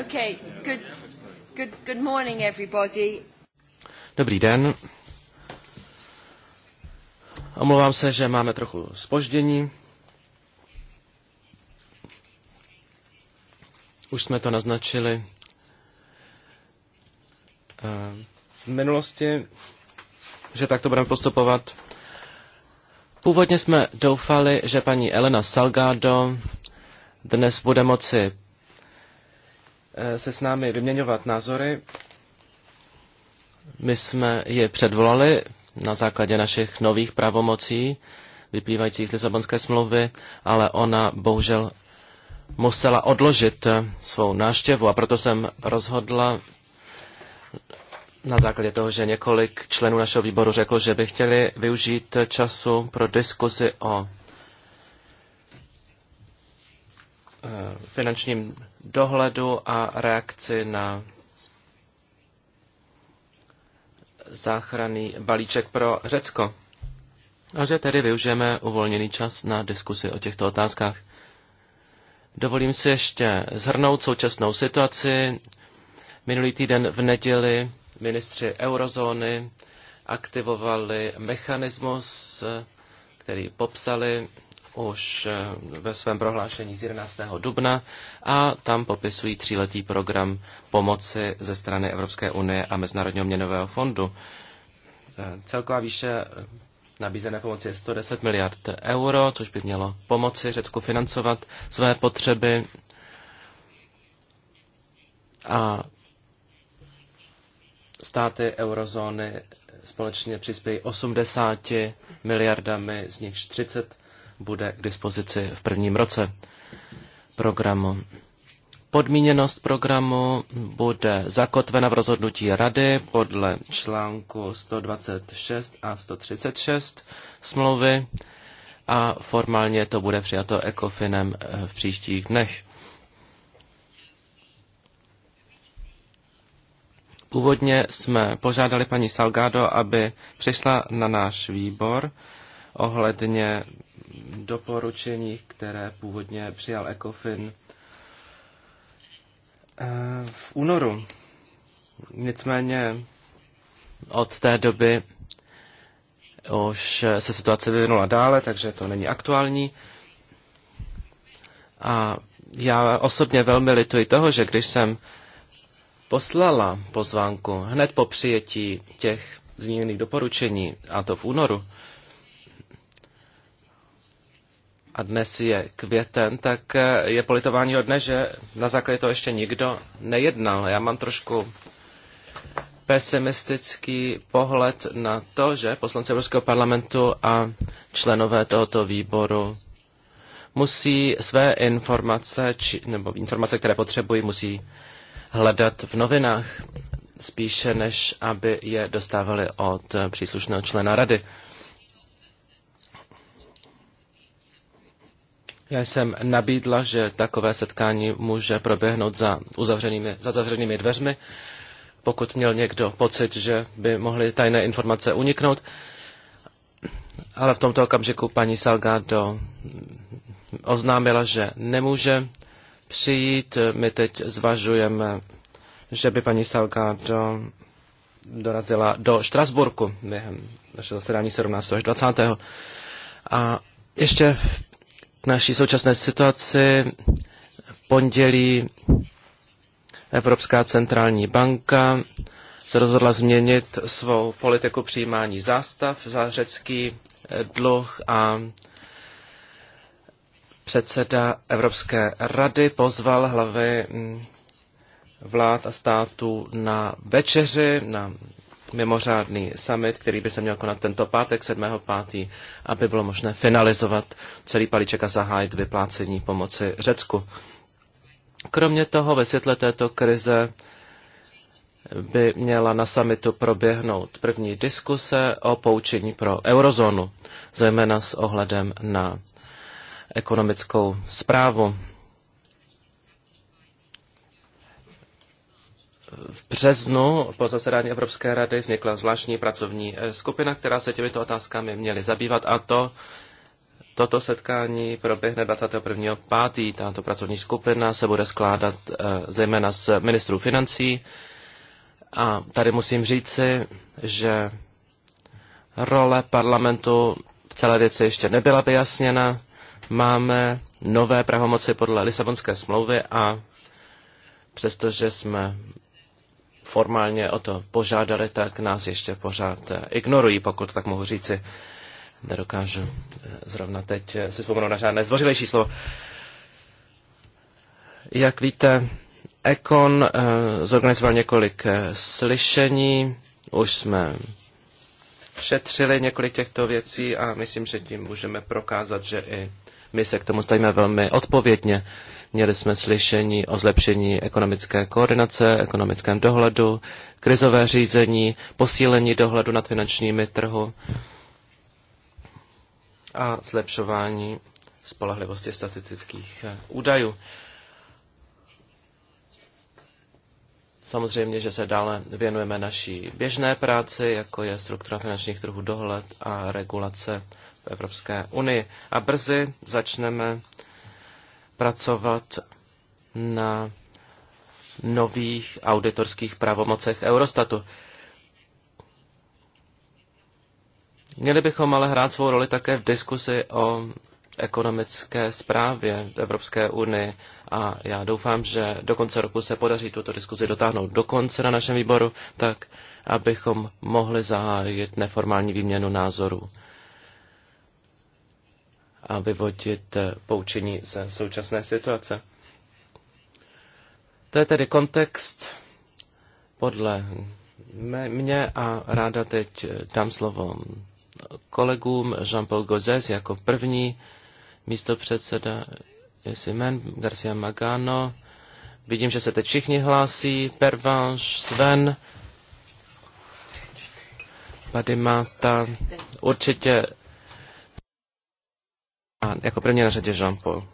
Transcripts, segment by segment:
Okay, good, good, good morning everybody. Dobrý den. Omlouvám se, že máme trochu spoždění. Už jsme to naznačili eh, v minulosti, že takto budeme postupovat. Původně jsme doufali, že paní Elena Salgado dnes bude moci Eh, se s námi vyměňovat názory. My jsme je předvolali na základě našich nových pravomocí vyplývajících z Lisabonské smlouvy, ale ona bohužel musela odložit eh, svou náštěvu a proto jsem rozhodla na základě toho, že několik členů našeho výboru řeklo, že by chtěli využít času pro diskuzi o eh, finančním dohledu a reakci na záchranný balíček pro Řecko. A že tedy využijeme uvolněný čas na diskusi o těchto otázkách. Dovolím si ještě zhrnout současnou situaci. Minulý týden v neděli ministři eurozóny aktivovali mechanismus, který popsali už eh, ve svém prohlášení z 11. dubna a tam popisují tříletý program pomoci ze strany Evropské unie a Mezinárodního měnového fondu. Eh, celková výše eh, nabízené pomoci je 110 miliard euro, což by mělo pomoci Řecku financovat své potřeby a státy eurozóny společně přispějí 80 miliardami, z nich 30 bude k dispozici v prvním roce programu. Podmíněnost programu bude zakotvena v rozhodnutí Rady podle článku 126 a 136 smlouvy a formálně to bude přijato ECOFINem eh, v příštích dnech. Původně jsme požádali paní Salgado, aby přišla na náš výbor ohledně doporučení, které původně přijal ECOFIN eh, v únoru. Nicméně od té doby už se situace vyvinula dále, takže to není aktuální. A já osobně velmi lituji toho, že když jsem poslala pozvánku hned po přijetí těch zmíněných doporučení, a to v únoru, a dnes je květen, tak eh, je politování hodné, že na základě toho ještě nikdo nejednal. Já mám trošku pesimistický pohled na to, že poslanci Evropského parlamentu a členové tohoto výboru musí své informace, či, nebo informace, které potřebují, musí hledat v novinách, spíše než aby je dostávali od příslušného člena rady. Já jsem nabídla, že takové setkání může proběhnout za, uzavřenými, za zavřenými dveřmi, pokud měl někdo pocit, že by mohly tajné informace uniknout. Ale v tomto okamžiku paní Salgado oznámila, že nemůže přijít. My teď zvažujeme, že by paní Salgado dorazila do Štrasburku během našeho zasedání 17. až 20. A ještě v k naší současné situaci. V pondělí Evropská centrální banka se rozhodla změnit svou politiku přijímání zástav za řecký eh, dluh a předseda Evropské rady pozval hlavy mm, vlád a států na večeři, na mimořádný summit, který by se měl konat tento pátek 7.5., aby bylo možné finalizovat celý palíček a zahájit vyplácení pomoci Řecku. Kromě toho ve světle této krize by měla na summitu proběhnout první diskuse o poučení pro eurozónu, zejména s ohledem na ekonomickou zprávu. V březnu po zasedání Evropské rady vznikla zvláštní pracovní eh, skupina, která se těmito otázkami měly zabývat a to Toto setkání proběhne 21.5. Tato pracovní skupina se bude skládat eh, zejména z ministrů financí. A tady musím říci, že role parlamentu v celé věci ještě nebyla vyjasněna. Máme nové pravomoci podle Lisabonské smlouvy a přestože jsme formálně o to požádali, tak nás ještě pořád eh, ignorují, pokud tak mohu říci. Nedokážu eh, zrovna teď eh, si vzpomenout na žádné zdvořilejší slovo. Jak víte, Ekon zorganizoval několik slyšení, už jsme šetřili několik těchto věcí a myslím, že tím můžeme prokázat, že i my se k tomu stavíme velmi odpovědně. Měli jsme slyšení o zlepšení ekonomické koordinace, ekonomickém dohledu, krizové řízení, posílení dohledu nad finančními trhu a zlepšování spolehlivosti statistických eh, údajů. Samozřejmě, že se dále věnujeme naší běžné práci, jako je struktura finančních trhů dohled a regulace v Evropské unii. A brzy začneme pracovat na nových auditorských pravomocech Eurostatu. Měli bychom ale hrát svou roli také v diskusi o ekonomické zprávě v Evropské unii a já doufám, že do konce roku se podaří tuto diskuzi dotáhnout do konce na našem výboru, tak abychom mohli zahájit neformální výměnu názorů a vyvodit eh, poučení ze současné situace. To je tedy kontext podle mě a ráda teď eh, dám slovo kolegům Jean-Paul Gozes jako první místo předseda Simen Garcia Magano. Vidím, že se teď všichni hlásí. Pervanš, Sven, Padimata. Určitě a jako první na řadě Jean-Paul.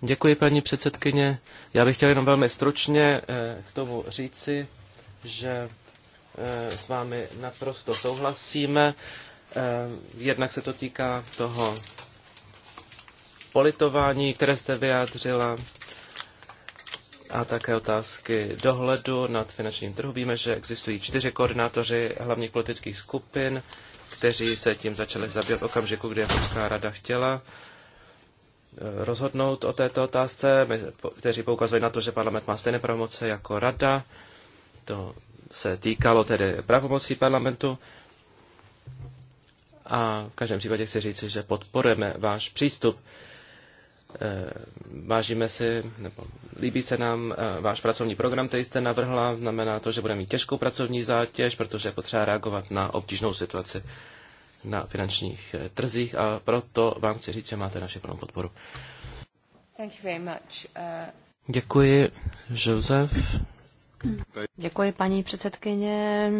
Děkuji, paní předsedkyně. Já bych chtěl jenom velmi stručně eh, k tomu říci, že eh, s vámi naprosto souhlasíme. Eh, jednak se to týká toho politování, které jste vyjádřila, a také otázky dohledu nad finančním trhu. Víme, že existují čtyři koordinátoři hlavních politických skupin, kteří se tím začali zabývat okamžiku, kdy Evropská rada chtěla eh, rozhodnout o této otázce, kteří poukazují na to, že parlament má stejné pravomoce jako rada. To se týkalo tedy pravomocí parlamentu. A v každém případě chci říct, že podporujeme váš přístup. Eh, vážíme si, nebo líbí se nám eh, váš pracovní program, který jste navrhla. Znamená to, že budeme mít těžkou pracovní zátěž, protože je potřeba reagovat na obtížnou situaci na finančních eh, trzích a proto vám chci říct, že máte naši plnou podporu. Thank you very much. Uh... Děkuji, Josef. Děkuji, paní předsedkyně.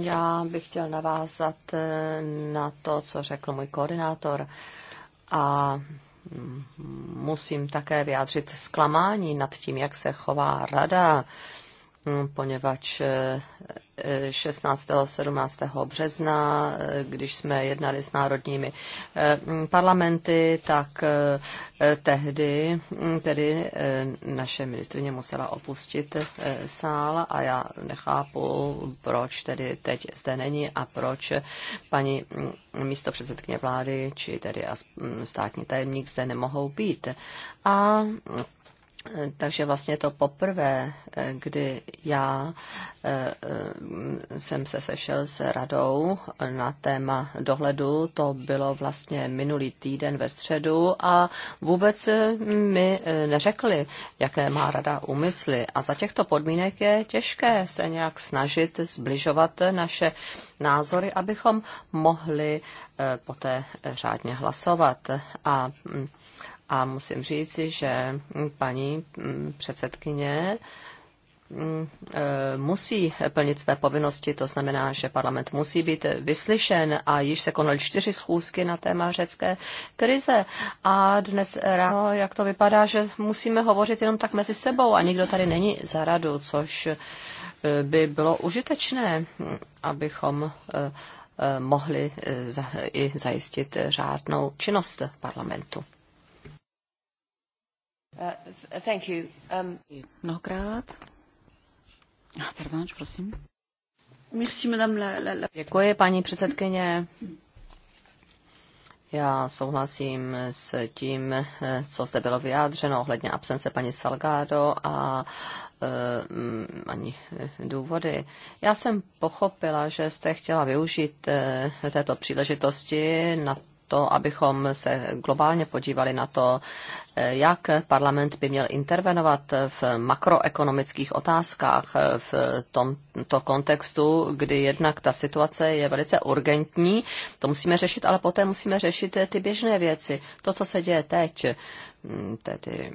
Já bych chtěl navázat eh, na to, co řekl můj koordinátor a mm, musím také vyjádřit zklamání nad tím, jak se chová rada Hmm, poněvadž 16. a 17. března, eh, když jsme jednali s národními eh, mm, parlamenty, tak eh, tehdy mm, tedy naše ministrině musela opustit sál a já nechápu, proč tedy teď zde není a proč paní mm, místo předsedkyně vlády, či tedy státní tajemník zde nemohou být. A takže vlastně to poprvé, eh, kdy já eh, eh, jsem se sešel s radou na téma dohledu, to bylo vlastně minulý týden ve středu a vůbec mi neřekli, jaké má rada úmysly. A za těchto podmínek je těžké se nějak snažit zbližovat naše názory, abychom mohli poté řádně hlasovat. A mm, a musím říci, že paní mm, předsedkyně mm, e, musí plnit své povinnosti, to znamená, že parlament musí být vyslyšen a již se konaly čtyři schůzky na téma řecké krize a dnes ráno, jak to vypadá, že musíme hovořit jenom tak mezi sebou a nikdo tady není za radu, což e, by bylo užitečné, abychom e, mohli i zajistit řádnou činnost parlamentu. Uh, um, Mnohokrát. Ah, prosím. Merci, madame la, la, la... Děkuji, paní předsedkyně. Já souhlasím s tím, eh, co zde bylo vyjádřeno ohledně absence paní Salgado a eh, mm, ani eh, důvody. Já jsem pochopila, že jste chtěla využít této příležitosti na to, abychom se globálně podívali na to, eh, jak parlament by měl intervenovat v makroekonomických otázkách eh, v tomto kontextu, kdy jednak ta situace je velice urgentní, to musíme řešit, ale poté musíme řešit ty běžné věci, to, co se děje teď, mm, tedy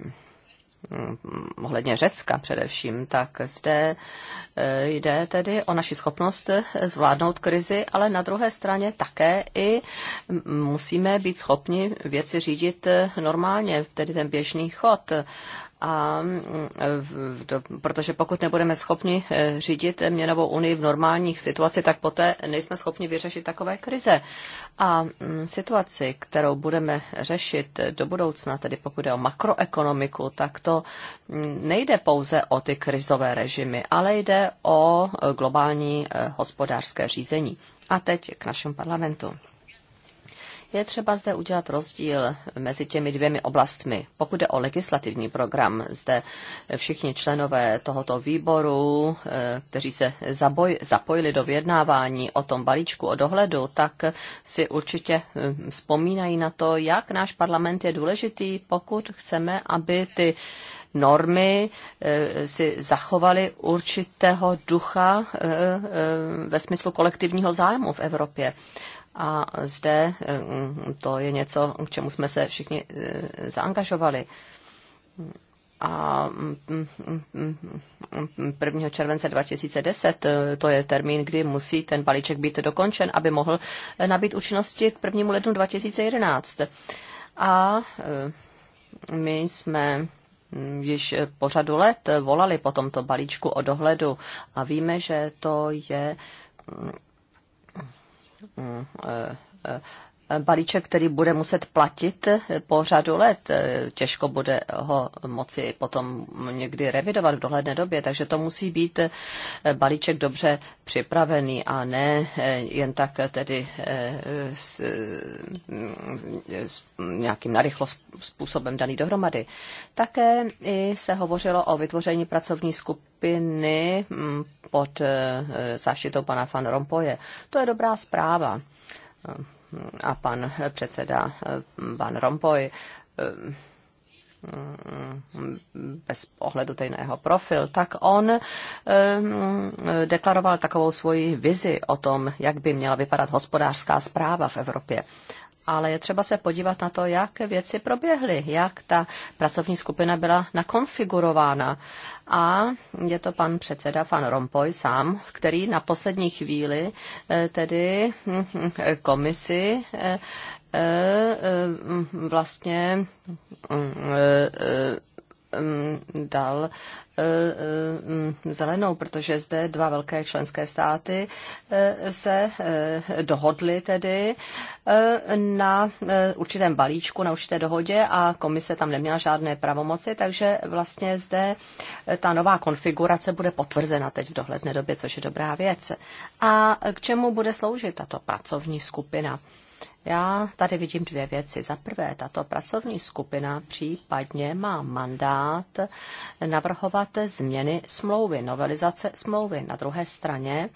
Mm, ohledně Řecka především, tak zde e, jde tedy o naši schopnost zvládnout krizi, ale na druhé straně také i musíme být schopni věci řídit e, normálně, tedy ten běžný chod a mm, to, protože pokud nebudeme schopni eh, řídit měnovou unii v normálních situacích, tak poté nejsme schopni vyřešit takové krize. A mm, situaci, kterou budeme řešit do budoucna, tedy pokud jde o makroekonomiku, tak to mm, nejde pouze o ty krizové režimy, ale jde o globální eh, hospodářské řízení. A teď k našemu parlamentu. Je třeba zde udělat rozdíl mezi těmi dvěmi oblastmi. Pokud jde o legislativní program, zde všichni členové tohoto výboru, eh, kteří se zaboj, zapojili do vyjednávání o tom balíčku, o dohledu, tak si určitě hm, vzpomínají na to, jak náš parlament je důležitý, pokud chceme, aby ty normy eh, si zachovaly určitého ducha eh, ve smyslu kolektivního zájmu v Evropě. A zde mm, to je něco, k čemu jsme se všichni e, zaangažovali. A 1. Mm, mm, července 2010, e, to je termín, kdy musí ten balíček být dokončen, aby mohl e, nabít účinnosti k 1. lednu 2011. A my jsme již po řadu let volali po tomto balíčku o dohledu a víme, že to je Mm, uh, uh, balíček, který bude muset platit po řadu let. Těžko bude ho moci potom někdy revidovat v dohledné době, takže to musí být balíček dobře připravený a ne jen tak tedy eh, s, s nějakým narychlo způsobem daný dohromady. Také i se hovořilo o vytvoření pracovní skupiny hm, pod eh, záštitou pana Van Rompoje. To je dobrá zpráva a pan předseda, eh, pan Rompoy, eh, bez ohledu tady na jeho profil, tak on eh, deklaroval takovou svoji vizi o tom, jak by měla vypadat hospodářská zpráva v Evropě ale je třeba se podívat na to, jak věci proběhly, jak ta pracovní skupina byla nakonfigurována. A je to pan předseda, pan Rompoy sám, který na poslední chvíli eh, tedy hm, komisi eh, eh, hm, vlastně hm, Mm, dal eh, eh, mm, zelenou, protože zde dva velké členské státy eh, se dohodly tedy na určitém balíčku, na určité dohodě a komise tam neměla žádné pravomoci, takže vlastně zde ta nová konfigurace bude potvrzena teď v dohledné době, což je dobrá věc. A k čemu bude sloužit tato pracovní skupina? Já tady vidím dvě věci. Za prvé, tato pracovní skupina případně má mandát navrhovat změny smlouvy, novelizace smlouvy. Na druhé straně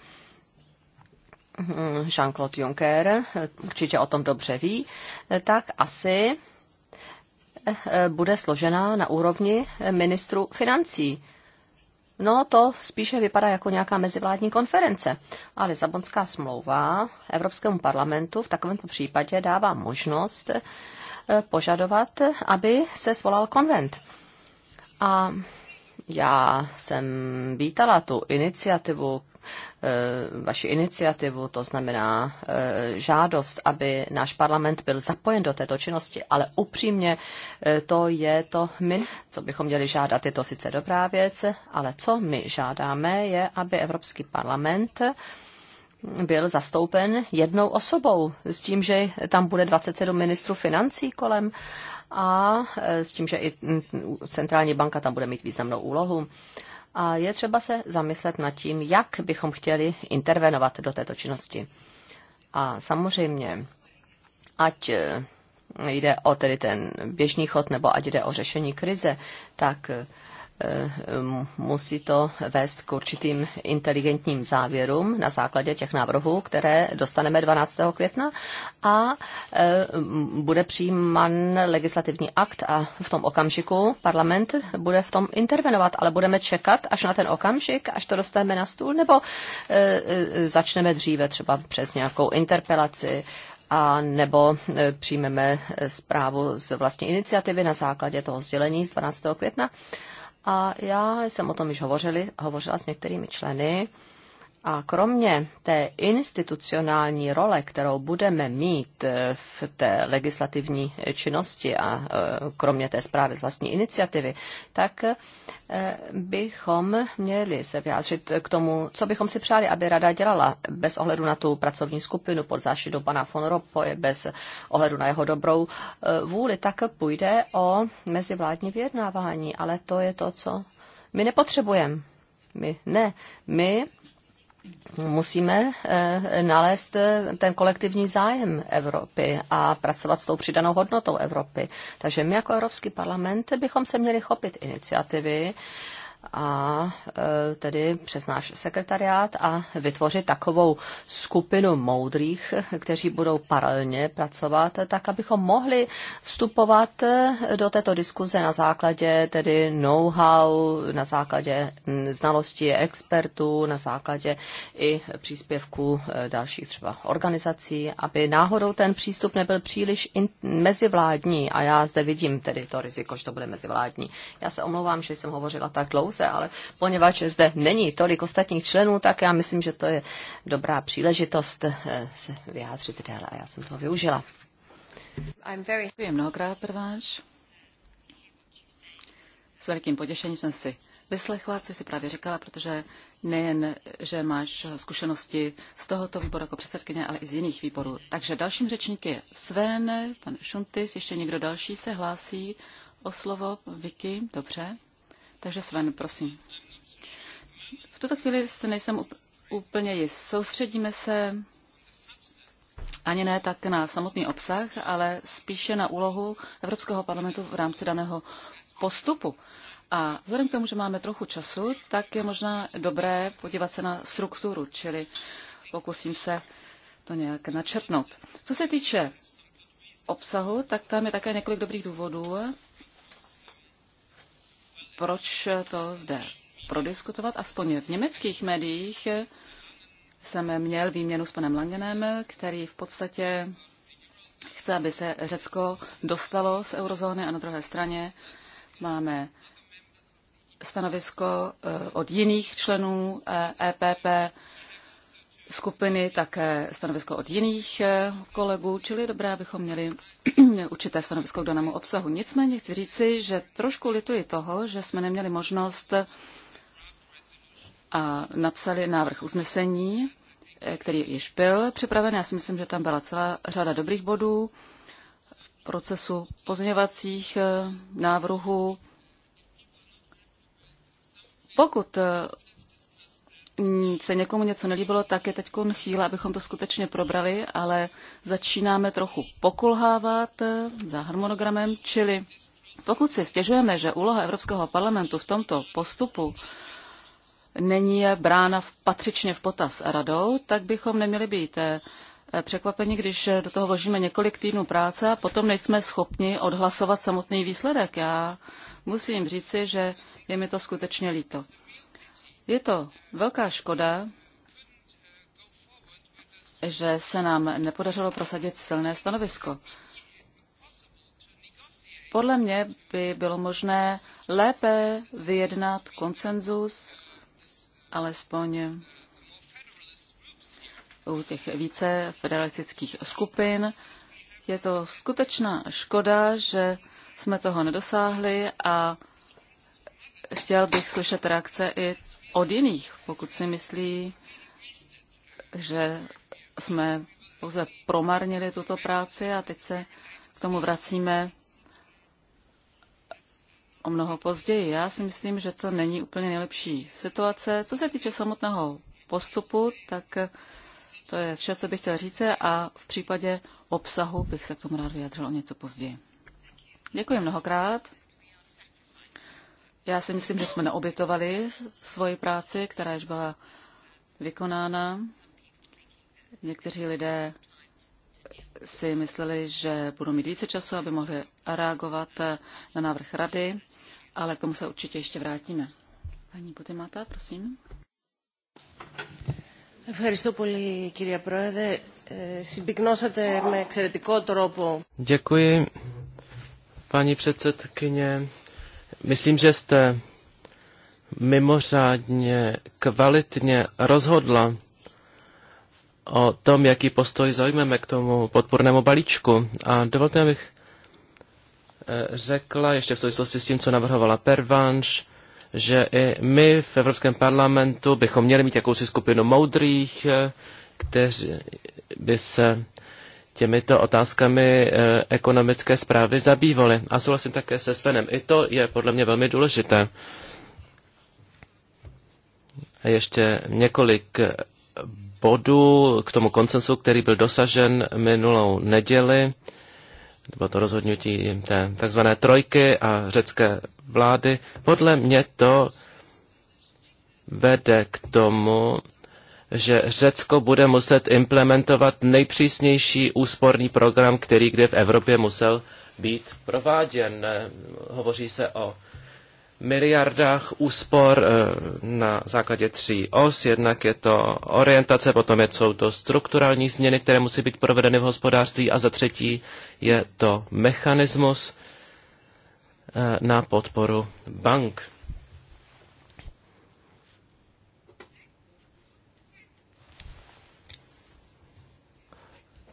hm, Jean-Claude Juncker určitě o tom dobře ví, tak asi eh, bude složena na úrovni ministru financí No, to spíše vypadá jako nějaká mezivládní konference. Ale Lisabonská smlouva Evropskému parlamentu v takovémto případě dává možnost eh, požadovat, aby se svolal konvent. A já jsem vítala tu iniciativu, Eh, vaši iniciativu, to znamená eh, žádost, aby náš parlament byl zapojen do této činnosti, ale upřímně eh, to je to my, co bychom měli žádat, je to sice dobrá věc, ale co my žádáme je, aby Evropský parlament byl zastoupen jednou osobou, s tím, že tam bude 27 ministrů financí kolem a s tím, že i mm, centrální banka tam bude mít významnou úlohu a je třeba se zamyslet nad tím, jak bychom chtěli intervenovat do této činnosti. A samozřejmě, ať eh, jde o tedy ten běžný chod, nebo ať jde o řešení krize, tak eh, Eh, musí to vést k určitým inteligentním závěrům na základě těch návrhů, které dostaneme 12. května a eh, bude přijímán legislativní akt a v tom okamžiku parlament bude v tom intervenovat, ale budeme čekat až na ten okamžik, až to dostaneme na stůl, nebo eh, začneme dříve třeba přes nějakou interpelaci a nebo přijmeme zprávu z vlastní iniciativy na základě toho sdělení z 12. května. A já jsem o tom již hovořili, hovořila s některými členy a kromě té institucionální role, kterou budeme mít eh, v té legislativní činnosti a eh, kromě té zprávy z vlastní iniciativy, tak eh, bychom měli se vyjádřit k tomu, co bychom si přáli, aby rada dělala bez ohledu na tu pracovní skupinu pod záštitou pana von Ropoje, bez ohledu na jeho dobrou vůli, tak půjde o mezivládní vyjednávání, ale to je to, co my nepotřebujeme. My ne. My musíme eh, nalézt eh, ten kolektivní zájem Evropy a pracovat s tou přidanou hodnotou Evropy. Takže my jako Evropský parlament bychom se měli chopit iniciativy a e, tedy přes náš sekretariát a vytvořit takovou skupinu moudrých, kteří budou paralelně pracovat, tak abychom mohli vstupovat e, do této diskuze na základě tedy know-how, na základě znalosti expertů, na základě i příspěvků e, dalších třeba organizací, aby náhodou ten přístup nebyl příliš in- mezivládní a já zde vidím tedy to riziko, že to bude mezivládní. Já se omlouvám, že jsem hovořila tak dlouho, diskuse, ale poněvadž zde není tolik ostatních členů, tak já myslím, že to je dobrá příležitost eh, se vyjádřit déle a já jsem toho využila. I'm very... Děkuji mnohokrát, prváč. S velkým potěšením jsem si vyslechla, co jsi právě říkala, protože nejen, že máš zkušenosti z tohoto výboru jako předsedkyně, ale i z jiných výborů. Takže dalším řečníkem je Sven, pan Šuntis, ještě někdo další se hlásí o slovo, Vicky, dobře. Takže Sven, prosím. V tuto chvíli se nejsem úplně jist. Soustředíme se ani ne tak na samotný obsah, ale spíše na úlohu Evropského parlamentu v rámci daného postupu. A vzhledem k tomu, že máme trochu času, tak je možná dobré podívat se na strukturu, čili pokusím se to nějak načrtnout. Co se týče obsahu, tak tam je také několik dobrých důvodů, proč to zde prodiskutovat. Aspoň v německých médiích jsem měl výměnu s panem Langenem, který v podstatě chce, aby se Řecko dostalo z eurozóny a na druhé straně máme stanovisko eh, od jiných členů EPP, eh, e skupiny, také stanovisko od jiných eh, kolegů, čili je dobré, abychom měli určité stanovisko k danému obsahu. Nicméně chci říci, že trošku lituji toho, že jsme neměli možnost eh, a napsali návrh usnesení, eh, který již byl připraven. Já si myslím, že tam byla celá řada dobrých bodů v procesu pozměňovacích návrhů. Pokud se někomu něco nelíbilo, tak je teď chvíle, abychom to skutečně probrali, ale začínáme trochu pokulhávat eh, za harmonogramem, čili pokud si stěžujeme, že úloha Evropského parlamentu v tomto postupu není je brána v, patřičně v potaz radou, tak bychom neměli být eh, překvapeni, když eh, do toho vložíme několik týdnů práce a potom nejsme schopni odhlasovat samotný výsledek. Já musím říci, že je mi to skutečně líto. Je to velká škoda, že se nám nepodařilo prosadit silné stanovisko. Podle mě by bylo možné lépe vyjednat konsenzus, alespoň u těch více federalistických skupin. Je to skutečná škoda, že jsme toho nedosáhli a chtěl bych slyšet reakce i od jiných, pokud si myslí, že jsme pouze promarnili tuto práci a teď se k tomu vracíme o mnoho později. Já si myslím, že to není úplně nejlepší situace. Co se týče samotného postupu, tak to je vše, co bych chtěl říct a v případě obsahu bych se k tomu rád vyjadřil o něco později. Děkuji mnohokrát. Já si myslím, že jsme neobětovali svoji práci, která již byla vykonána. Někteří lidé si mysleli, že budou mít více času, aby mohli reagovat na návrh rady, ale k tomu se určitě ještě vrátíme. Paní Putimata, prosím. Děkuji, paní předsedkyně. Myslím, že jste mimořádně kvalitně rozhodla o tom, jaký postoj zaujmeme k tomu podpornému balíčku. A dovolte, abych eh, řekla, ještě v souvislosti s tím, co navrhovala Pervanš, že i my v Evropském parlamentu bychom měli mít jakousi skupinu moudrých, eh, kteří by se těmito otázkami eh, ekonomické zprávy zabývali. A souhlasím také se Svenem. I to je podle mě velmi důležité. A ještě několik bodů k tomu koncensu, který byl dosažen minulou neděli. To bylo to rozhodnutí té takzvané trojky a řecké vlády. Podle mě to vede k tomu, že Řecko bude muset implementovat nejpřísnější úsporný program, který kdy v Evropě musel být prováděn. Hovoří se o miliardách úspor eh, na základě tří os. Jednak je to orientace, potom je, jsou to strukturální změny, které musí být provedeny v hospodářství a za třetí je to mechanismus eh, na podporu bank.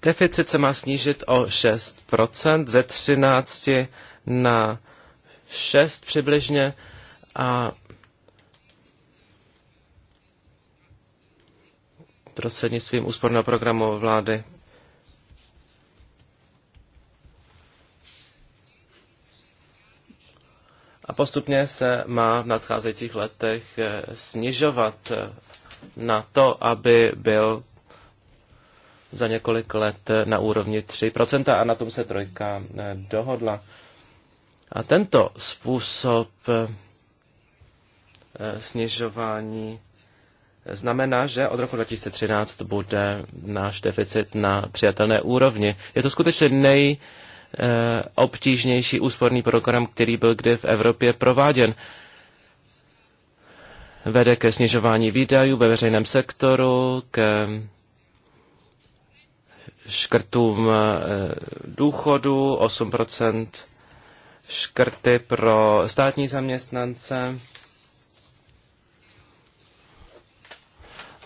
Deficit se má snížit o 6% ze 13 na 6 přibližně a prostřednictvím úsporného programu vlády a postupně se má v nadcházejících letech eh, snižovat eh, na to, aby byl za několik let na úrovni 3% a na tom se trojka eh, dohodla. A tento způsob eh, snižování eh, znamená, že od roku 2013 bude náš deficit na přijatelné úrovni. Je to skutečně nej obtížnější úsporný program, který byl kdy v Evropě prováděn. Vede ke snižování výdajů ve veřejném sektoru, ke škrtům eh, důchodu, 8% škrty pro státní zaměstnance.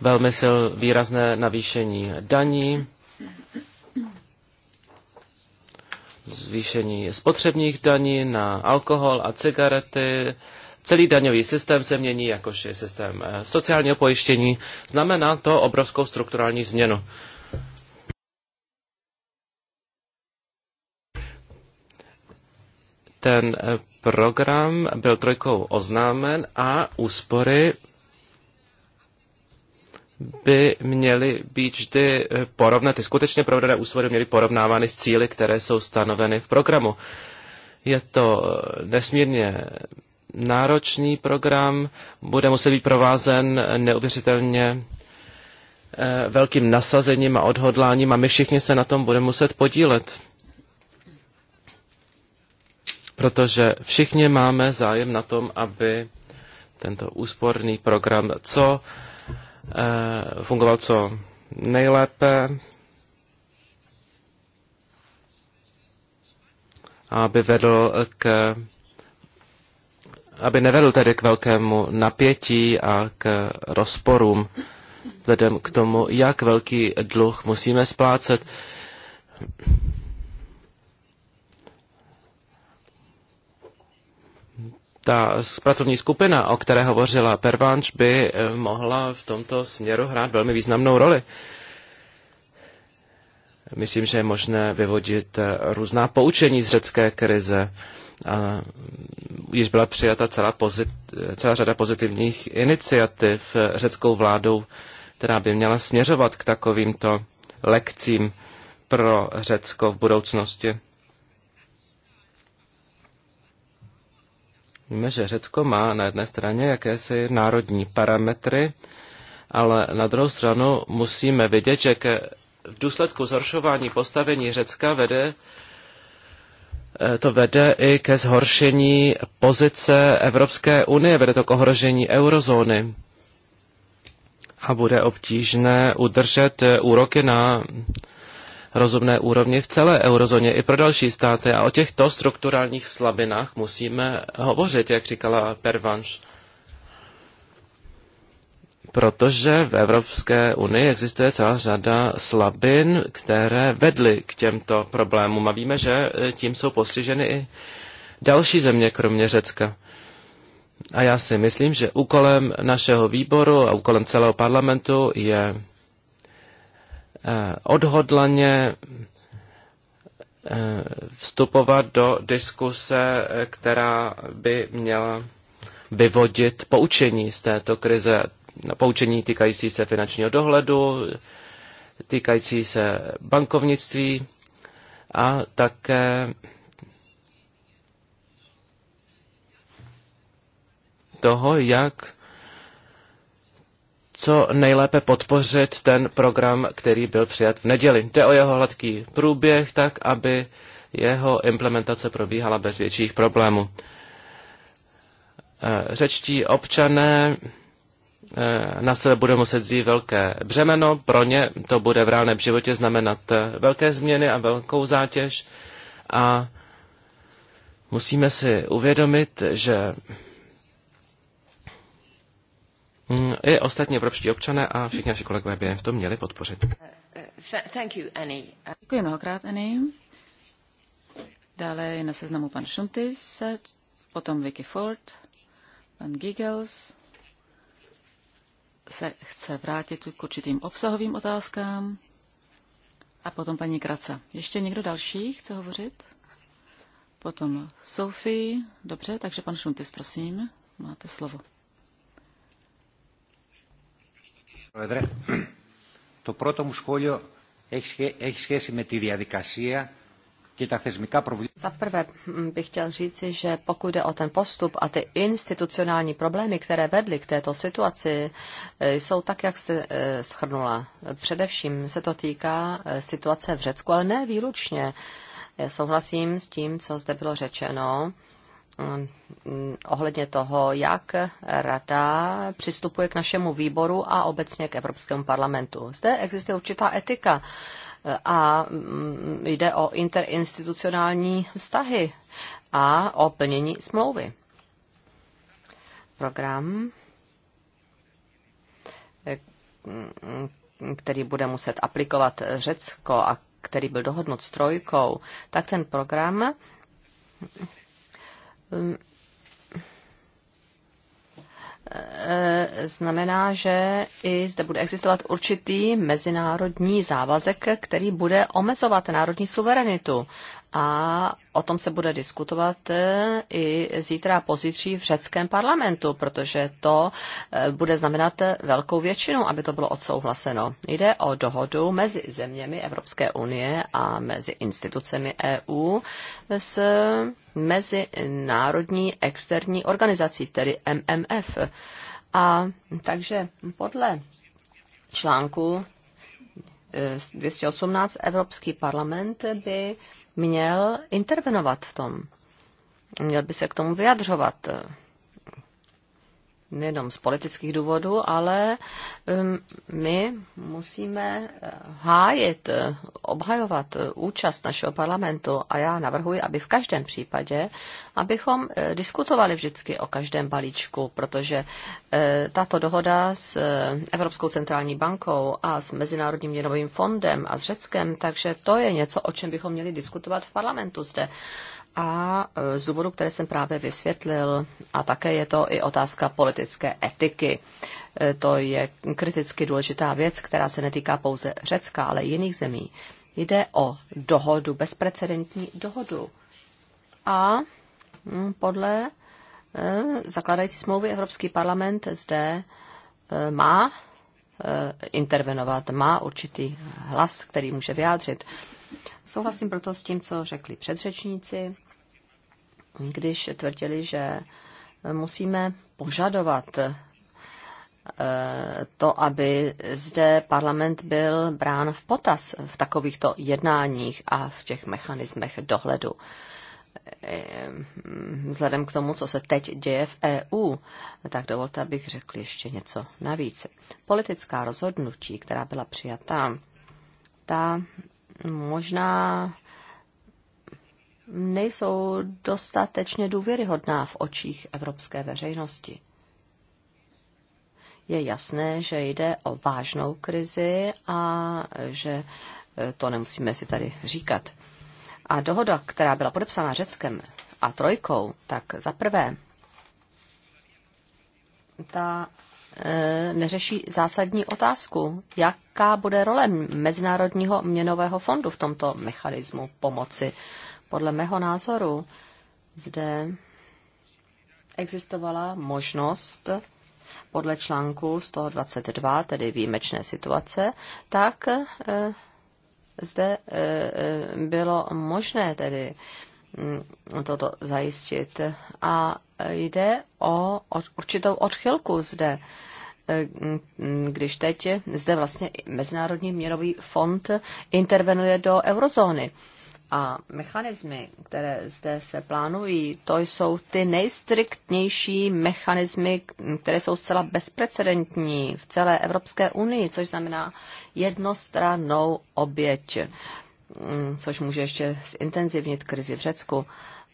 Velmi sil výrazné navýšení daní, zvýšení spotřebních daní na alkohol a cigarety, Celý daňový systém se mění, jakož je systém eh, sociálního pojištění. Znamená to obrovskou strukturální změnu. ten eh, program byl trojkou oznámen a úspory by měly být vždy eh, porovné, ty skutečně provedené úspory měly porovnávány s cíly, které jsou stanoveny v programu. Je to eh, nesmírně náročný program, bude muset být provázen neuvěřitelně velkým nasazením a odhodláním a my všichni se na tom budeme muset podílet protože všichni máme zájem na tom, aby tento úsporný program co eh, fungoval co nejlépe, aby vedl k aby nevedl tedy k velkému napětí a k rozporům vzhledem k tomu, jak velký dluh musíme splácet. ta pracovní skupina, o které hovořila Pervanč, by eh, mohla v tomto směru hrát velmi významnou roli. Myslím, že je možné vyvodit eh, různá poučení z řecké krize. A mm, již byla přijata celá, pozit, eh, celá řada pozitivních iniciativ řeckou vládou, která by měla směřovat k takovýmto lekcím pro Řecko v budoucnosti. Víme, že Řecko má na jedné straně jakési národní parametry, ale na druhou stranu musíme vidět, že ke, v důsledku zhoršování postavení Řecka vede eh, to vede i ke zhoršení pozice Evropské unie, vede to k ohrožení eurozóny a bude obtížné udržet eh, úroky na rozumné úrovni v celé eurozóně i pro další státy. A o těchto strukturálních slabinách musíme hovořit, jak říkala Pervanš. Protože v Evropské unii existuje celá řada slabin, které vedly k těmto problémům. A víme, že e, tím jsou postiženy i další země, kromě Řecka. A já si myslím, že úkolem našeho výboru a úkolem celého parlamentu je Eh, odhodlaně eh, vstupovat do diskuse, eh, která by měla vyvodit poučení z této krize, poučení týkající se finančního dohledu, týkající se bankovnictví a také toho, jak co nejlépe podpořit ten program, který byl přijat v neděli. Jde o jeho hladký průběh, tak aby jeho implementace probíhala bez větších problémů. Eh, řečtí občané eh, na sebe bude muset vzít velké břemeno, pro ně to bude v reálném životě znamenat eh, velké změny a velkou zátěž a musíme si uvědomit, že Mm, i ostatní evropští občané a všichni naši kolegové by tom měli podpořit. Uh, uh, thank you, Annie. Uh, Děkuji mnohokrát, Annie. Dále je na seznamu pan Šuntis, potom Vicky Ford, pan Giggles se chce vrátit k určitým obsahovým otázkám a potom paní Kraca. Ještě někdo další chce hovořit? Potom Sophie. Dobře, takže pan Šuntis, prosím, máte slovo. Πρόεδρε, το πρώτο μου σχόλιο έχει σχέση με τη διαδικασία za prvé bych chtěl říci, že pokud jde o ten postup a ty institucionální problémy, které vedly k této situaci, e, jsou tak, jak jste e, schrnula. Především se to týká e, situace v Řecku, ale ne výlučně. Já souhlasím s tím, co zde bylo řečeno Mm, mm, ohledně toho, jak Rada přistupuje k našemu výboru a obecně k Evropskému parlamentu. Zde existuje určitá etika eh, a mm, jde o interinstitucionální vztahy a o plnění smlouvy. Program, eh, který bude muset aplikovat Řecko a který byl dohodnut s trojkou, tak ten program Ehm, eh, znamená, že i zde bude existovat určitý mezinárodní závazek, který bude omezovat národní suverenitu. A o tom se bude diskutovat eh, i zítra a pozítří v řeckém parlamentu, protože to eh, bude znamenat velkou většinu, aby to bylo odsouhlaseno. Jde o dohodu mezi zeměmi Evropské unie a mezi institucemi EU s mezinárodní externí organizací, tedy MMF. A takže podle článku 218 eh, Evropský parlament by měl intervenovat v tom. Měl by se k tomu vyjadřovat nejenom z politických důvodů, ale um, my musíme eh, hájit, eh, obhajovat eh, účast našeho parlamentu a já navrhuji, aby v každém případě, abychom diskutovali vždycky o každém balíčku, protože tato dohoda s Evropskou centrální bankou a s Mezinárodním měnovým fondem a s Řeckem, takže to je něco, o čem bychom měli diskutovat v parlamentu zde a e, z důvodu, které jsem právě vysvětlil, a také je to i otázka politické etiky. E, to je kriticky důležitá věc, která se netýká pouze Řecka, ale i jiných zemí. Jde o dohodu, bezprecedentní dohodu. A hm, podle e, zakládající smlouvy Evropský parlament zde má intervenovat, má určitý hlas, který může vyjádřit. Souhlasím proto s tím, co řekli předřečníci když tvrdili, že musíme požadovat eh, to, aby zde parlament byl brán v potaz v takovýchto jednáních a v těch mechanismech dohledu. Eh, vzhledem k tomu, co se teď děje v EU, tak dovolte, abych řekl ještě něco navíc. Politická rozhodnutí, která byla přijatá, ta možná nejsou dostatečně důvěryhodná v očích evropské veřejnosti. Je jasné, že jde o vážnou krizi a že e, to nemusíme si tady říkat. A dohoda, která byla podepsána Řeckem a Trojkou, tak za prvé, ta e, neřeší zásadní otázku, jaká bude role Mezinárodního měnového fondu v tomto mechanismu pomoci podle mého názoru zde existovala možnost podle článku 122, tedy výjimečné situace, tak eh, zde eh, eh, bylo možné tedy mm, toto zajistit. A jde o určitou odchylku zde, když teď zde vlastně Mezinárodní měnový fond intervenuje do eurozóny a mechanismy, které zde se plánují, to jsou ty nejstriktnější mechanismy, které jsou zcela bezprecedentní v celé Evropské unii, což znamená jednostrannou oběť, mm, což může ještě zintenzivnit krizi v Řecku.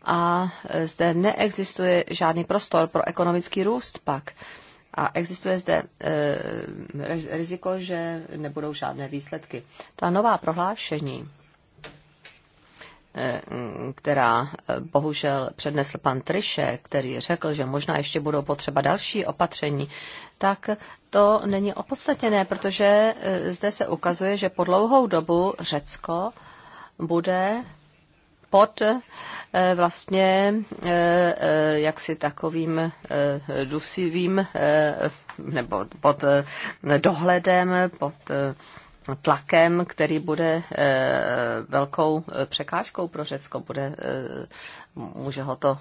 A zde neexistuje žádný prostor pro ekonomický růst pak. A existuje zde e, riziko, že nebudou žádné výsledky. Ta nová prohlášení Eh, která eh, bohužel přednesl pan Triše, který řekl, že možná ještě budou potřeba další opatření, tak to není opodstatněné, protože eh, zde se ukazuje, že po dlouhou dobu Řecko bude pod vlastně jaksi takovým dusivým nebo pod dohledem, pod tlakem, který bude eh, velkou eh, překážkou pro Řecko, bude, eh, může ho to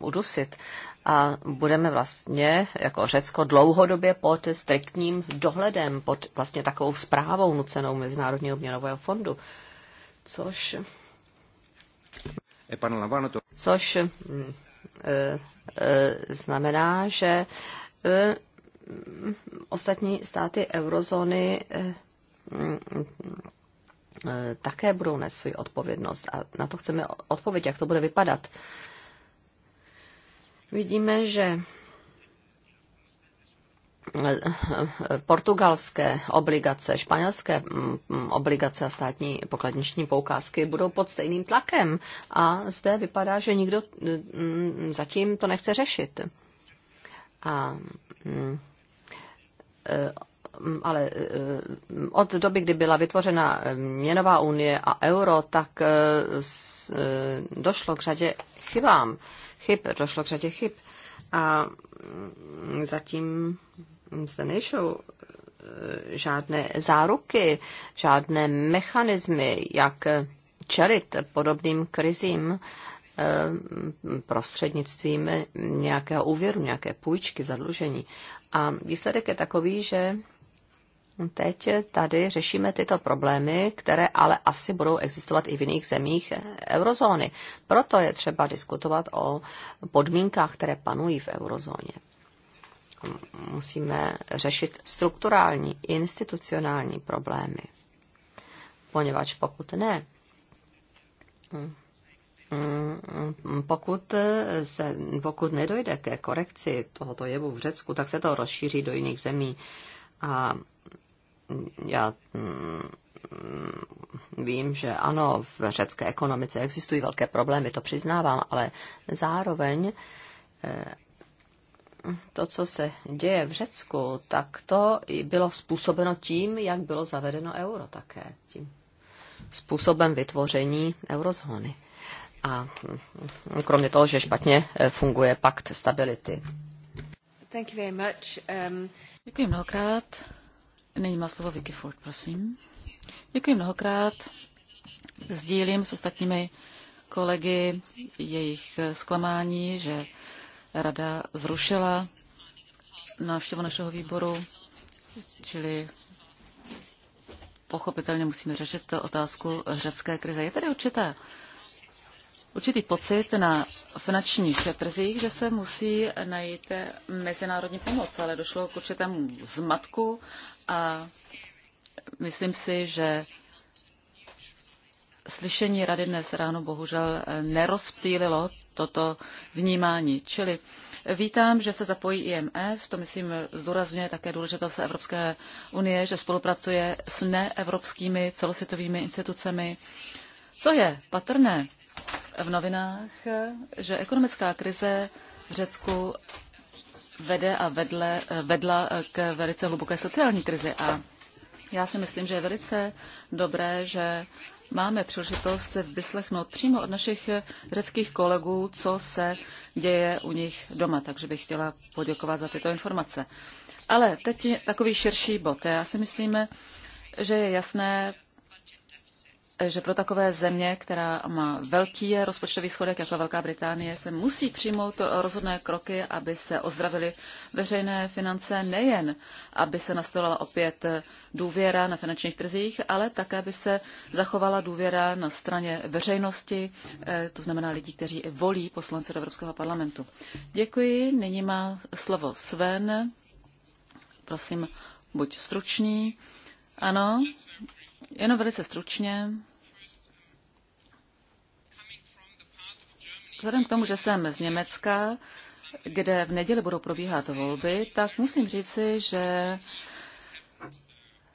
udusit. A budeme vlastně jako Řecko dlouhodobě pod striktním dohledem, pod vlastně takovou zprávou nucenou Mezinárodního měnového fondu, což což mm, znamená, že ostatní státy eurozóny také budou nést svoji odpovědnost. A na to chceme odpověď, jak to bude vypadat. Vidíme, že eh, portugalské obligace, španělské mm, obligace a státní pokladniční poukázky budou pod stejným tlakem. A zde vypadá, že nikdo mm, zatím to nechce řešit. A mm, eh, ale eh, od doby, kdy byla vytvořena eh, měnová unie a euro, tak eh, došlo k řadě chybám. Chyb, došlo k řadě chyb. A mm, zatím zde nejsou žádné záruky, žádné mechanismy, jak čelit podobným krizím prostřednictvím nějakého úvěru, nějaké půjčky, zadlužení. A výsledek je takový, že teď tady řešíme tyto problémy, které ale asi budou existovat i v jiných zemích eurozóny. Proto je třeba diskutovat o podmínkách, které panují v eurozóně. Musíme řešit strukturální, institucionální problémy. Poněvadž pokud ne, pokud, se, pokud nedojde ke korekci tohoto jevu v Řecku, tak se to rozšíří do jiných zemí. A já mm, vím, že ano, v řecké ekonomice existují velké problémy, to přiznávám, ale zároveň eh, to, co se děje v Řecku, tak to bylo způsobeno tím, jak bylo zavedeno euro také, tím způsobem vytvoření eurozóny. A mm, kromě toho, že špatně eh, funguje pakt stability. Thank you very much. Um... Děkuji mnohokrát. Nyní má slovo Vicky Ford, prosím. Děkuji mnohokrát. Sdílím s ostatními kolegy jejich zklamání, že rada zrušila návštěvu našeho výboru, čili pochopitelně musíme řešit otázku řecké krize. Je tady určité určitý pocit na finančních trzích, že se musí najít mezinárodní pomoc, ale došlo k určitému zmatku a myslím si, že slyšení rady dnes ráno bohužel nerozptýlilo toto vnímání. Čili vítám, že se zapojí IMF, to myslím zdůrazňuje také důležitost Evropské unie, že spolupracuje s neevropskými celosvětovými institucemi. Co je patrné, v novinách, že ekonomická krize v Řecku vede a vedle, vedla k velice hluboké sociální krizi. A já si myslím, že je velice dobré, že máme příležitost vyslechnout přímo od našich řeckých kolegů, co se děje u nich doma. Takže bych chtěla poděkovat za tyto informace. Ale teď je takový širší bod. Já si myslím, že je jasné, že pro takové země, která má velký rozpočtový schodek, jako Velká Británie, se musí přijmout rozhodné kroky, aby se ozdravily veřejné finance nejen, aby se nastolala opět důvěra na finančních trzích, ale také, aby se zachovala důvěra na straně veřejnosti, eh, to znamená lidí, kteří i volí poslance do Evropského parlamentu. Děkuji. Nyní má slovo Sven. Prosím, buď stručný. Ano, Jenom velice stručně. Vzhledem k tomu, že jsem z Německa, kde v neděli budou probíhat volby, tak musím říci, že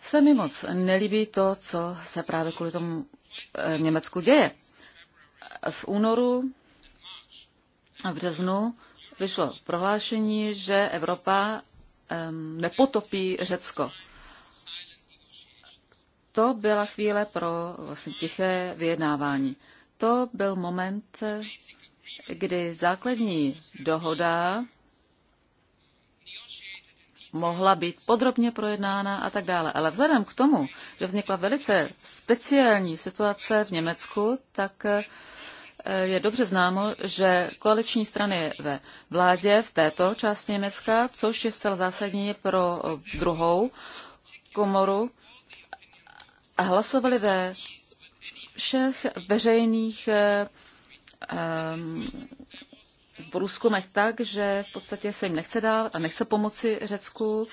se mi moc nelíbí to, co se právě kvůli tomu eh, v Německu děje. V únoru a v březnu vyšlo prohlášení, že Evropa nepotopí Řecko to byla chvíle pro vlastně tiché vyjednávání. To byl moment, kdy základní dohoda mohla být podrobně projednána a tak dále. Ale vzhledem k tomu, že vznikla velice speciální situace v Německu, tak eh, je dobře známo, že koaliční strany ve vládě v této části Německa, což je zcela zásadní pro druhou komoru hlasovali ve všech veřejných um, průzkumech tak, že v podstatě se jim nechce dát a nechce pomoci Řecku.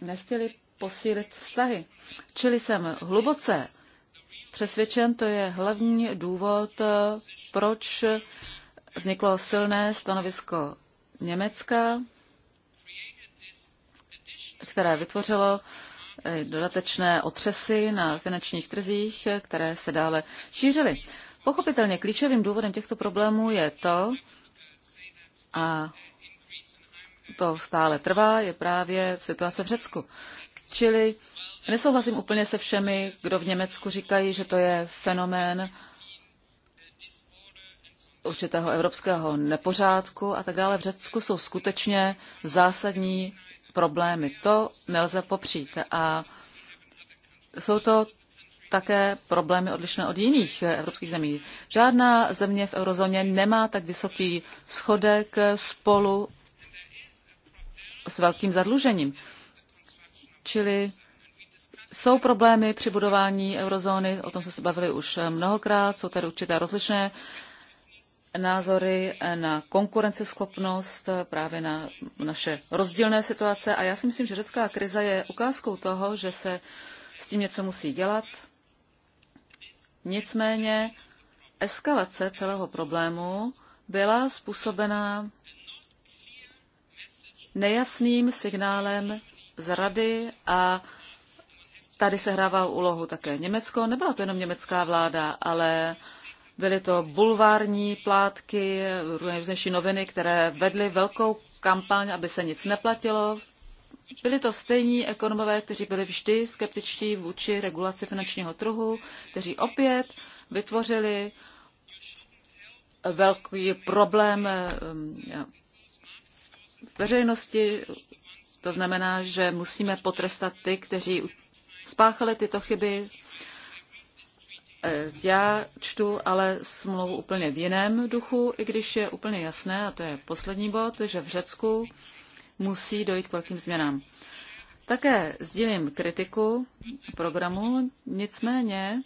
Nechtěli posílit vztahy. Čili jsem hluboce přesvědčen, to je hlavní důvod, eh, proč vzniklo silné stanovisko Německa, které vytvořilo dodatečné otřesy na finančních trzích, které se dále šířily. Pochopitelně klíčovým důvodem těchto problémů je to, a to stále trvá, je právě situace v Řecku. Čili nesouhlasím úplně se všemi, kdo v Německu říkají, že to je fenomén určitého evropského nepořádku a tak dále. V Řecku jsou skutečně zásadní problémy. To nelze popřít. A jsou to také problémy odlišné od jiných evropských zemí. Žádná země v eurozóně nemá tak vysoký schodek spolu s velkým zadlužením. Čili jsou problémy při budování eurozóny, o tom jsme se bavili už mnohokrát, jsou tady určité rozlišné názory eh, na konkurenceschopnost, eh, právě na naše rozdílné situace. A já si myslím, že řecká krize je ukázkou toho, že se s tím něco musí dělat. Nicméně eskalace celého problému byla způsobená nejasným signálem z rady a tady se hrává úlohu také Německo. Nebyla to jenom německá vláda, ale uh, Byly to bulvární plátky, různější noviny, které vedly velkou kampaň, aby se nic neplatilo. Byli to stejní ekonomové, kteří byli vždy skeptičtí vůči regulaci finančního trhu, kteří opět vytvořili velký problém ehm, veřejnosti. To znamená, že musíme potrestat ty, kteří spáchali tyto chyby, E, já čtu ale smlouvu úplně v jiném duchu, i když je úplně jasné, a to je poslední bod, že v Řecku musí dojít k velkým změnám. Také sdílím kritiku programu, nicméně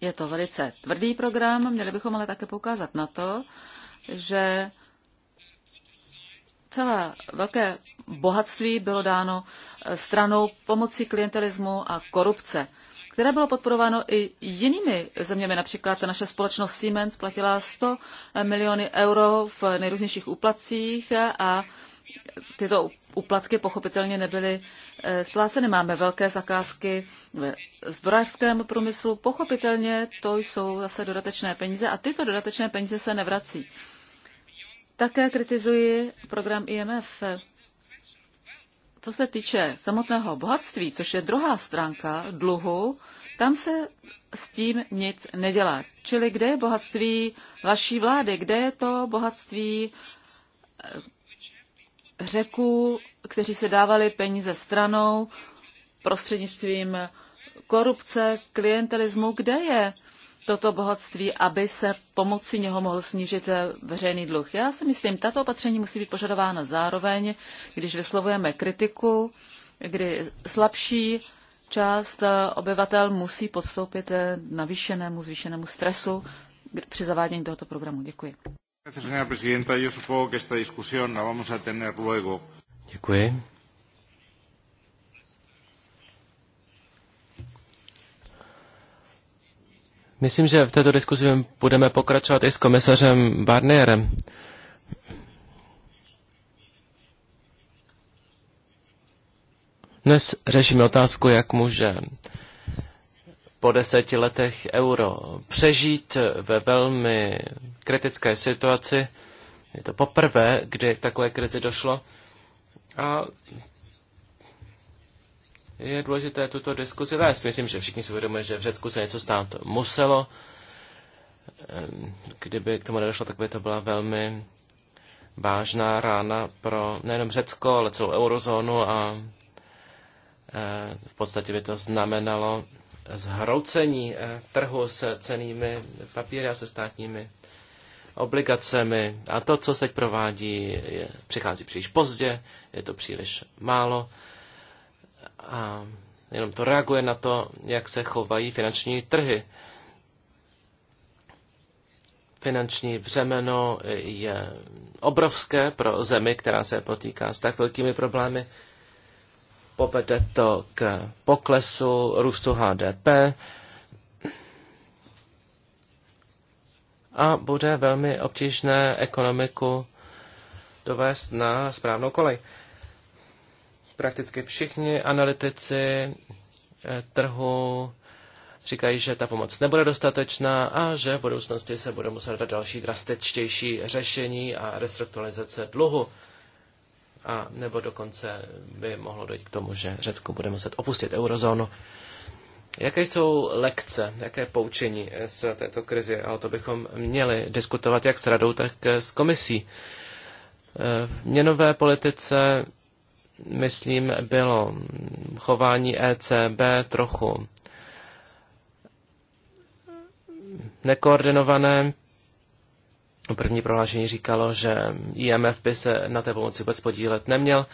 je to velice tvrdý program, měli bychom ale také poukázat na to, že celé velké bohatství bylo dáno stranou pomocí klientelismu a korupce které bylo podporováno i jinými zeměmi. Například naše společnost Siemens platila 100 miliony euro v nejrůznějších úplacích a tyto úplatky pochopitelně nebyly eh, spláceny. Máme velké zakázky v zbrojařském průmyslu. Pochopitelně to jsou zase dodatečné peníze a tyto dodatečné peníze se nevrací. Také kritizuji program IMF co se týče samotného bohatství, což je druhá stránka dluhu, tam se s tím nic nedělá. Čili kde je bohatství vaší vlády, kde je to bohatství eh, řeků, kteří se dávali peníze stranou prostřednictvím korupce, klientelismu, kde je toto bohatství, aby se pomocí něho mohl snížit eh, veřejný dluh. Já si myslím, tato opatření musí být požadována zároveň, když vyslovujeme kritiku, kdy slabší část eh, obyvatel musí podstoupit eh, navýšenému, zvýšenému stresu při zavádění tohoto programu. Děkuji. Děkuji. Myslím, že v této diskuzi budeme pokračovat i s komisařem Barnierem. Dnes řešíme otázku, jak může po deseti letech euro přežít ve velmi kritické situaci. Je to poprvé, kdy k takové krizi došlo. A je důležité tuto diskuzi vést. Myslím, že všichni si uvědomují, že v Řecku se něco stát muselo. Ehm, kdyby k tomu nedošlo, tak by to byla velmi vážná rána pro nejenom Řecko, ale celou eurozónu a eh, v podstatě by to znamenalo zhroucení eh, trhu s cenými papíry a se státními obligacemi. A to, co se teď provádí, je, přichází příliš pozdě, je to příliš málo a jenom to reaguje na to, jak se chovají finanční trhy. Finanční břemeno je obrovské pro zemi, která se potýká s tak velkými problémy. Povede to k poklesu růstu HDP a bude velmi obtížné ekonomiku dovést na správnou kolej. Prakticky všichni analytici eh, trhu říkají, že ta pomoc nebude dostatečná a že v budoucnosti se bude muset dát další drastičtější řešení a restrukturalizace dluhu. A nebo dokonce by mohlo dojít k tomu, že Řecko bude muset opustit eurozónu. Jaké jsou lekce, jaké poučení z této krizi? A o to bychom měli diskutovat jak s radou, tak s komisí. Eh, v měnové politice myslím, bylo chování ECB trochu nekoordinované. První prohlášení říkalo, že IMF by se na té pomoci vůbec podílet neměl.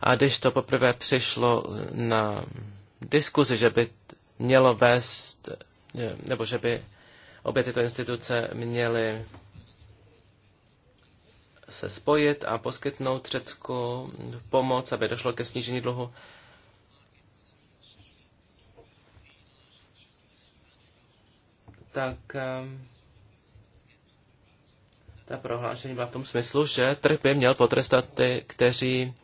A když to poprvé přišlo na diskuzi, že by mělo vést, nebo že by obě tyto instituce měly se spojit a poskytnout Řecku pomoc, aby došlo ke snížení dluhu. Tak ehm, ta prohlášení byla v tom smyslu, že trh by měl potrestat ty, kteří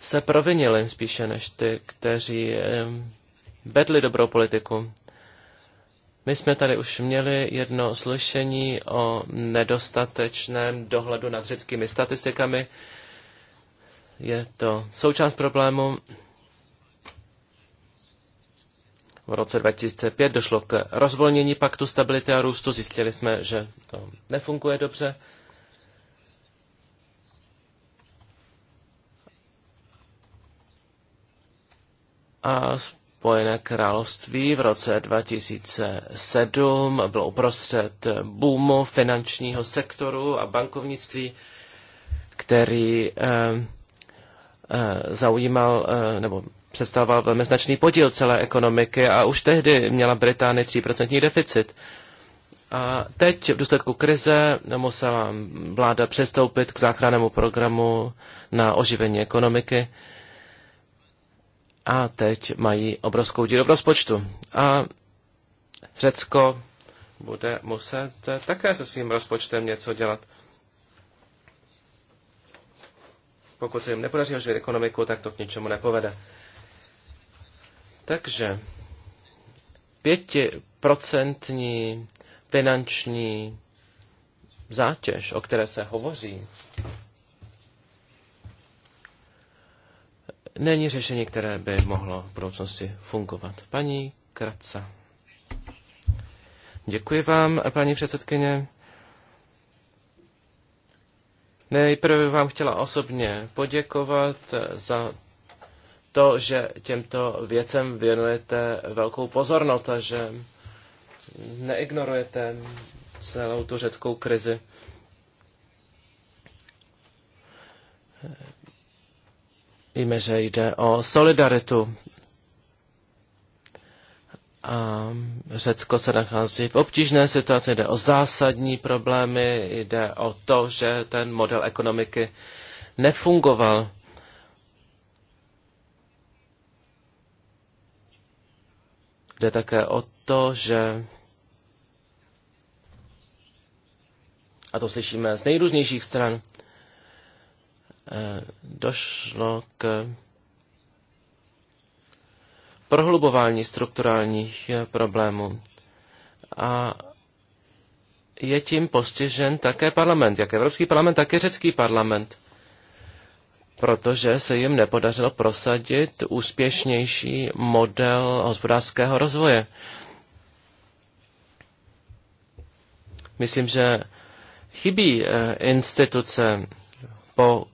se provinili spíše než ty, kteří ehm, vedli dobrou politiku. My jsme tady už měli jedno slyšení o nedostatečném dohledu nad řeckými statistikami. Je to součást problému. V roce 2005 došlo k rozvolnění paktu stability a růstu. Zjistili jsme, že to nefunguje dobře. A Spojené království v roce 2007 bylo uprostřed boomu finančního sektoru a bankovnictví, který eh, eh, zaujímal eh, nebo představoval velmi značný podíl celé ekonomiky a už tehdy měla Británie 3% deficit. A teď v důsledku krize musela vláda přestoupit k záchrannému programu na oživení ekonomiky a teď mají obrovskou díru v rozpočtu. A Řecko bude muset také se svým rozpočtem něco dělat. Pokud se jim nepodaří oživit ekonomiku, tak to k ničemu nepovede. Takže pětiprocentní finanční zátěž, o které se hovoří, není řešení, které by mohlo v budoucnosti fungovat. Paní Kratca. Děkuji vám, paní předsedkyně. Nejprve vám chtěla osobně poděkovat za to, že těmto věcem věnujete velkou pozornost a že neignorujete celou tu řeckou krizi. Víme, že jde o solidaritu. A Řecko se nachází v obtížné situaci, jde o zásadní problémy, jde o to, že ten model ekonomiky nefungoval. Jde také o to, že a to slyšíme z nejrůznějších stran, Eh, došlo k prohlubování strukturálních eh, problémů. A je tím postižen také parlament, jak Evropský parlament, tak i řecký parlament, protože se jim nepodařilo prosadit úspěšnější model hospodářského rozvoje. Myslím, že chybí eh, instituce po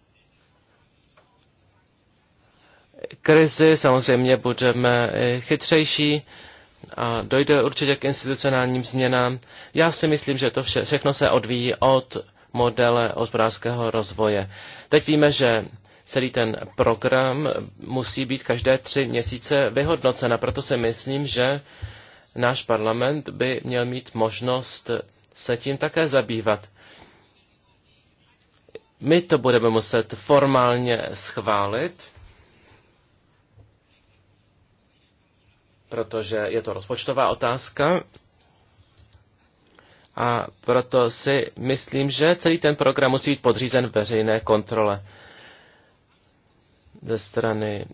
krizi samozřejmě budeme chytřejší a dojde určitě k institucionálním změnám. Já si myslím, že to vše, všechno se odvíjí od modele hospodářského rozvoje. Teď víme, že celý ten program musí být každé tři měsíce vyhodnocen a proto si myslím, že náš parlament by měl mít možnost se tím také zabývat. My to budeme muset formálně schválit, protože je to rozpočtová otázka. A proto si myslím, že celý ten program musí být podřízen veřejné kontrole ze strany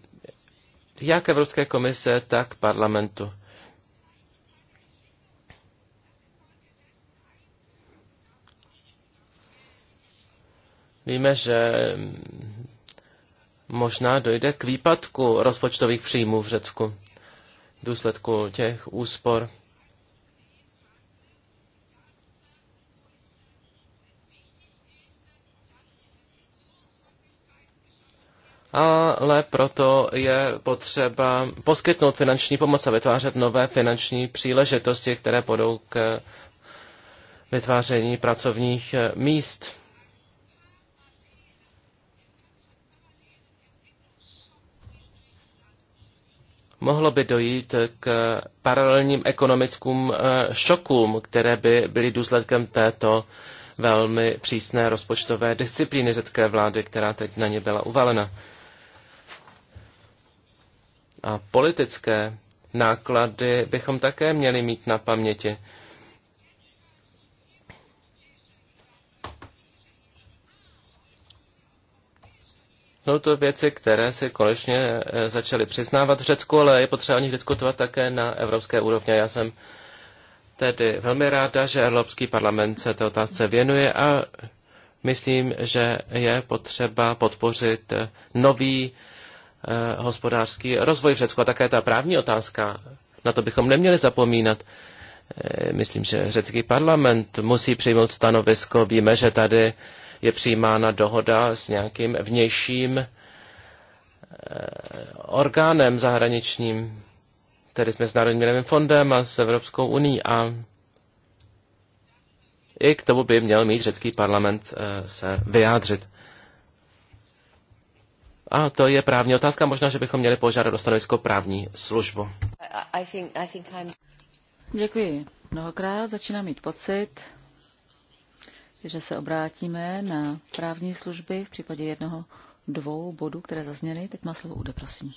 jak Evropské komise, tak parlamentu. Víme, že možná dojde k výpadku rozpočtových příjmů v Řecku v důsledku těch úspor. Ale proto je potřeba poskytnout finanční pomoc a vytvářet nové finanční příležitosti, které podou k vytváření pracovních míst. mohlo by dojít k paralelním ekonomickým eh, šokům, které by byly důsledkem této velmi přísné rozpočtové disciplíny řecké vlády, která teď na ně byla uvalena. A politické náklady bychom také měli mít na paměti. Jsou to věci, které si konečně e, začaly přiznávat v Řecku, ale je potřeba o nich diskutovat také na evropské úrovni. Já jsem tedy velmi ráda, že Evropský parlament se té otázce věnuje a myslím, že je potřeba podpořit nový e, hospodářský rozvoj v Řecku a také ta právní otázka. Na to bychom neměli zapomínat. E, myslím, že řecký parlament musí přijmout stanovisko. Víme, že tady je přijímána dohoda s nějakým vnějším eh, orgánem zahraničním, tedy jsme s Mezinárodním měnovým fondem a s Evropskou uní a i k tomu by měl mít řecký parlament eh, se vyjádřit. A to je právní otázka, možná, že bychom měli požádat o stanovisko právní službu. Děkuji. Mnohokrát začínám mít pocit, že se obrátíme na právní služby v případě jednoho, dvou bodů, které zazněly. Teď má slovo Ude, prosím.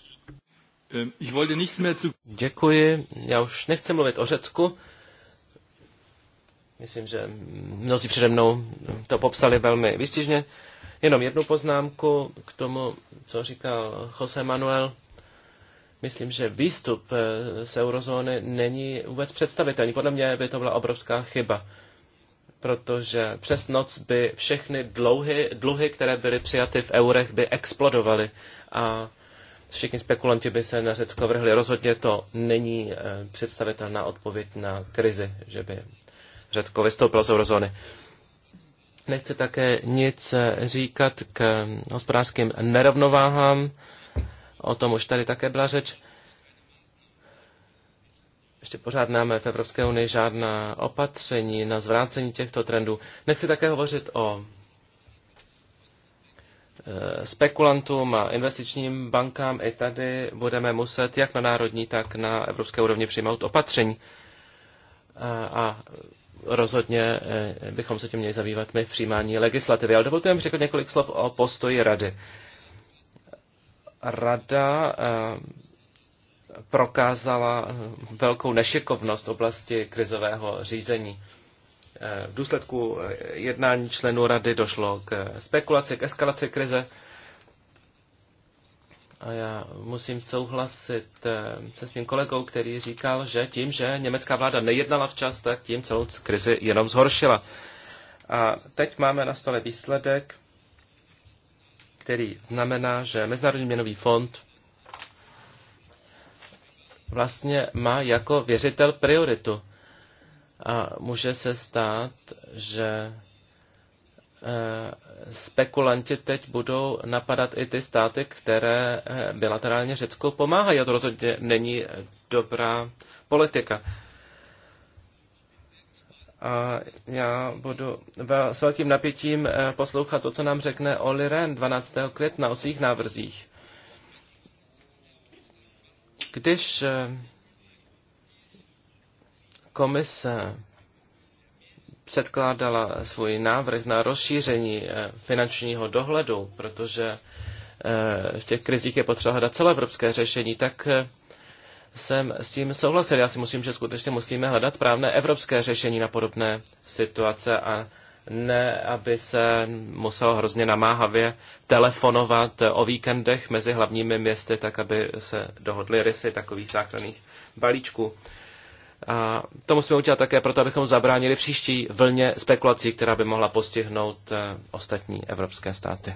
Ehm, Děkuji, já už nechci mluvit o Řecku. Myslím, že mnozí přede mnou to popsali velmi vystižně. Jenom jednu poznámku k tomu, co říkal Jose Manuel. Myslím, že výstup eh, z eurozóny není vůbec představitelný. Podle mě by to byla obrovská chyba protože přes noc by všechny dluhy, dluhy, které byly přijaty v eurech, by explodovaly a všichni spekulanti by se na Řecko vrhli. Rozhodně to není eh, představitelná odpověď na krizi, že by Řecko vystoupilo z eurozóny. Nechci také nic eh, říkat k hospodářským nerovnováhám. O tom už tady také byla řeč ještě pořád máme v Evropské unii žádná opatření na zvrácení těchto trendů. Nechci také hovořit o eh, spekulantům a investičním bankám. I tady budeme muset jak na národní, tak na evropské úrovni přijmout opatření. Eh, a rozhodně eh, bychom se tím měli zabývat my v přijímání legislativy. Ale dovolte mi řekl několik slov o postoji rady. Rada prokázala eh, velkou nešikovnost v oblasti krizového řízení. Eh, v důsledku eh, jednání členů rady došlo k spekulaci, k eskalaci krize. A já musím souhlasit se svým kolegou, který říkal, že tím, že německá vláda nejednala včas, tak tím celou krizi jenom zhoršila. A teď máme na stole výsledek, který znamená, že Mezinárodní měnový fond vlastně má jako věřitel prioritu. A může se stát, že eh, spekulanti teď budou napadat i ty státy, které eh, bilaterálně Řecku pomáhají. A to rozhodně není dobrá politika. A já budu s velkým napětím eh, poslouchat to, co nám řekne Oli Ren 12. května o svých návrzích. Když eh, komise předkládala svůj návrh na rozšíření eh, finančního dohledu, protože eh, v těch krizích je potřeba hledat evropské řešení, tak jsem s tím souhlasil. Já si myslím, že skutečně musíme hledat správné evropské řešení na podobné situace a ne aby se musel hrozně namáhavě telefonovat o víkendech mezi hlavními městy, tak aby se dohodly rysy takových záchranných balíčků. A to musíme udělat také proto, abychom zabránili příští vlně spekulací, která by mohla postihnout eh, ostatní evropské státy.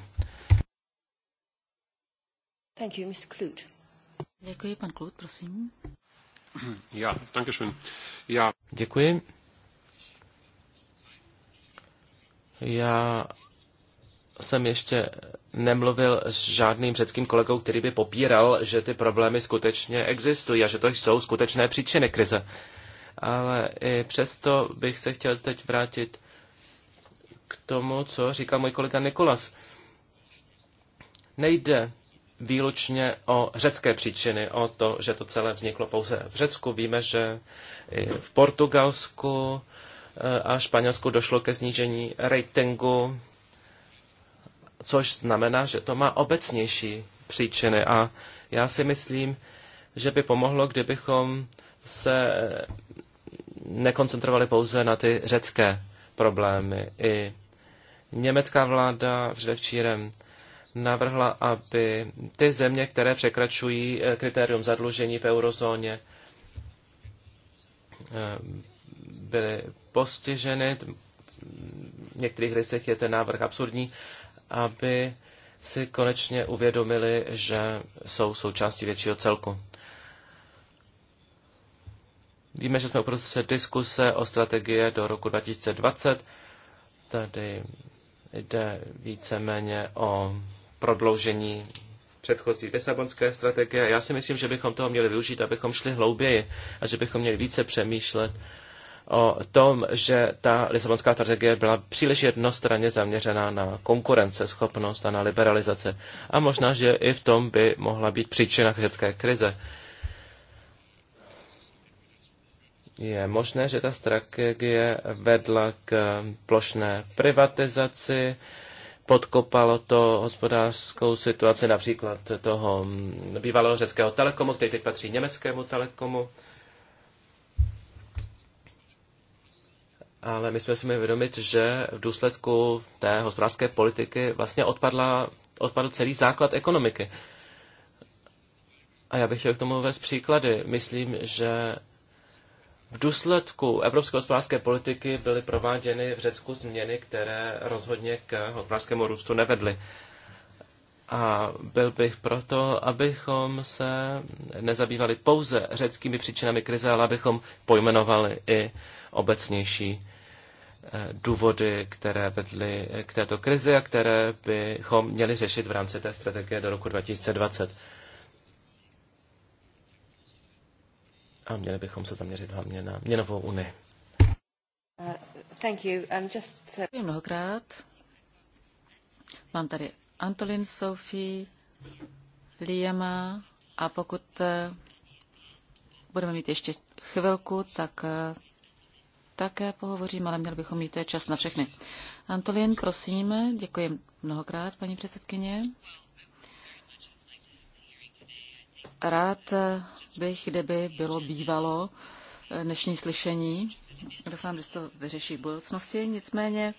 Thank you, Mr. Klut. Děkuji, pan Klut, prosím. Ja, danke schön. Ja. Děkuji. Já jsem ještě nemluvil s žádným řeckým kolegou, který by popíral, že ty problémy skutečně existují a že to jsou skutečné příčiny krize. Ale i přesto bych se chtěl teď vrátit k tomu, co říkal můj kolega Nikolas. Nejde výlučně o řecké příčiny, o to, že to celé vzniklo pouze v Řecku. Víme, že i v Portugalsku a Španělsku došlo ke snížení ratingu, což znamená, že to má obecnější příčiny. A já si myslím, že by pomohlo, kdybychom se nekoncentrovali pouze na ty řecké problémy. I německá vláda předevčírem navrhla, aby ty země, které překračují eh, kritérium zadlužení v eurozóně, eh, byly postiženy, v některých rysech je ten návrh absurdní, aby si konečně uvědomili, že jsou součástí většího celku. Víme, že jsme uprostřed diskuse o strategie do roku 2020. Tady jde víceméně o prodloužení předchozí Lisabonské strategie. Já si myslím, že bychom toho měli využít, abychom šli hlouběji a že bychom měli více přemýšlet o tom, že ta Lisabonská strategie byla příliš jednostranně zaměřená na konkurenceschopnost a na liberalizace. A možná, že i v tom by mohla být příčina řecké krize. Je možné, že ta strategie vedla k plošné privatizaci, podkopalo to hospodářskou situaci například toho bývalého řeckého telekomu, který teď patří německému telekomu. ale my jsme si měli vědomit, že v důsledku té hospodářské politiky vlastně odpadla, odpadl celý základ ekonomiky. A já bych chtěl k tomu vést příklady. Myslím, že v důsledku evropské hospodářské politiky byly prováděny v Řecku změny, které rozhodně k hospodářskému růstu nevedly. A byl bych proto, abychom se nezabývali pouze řeckými příčinami krize, ale abychom pojmenovali i obecnější Eh, důvody, které vedly eh, k této krizi a které bychom měli řešit v rámci té strategie do roku 2020. A měli bychom se zaměřit hlavně na měnovou unii. Eh, thank you. Um, Děkuji mnohokrát. Mám tady Antolin, Sophie, Liama a pokud budeme mít ještě chvilku, tak také pohovořím, ale měli bychom mít čas na všechny. Antolin, prosím, děkuji mnohokrát, paní předsedkyně. Rád bych, kdyby bylo bývalo dnešní slyšení. Doufám, že se to vyřeší v budoucnosti. Nicméně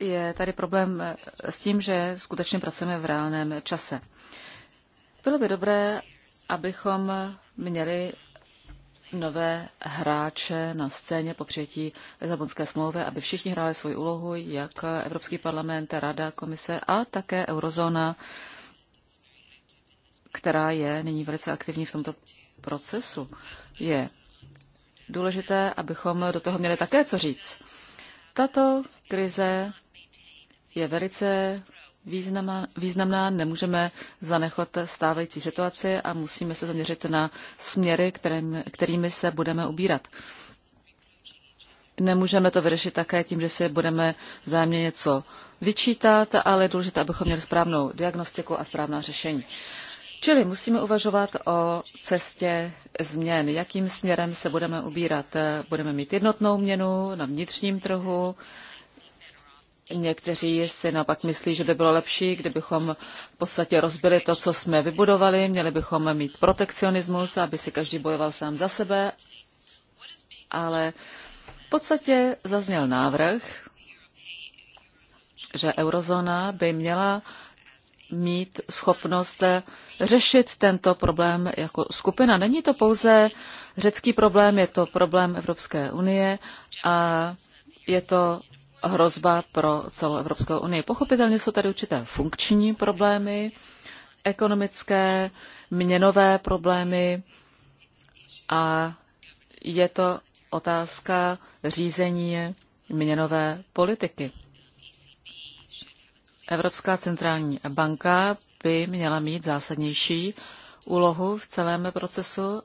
je tady problém s tím, že skutečně pracujeme v reálném čase. Bylo by dobré, abychom měli nové hráče na scéně po přijetí Lisabonské smlouvy, aby všichni hráli svoji úlohu, jak Evropský parlament, Rada, Komise a také Eurozóna, která je nyní velice aktivní v tomto procesu. Je důležité, abychom do toho měli také co říct. Tato krize je velice významná, významná, nemůžeme zanechat stávající situaci a musíme se zaměřit na směry, kterým, kterými se budeme ubírat. Nemůžeme to vyřešit také tím, že si budeme zájemně něco vyčítat, ale je důležité, abychom měli správnou diagnostiku a správná řešení. Čili musíme uvažovat o cestě změn, jakým směrem se budeme ubírat. Budeme mít jednotnou měnu na vnitřním trhu, Někteří si naopak myslí, že by bylo lepší, kdybychom v podstatě rozbili to, co jsme vybudovali, měli bychom mít protekcionismus, aby si každý bojoval sám za sebe, ale v podstatě zazněl návrh, že eurozóna by měla mít schopnost řešit tento problém jako skupina. Není to pouze řecký problém, je to problém Evropské unie a je to hrozba pro celou Evropskou unii. Pochopitelně jsou tady určité funkční problémy, ekonomické, měnové problémy a je to otázka řízení měnové politiky. Evropská centrální banka by měla mít zásadnější úlohu v celém procesu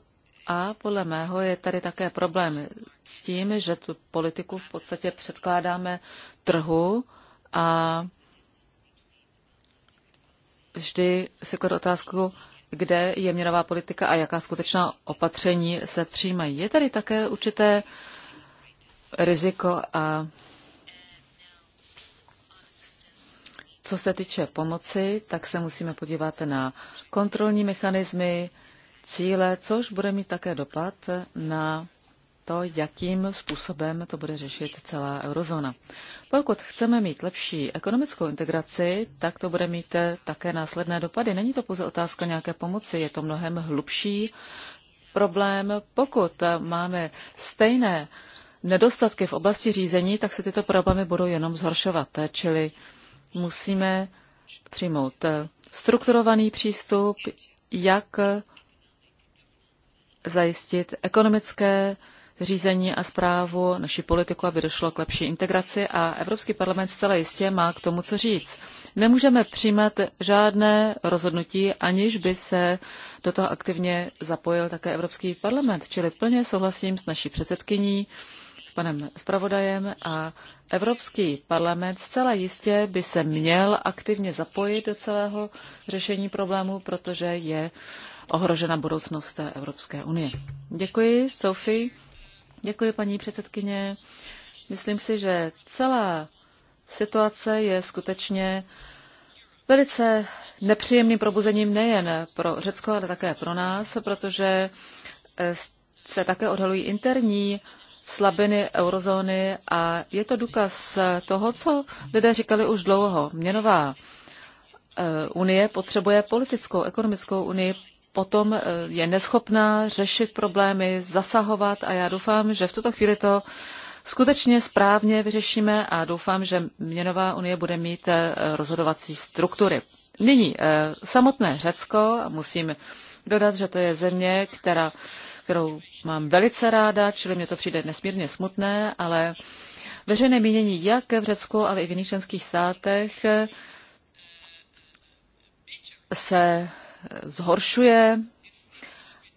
a podle mého je tady také problém s tím, že tu politiku v podstatě předkládáme trhu a vždy si kladu otázku, kde je měnová politika a jaká skutečná opatření se přijímají. Je tady také určité riziko a co se týče pomoci, tak se musíme podívat na kontrolní mechanismy, cíle, což bude mít také dopad na to, jakým způsobem to bude řešit celá eurozóna. Pokud chceme mít lepší ekonomickou integraci, tak to bude mít také následné dopady. Není to pouze otázka nějaké pomoci, je to mnohem hlubší problém. Pokud máme stejné nedostatky v oblasti řízení, tak se tyto problémy budou jenom zhoršovat. Čili musíme přijmout strukturovaný přístup, jak zajistit ekonomické řízení a zprávu naší politiku, aby došlo k lepší integraci a Evropský parlament zcela jistě má k tomu co říct. Nemůžeme přijímat žádné rozhodnutí, aniž by se do toho aktivně zapojil také Evropský parlament, čili plně souhlasím s naší předsedkyní, s panem zpravodajem a Evropský parlament zcela jistě by se měl aktivně zapojit do celého řešení problému, protože je uh, ohrožena budoucnost Evropské unie. Děkuji, Sophie. Děkuji, paní předsedkyně. Myslím si, že celá situace je skutečně velice nepříjemným probuzením nejen pro Řecko, ale také pro nás, protože eh, se také odhalují interní slabiny eurozóny a je to důkaz toho, co lidé říkali už dlouho. Měnová eh, unie potřebuje politickou, ekonomickou unii, potom eh, je neschopná řešit problémy, zasahovat a já doufám, že v tuto chvíli to skutečně správně vyřešíme a doufám, že měnová unie bude mít eh, rozhodovací struktury. Nyní eh, samotné Řecko, musím dodat, že to je země, která, kterou mám velice ráda, čili mě to přijde nesmírně smutné, ale veřejné mínění jak v Řecku, ale i v jiných členských státech se zhoršuje.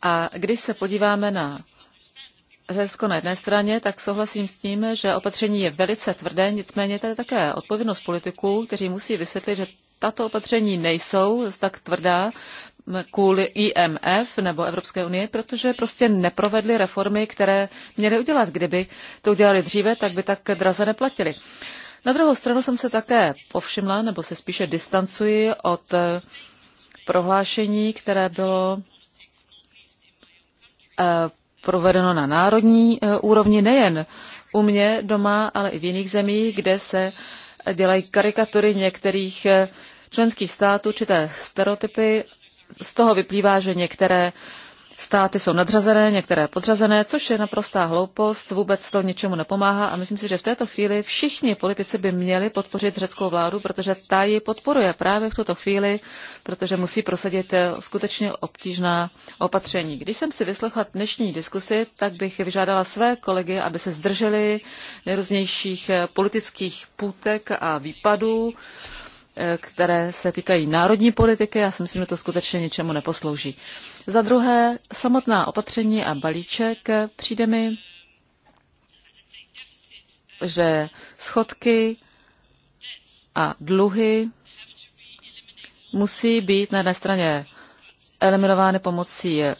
A když se podíváme na Řecko na jedné straně, tak souhlasím s tím, že opatření je velice tvrdé, nicméně to je také odpovědnost politiků, kteří musí vysvětlit, že tato opatření nejsou tak tvrdá kvůli IMF nebo Evropské unie, protože prostě neprovedly reformy, které měly udělat. Kdyby to udělali dříve, tak by tak draze neplatili. Na druhou stranu jsem se také povšimla, nebo se spíše distancuji od prohlášení, které bylo eh, provedeno na národní eh, úrovni, nejen u mě doma, ale i v jiných zemích, kde se dělají karikatury některých eh, členských států, určité stereotypy. Z toho vyplývá, že některé státy jsou nadřazené, některé podřazené, což je naprostá hloupost, vůbec to ničemu nepomáhá a myslím si, že v této chvíli všichni politici by měli podpořit řeckou vládu, protože ta ji podporuje právě v tuto chvíli, protože musí prosadit eh, skutečně obtížná opatření. Když jsem si vyslechla dnešní diskusi, tak bych vyžádala své kolegy, aby se zdrželi nejrůznějších eh, politických půtek a výpadů. Eh, které se týkají národní politiky. Já si myslím, že to skutečně ničemu neposlouží. Za druhé, samotná opatření a balíček eh, přijde mi, že schodky a dluhy musí být na jedné straně eliminovány pomocí eh,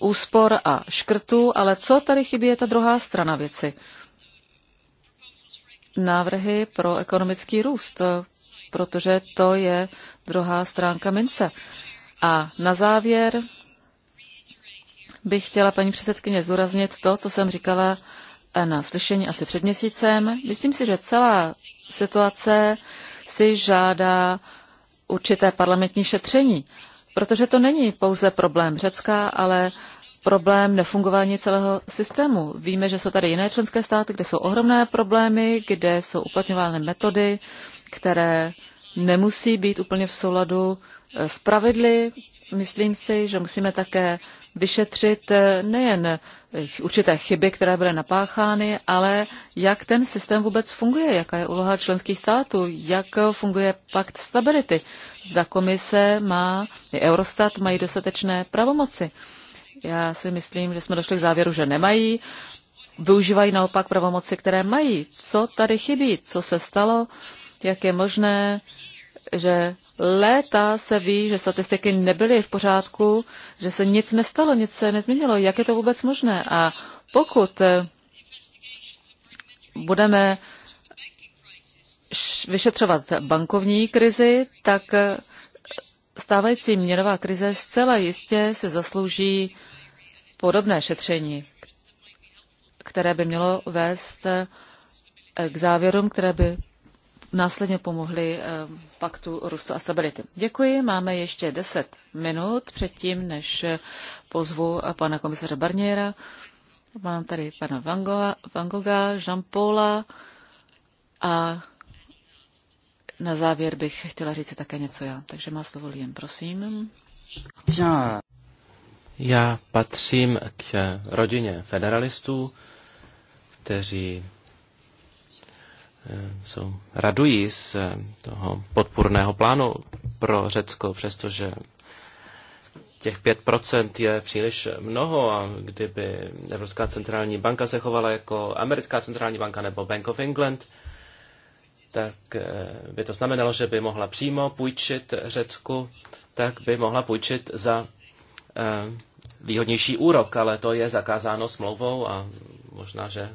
úspor a škrtů, ale co tady chybí je ta druhá strana věci. Návrhy pro ekonomický růst, protože to je druhá stránka mince. A na závěr bych chtěla paní předsedkyně zdůraznit to, co jsem říkala eh, na slyšení asi před měsícem. Myslím si, že celá situace si žádá určité parlamentní šetření, protože to není pouze problém Řecka, ale problém nefungování celého systému. Víme, že jsou tady jiné členské státy, kde jsou ohromné problémy, kde jsou uplatňovány metody, které nemusí být úplně v souladu eh, s pravidly. Myslím si, že musíme také vyšetřit eh, nejen eh, určité chyby, které byly napáchány, ale jak ten systém vůbec funguje, jaká je úloha členských států, jak funguje pakt stability. Zda komise má, Eurostat mají dostatečné pravomoci. Já si myslím, že jsme došli k závěru, že nemají. Využívají naopak pravomoci, které mají. Co tady chybí? Co se stalo? Jak je možné, že léta se ví, že statistiky nebyly v pořádku, že se nic nestalo, nic se nezměnilo. Jak je to vůbec možné? A pokud eh, budeme vyšetřovat bankovní krizi, tak eh, stávající měnová krize zcela jistě se zaslouží podobné šetření, které by mělo vést eh, k závěrům, které by následně pomohly eh, paktu růstu a stability. Děkuji, máme ještě 10 minut předtím, než eh, pozvu pana komisaře Barniera. Mám tady pana Van Gogha, Jean-Paula a na závěr bych chtěla říct také něco já. Takže má slovo Liam, prosím. Já patřím k rodině federalistů, kteří eh, jsou, radují z eh, toho podpůrného plánu pro Řecko, přestože těch 5% je příliš mnoho a kdyby Evropská centrální banka se chovala jako americká centrální banka nebo Bank of England, tak eh, by to znamenalo, že by mohla přímo půjčit Řecku, tak by mohla půjčit za výhodnější úrok, ale to je zakázáno smlouvou a možná, že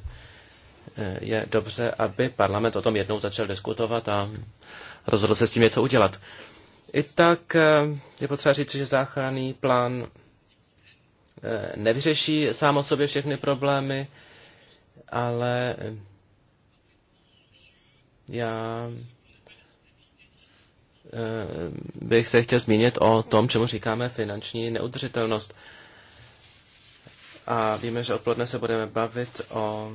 e, je dobře, aby parlament o tom jednou začal diskutovat a rozhodl se s tím něco udělat. I tak e, je potřeba říct, že záchranný plán e, nevyřeší sám o sobě všechny problémy, ale já bych se chtěl zmínit o tom, čemu říkáme finanční neudržitelnost a víme, že odpoledne se budeme bavit o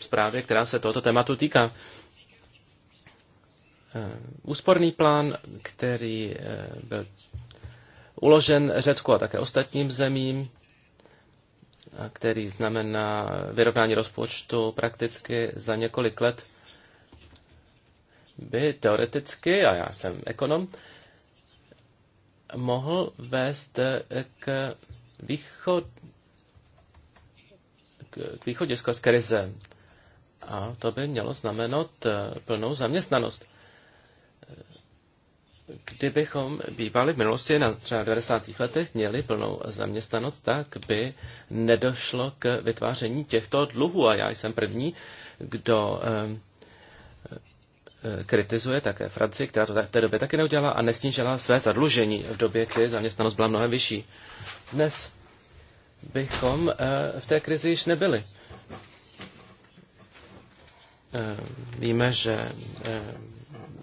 zprávě, která se tohoto tématu týká. Eh, úsporný plán, který eh, byl uložen Řecku a také ostatním zemím, a který znamená vyrovnání rozpočtu prakticky za několik let, by teoreticky, a já jsem ekonom, mohl vést k východ, k východisko z krize. A to by mělo znamenat eh, plnou zaměstnanost. Eh, kdybychom bývali v minulosti na třeba 90. letech měli plnou zaměstnanost, tak by nedošlo k vytváření těchto dluhů. A já jsem první, kdo eh, kritizuje také Francii, která to v té době taky neudělala a nesnížila své zadlužení v době, kdy zaměstnanost byla mnohem vyšší. Dnes bychom eh, v té krizi již nebyli. Eh, víme, že eh,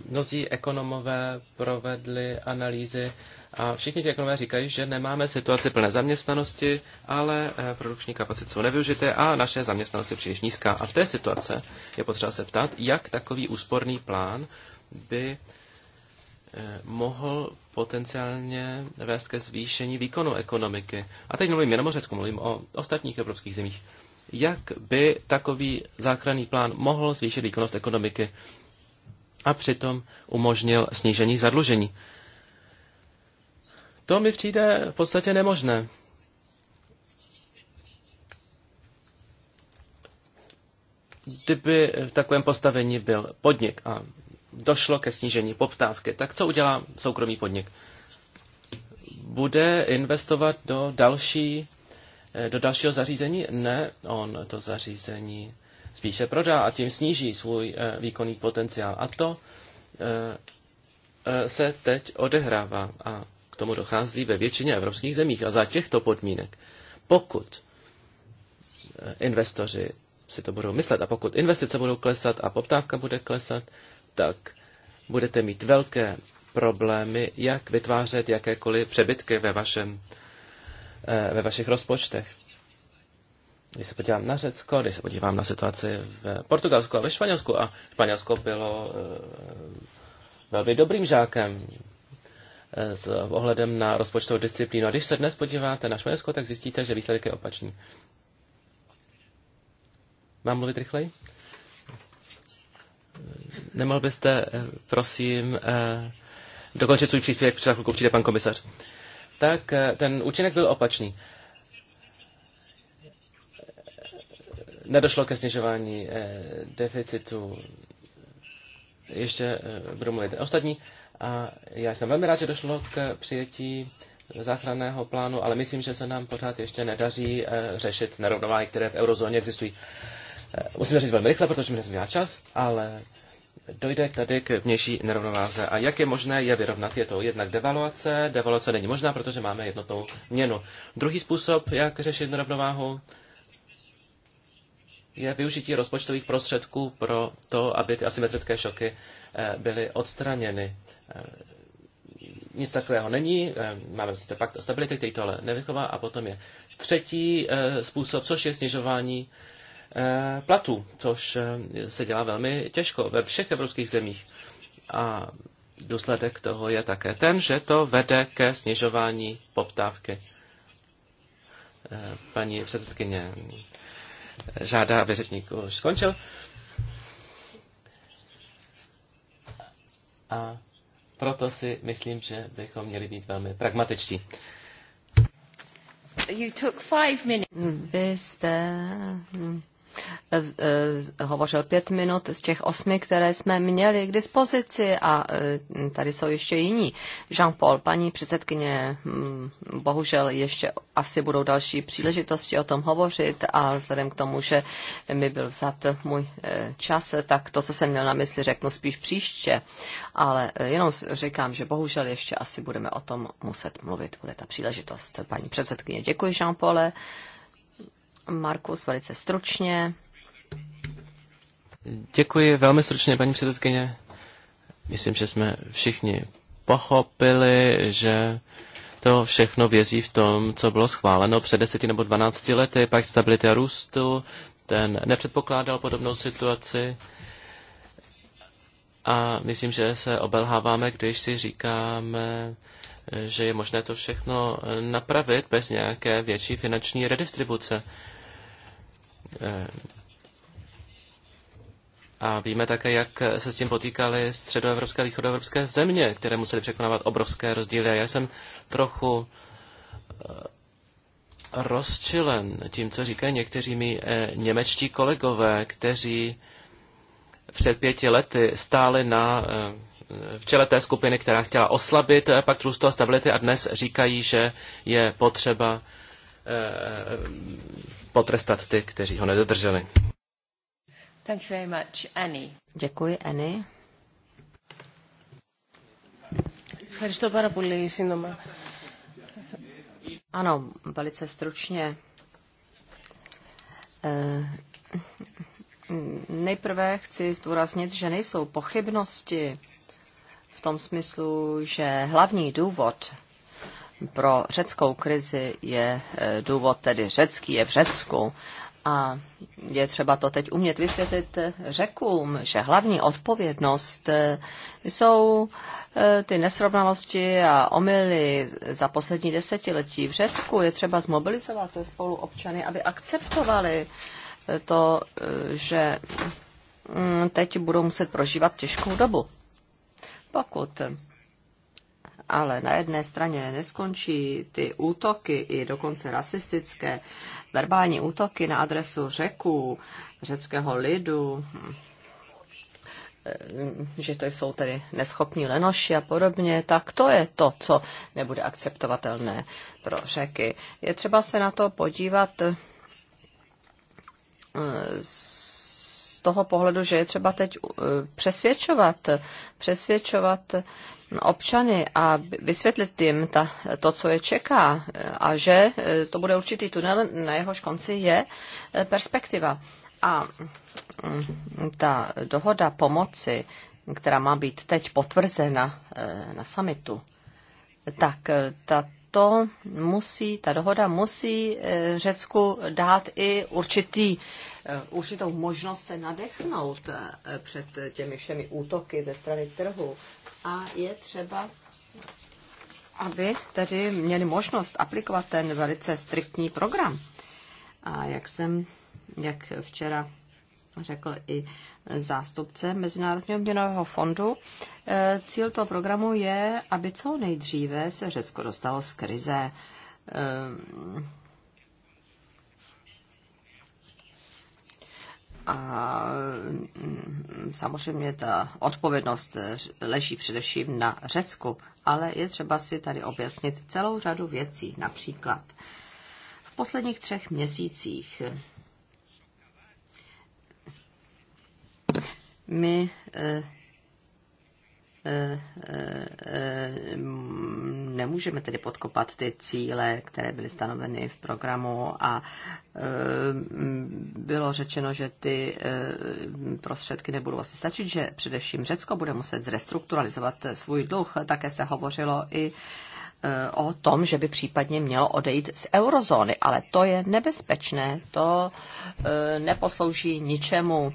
mnozí ekonomové provedli analýzy a všichni ti ekonomové říkají, že nemáme situaci plné zaměstnanosti, ale produkční kapacity jsou nevyužité a naše zaměstnanost je příliš nízká. A v té situace je potřeba se ptát, jak takový úsporný plán by Eh, mohl potenciálně vést ke zvýšení výkonu ekonomiky. A teď mluvím jenom o Řecku, mluvím o ostatních evropských zemích. Jak by takový záchranný plán mohl zvýšit výkonnost ekonomiky a přitom umožnil snížení zadlužení? To mi přijde v podstatě nemožné. Kdyby v takovém postavení byl podnik a došlo ke snížení poptávky. Tak co udělá soukromý podnik? Bude investovat do, další, eh, do dalšího zařízení? Ne, on to zařízení spíše prodá a tím sníží svůj eh, výkonný potenciál. A to eh, se teď odehrává a k tomu dochází ve většině evropských zemích. A za těchto podmínek, pokud investoři si to budou myslet a pokud investice budou klesat a poptávka bude klesat, tak budete mít velké problémy, jak vytvářet jakékoliv přebytky ve, vašem, eh, ve vašich rozpočtech. Když se podívám na Řecko, když se podívám na situaci v Portugalsku a ve Španělsku, a Španělsko bylo eh, velmi dobrým žákem eh, s ohledem na rozpočtovou disciplínu. A když se dnes podíváte na Španělsko, tak zjistíte, že výsledek je opačný. Mám mluvit rychleji? Nemohl byste, eh, prosím, eh, dokončit svůj příspěvek, před chvilkou přijde pan komisař. Tak eh, ten účinek byl opačný. Nedošlo ke snižování deficitu. Ještě budu mluvit ostatní. A já jsem velmi rád, že došlo k přijetí záchranného plánu, ale myslím, že se nám pořád ještě nedaří řešit nerovnováhy, které v eurozóně existují. Musím říct velmi rychle, protože mi nezbývá čas, ale dojde tady k vnější nerovnováze. A jak je možné je vyrovnat? Je to jednak devaluace. Devaluace není možná, protože máme jednotnou měnu. Druhý způsob, jak řešit nerovnováhu, je využití rozpočtových prostředků pro to, aby ty asymetrické šoky eh, byly odstraněny. Eh, nic takového není. Eh, máme sice pakt o stability, který to ale nevychová. A potom je třetí způsob, což je snižování Eh, platů, což eh, se dělá velmi těžko ve všech evropských zemích. A důsledek toho je také ten, že to vede ke snižování poptávky. Eh, paní předsedkyně žádá, aby řečník už skončil. A proto si myslím, že bychom měli být velmi pragmatičtí. You took five minutes. Vy jste E, hovořil pět minut z těch osmi, které jsme měli k dispozici a e, tady jsou ještě jiní. Jean-Paul, paní předsedkyně, hm, bohužel ještě asi budou další příležitosti o tom hovořit a vzhledem k tomu, že mi byl vzat můj e, čas, tak to, co jsem měl na mysli, řeknu spíš příště. Ale jenom říkám, že bohužel ještě asi budeme o tom muset mluvit. Bude ta příležitost. Paní předsedkyně, děkuji jean paul Markus velice stručně. Děkuji velmi stručně, paní předsedkyně. Myslím, že jsme všichni pochopili, že to všechno vězí v tom, co bylo schváleno před deseti nebo dvanácti lety, pak stability a růstu, ten nepředpokládal podobnou situaci. A myslím, že se obelháváme, když si říkáme, že je možné to všechno napravit bez nějaké větší finanční redistribuce. Eh, a víme také, jak se s tím potýkaly středoevropské a východoevropské země, které museli překonávat obrovské rozdíly. A já jsem trochu eh, rozčilen tím, co říkají někteří mi eh, němečtí kolegové, kteří před pěti lety stáli na, v čele té skupiny, která chtěla oslabit pakt růstu a stability a dnes říkají, že je potřeba potrestat ty, kteří ho nedodrželi. Thank you very much, Annie. Děkuji, Annie. Ευχαριστώ πάρα πολύ σύντομα. Ano, velice stručně. Nejprve chci zdůraznit, že nejsou pochybnosti v tom smyslu, že hlavní důvod pro řeckou krizi je eh, důvod tedy řecký, je v Řecku. A je třeba to teď umět vysvětlit eh, řekům, že hlavní odpovědnost eh, jsou ty nesrovnalosti a omily za poslední desetiletí v Řecku. Je třeba zmobilizovat spolu občany, aby akceptovali to, že mm, teď budou muset prožívat těžkou dobu. Pokud ale na jedné straně neskončí ty útoky, i dokonce rasistické, verbální útoky na adresu řeků, řeckého lidu, eh, že to jsou tedy neschopní lenoši a podobně, tak to je to, co nebude akceptovatelné pro řeky. Je třeba se na to podívat eh, z toho pohledu, že je třeba teď eh, přesvědčovat, přesvědčovat občany a vysvětlit jim ta, to, co je čeká a že eh, to bude určitý tunel, na jehož konci je eh, perspektiva. A mm, ta dohoda pomoci, která má být teď potvrzena eh, na samitu, tak tato musí, ta dohoda musí Řecku dát i určitý, určitou možnost se nadechnout před těmi všemi útoky ze strany trhu a je třeba aby tedy měli možnost aplikovat ten velice striktní program. A jak jsem, jak včera řekl i zástupce Mezinárodního měnového fondu, e, cíl toho programu je, aby co nejdříve se Řecko dostalo z krize e, A mm, samozřejmě ta odpovědnost eh, leží především na Řecku, ale je třeba si tady objasnit celou řadu věcí. Například v posledních třech měsících my eh, Eh, eh, eh, nemůžeme tedy podkopat ty cíle, které byly stanoveny v programu a bylo řečeno, že ty prostředky nebudou asi stačit, že především Řecko bude muset zrestrukturalizovat svůj dluh. Také se hovořilo i o tom, že by případně mělo odejít z eurozóny, ale to je nebezpečné, to neposlouží ničemu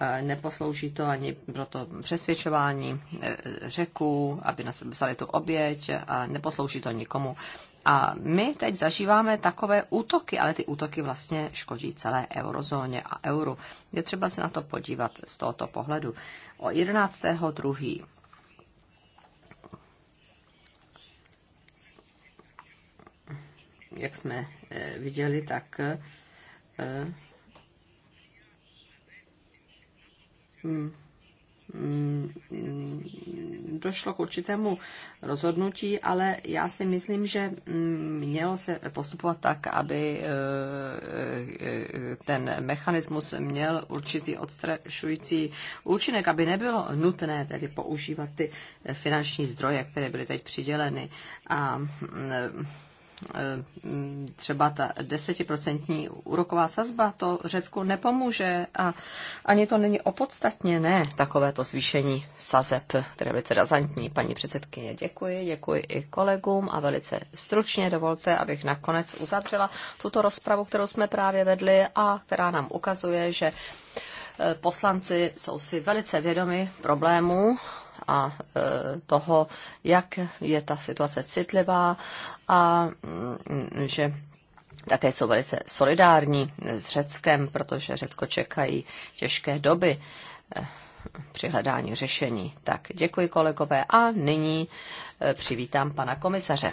E, neposlouží to ani pro to přesvědčování e, řeků, aby sebe vzali tu oběť a neposlouží to nikomu. A my teď zažíváme takové útoky, ale ty útoky vlastně škodí celé eurozóně a euru. Je třeba se na to podívat z tohoto pohledu. O 11.2. Jak jsme e, viděli, tak Mm, mm, došlo k určitému rozhodnutí, ale já si myslím, že mm, mělo se postupovat tak, aby eh, eh, ten mechanismus měl určitý odstrašující účinek, aby nebylo nutné tedy používat ty finanční zdroje, které byly teď přiděleny. A Eh, třeba ta desetiprocentní úroková sazba, to Řecku nepomůže a ani to není opodstatněné, takovéto zvýšení sazeb, které je velice razantní. Paní předsedkyně, děkuji, děkuji i kolegům a velice stručně dovolte, abych nakonec uzavřela tuto rozpravu, kterou jsme právě vedli a která nám ukazuje, že eh, poslanci jsou si velice vědomi problémů, a e, toho, jak je ta situace citlivá a mm, že také jsou velice solidární s Řeckem, protože Řecko čekají těžké doby e, při hledání řešení. Tak děkuji kolegové a nyní e, přivítám pana komisaře.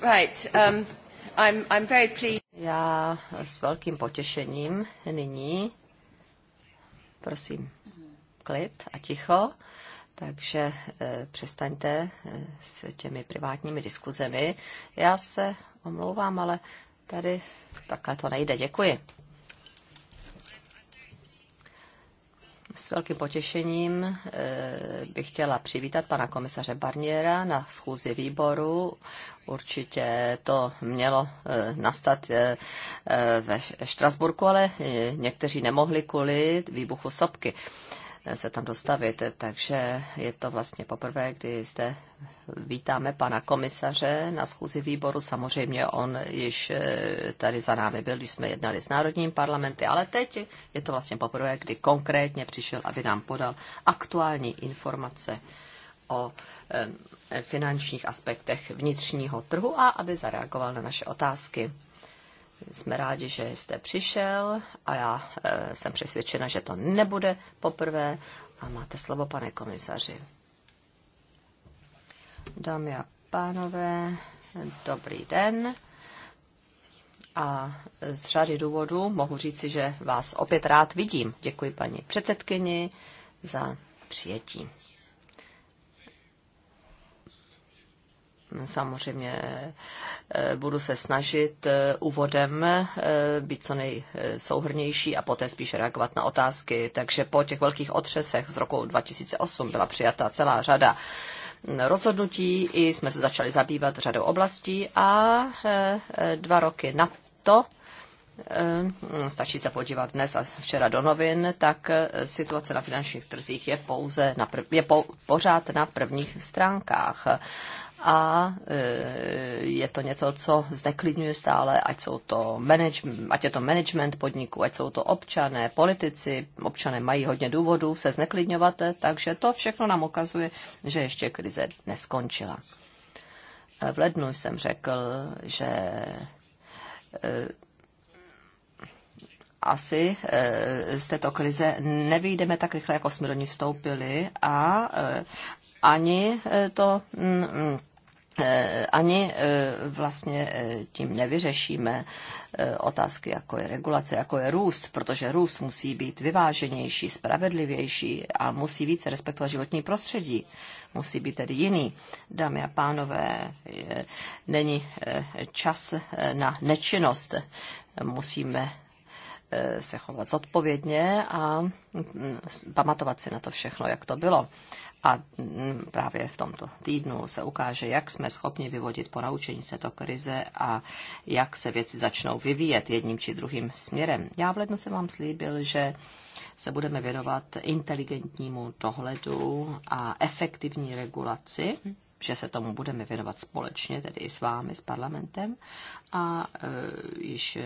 Right. Um, I'm, I'm very pleased. Já s velkým potěšením nyní, prosím, klid a ticho, takže e, přestaňte eh, s těmi privátními diskuzemi. Já se omlouvám, ale tady takhle to nejde. Děkuji. S velkým potěšením eh, bych chtěla přivítat pana komisaře Barniera na schůzi výboru. Určitě to mělo eh, nastat eh, ve Štrasburku, ale někteří nemohli kvůli výbuchu sopky se tam dostavit. Takže je to vlastně poprvé, kdy zde vítáme pana komisaře na schůzi výboru. Samozřejmě on již eh, tady za námi byl, když jsme jednali s národním parlamenty, ale teď je to vlastně poprvé, kdy konkrétně přišel, aby nám podal aktuální informace o eh, finančních aspektech vnitřního trhu a aby zareagoval na naše otázky jsme rádi, že jste přišel a já e, jsem přesvědčena, že to nebude poprvé. A máte slovo, pane komisaři. Dámy a pánové, dobrý den. A z řady důvodů mohu říci, že vás opět rád vidím. Děkuji paní předsedkyni za přijetí. samozřejmě eh, budu se snažit eh, úvodem eh, být co nejsouhrnější a poté spíše reagovat na otázky. Takže po těch velkých otřesech z roku 2008 byla přijata celá řada mm, rozhodnutí, i jsme se začali zabývat řadou oblastí a dva roky na to, stačí se podívat dnes a včera do novin, tak situace na finančních trzích je pouze na prv, je po, pořád na prvních stránkách a e, je to něco, co zneklidňuje stále, ať, jsou to manage, ať je to management podniku, ať jsou to občané, politici. Občané mají hodně důvodů se zneklidňovat, takže to všechno nám ukazuje, že ještě krize neskončila. E, v lednu jsem řekl, že e, asi z této krize nevyjdeme tak rychle, jako jsme do ní vstoupili a ani to E, ani e, vlastně e, tím nevyřešíme otázky, jako je regulace, jako je růst, protože růst musí být vyváženější, spravedlivější a musí více respektovat životní prostředí. Musí být tedy jiný. Dámy a pánové, není čas na nečinnost. Musíme se chovat zodpovědně a pamatovat si na to všechno, jak to bylo. A mm, právě v tomto týdnu se ukáže, jak jsme schopni vyvodit ponaučení z této krize a jak se věci začnou vyvíjet jedním či druhým směrem. Já v lednu jsem vám slíbil, že se budeme věnovat inteligentnímu dohledu a efektivní regulaci že se tomu budeme věnovat společně, tedy i s vámi, s parlamentem. A e, již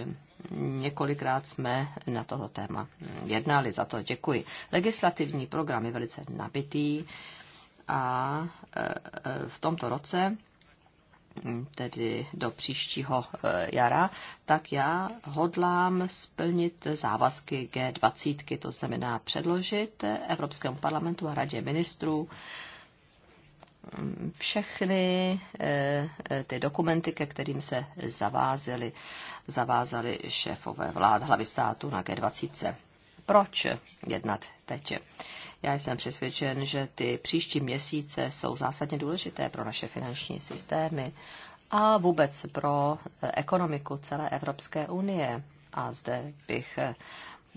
několikrát jsme na toto téma jednali, za to děkuji. Legislativní program je velice nabitý a e, e, v tomto roce tedy do příštího e, jara, tak já hodlám splnit závazky G20, to znamená předložit Evropskému parlamentu a radě ministrů všechny eh, eh, ty dokumenty, ke kterým se zavázali, zavázali šéfové vlád hlavy státu na G20. Proč jednat teď? Já jsem přesvědčen, že ty příští měsíce jsou zásadně důležité pro naše finanční systémy a vůbec pro eh, ekonomiku celé Evropské unie. A zde bych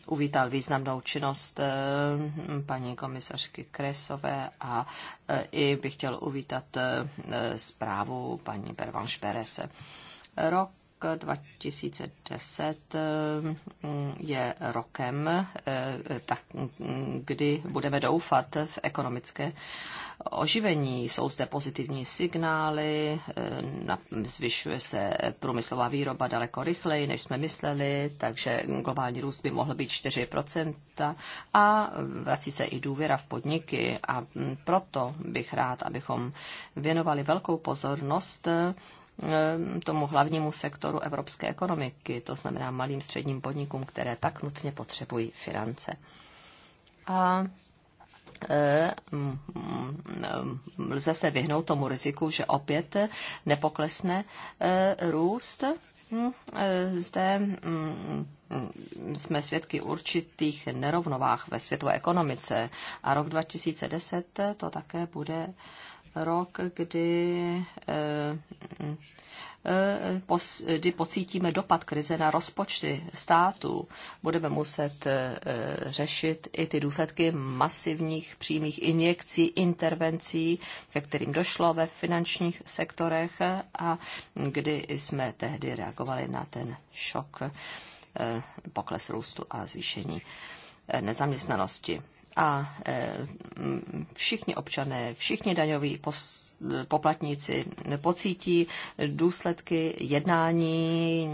uvítal významnou činnost eh, paní komisařky Kresové a eh, i bych chtěl uvítat eh, zprávu paní Pervan Šperese. Rok 2010 je rokem, tak, kdy budeme doufat v ekonomické oživení. Jsou zde pozitivní signály, eh, zvyšuje se průmyslová výroba daleko rychleji, než jsme mysleli, takže globální růst by mohl být 4% a vrací se i důvěra v podniky a mm, proto bych rád, abychom věnovali velkou pozornost eh, tomu hlavnímu sektoru evropské ekonomiky, to znamená malým středním podnikům, které tak nutně potřebují finance. A Eh, mm, mm, mm, lze se vyhnout tomu riziku, že opět nepoklesne eh, růst. Hm, eh, zde jsme svědky určitých nerovnovách ve světové ekonomice a rok 2010 to také bude rok, kdy, eh, eh, kdy pocítíme dopad krize na rozpočty států. Budeme muset eh, řešit i ty důsledky masivních přímých injekcí, intervencí, ke kterým došlo ve finančních sektorech a kdy jsme tehdy reagovali na ten šok pokles růstu a zvýšení nezaměstnanosti a e, všichni občané, všichni daňoví poplatníci pocítí důsledky jednání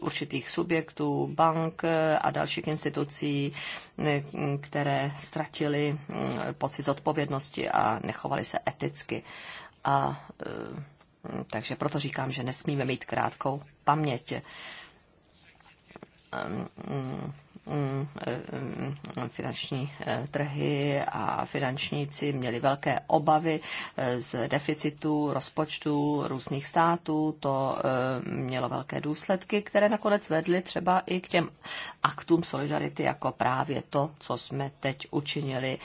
určitých subjektů, bank e, a dalších institucí, e, které ztratili pocit odpovědnosti a nechovali se eticky. A takže proto říkám, že nesmíme mít krátkou paměť Mm, mm, finanční eh, trhy a finančníci měli velké obavy eh, z deficitu rozpočtu různých států. To eh, mělo velké důsledky, které nakonec vedly třeba i k těm aktům solidarity, jako právě to, co jsme teď učinili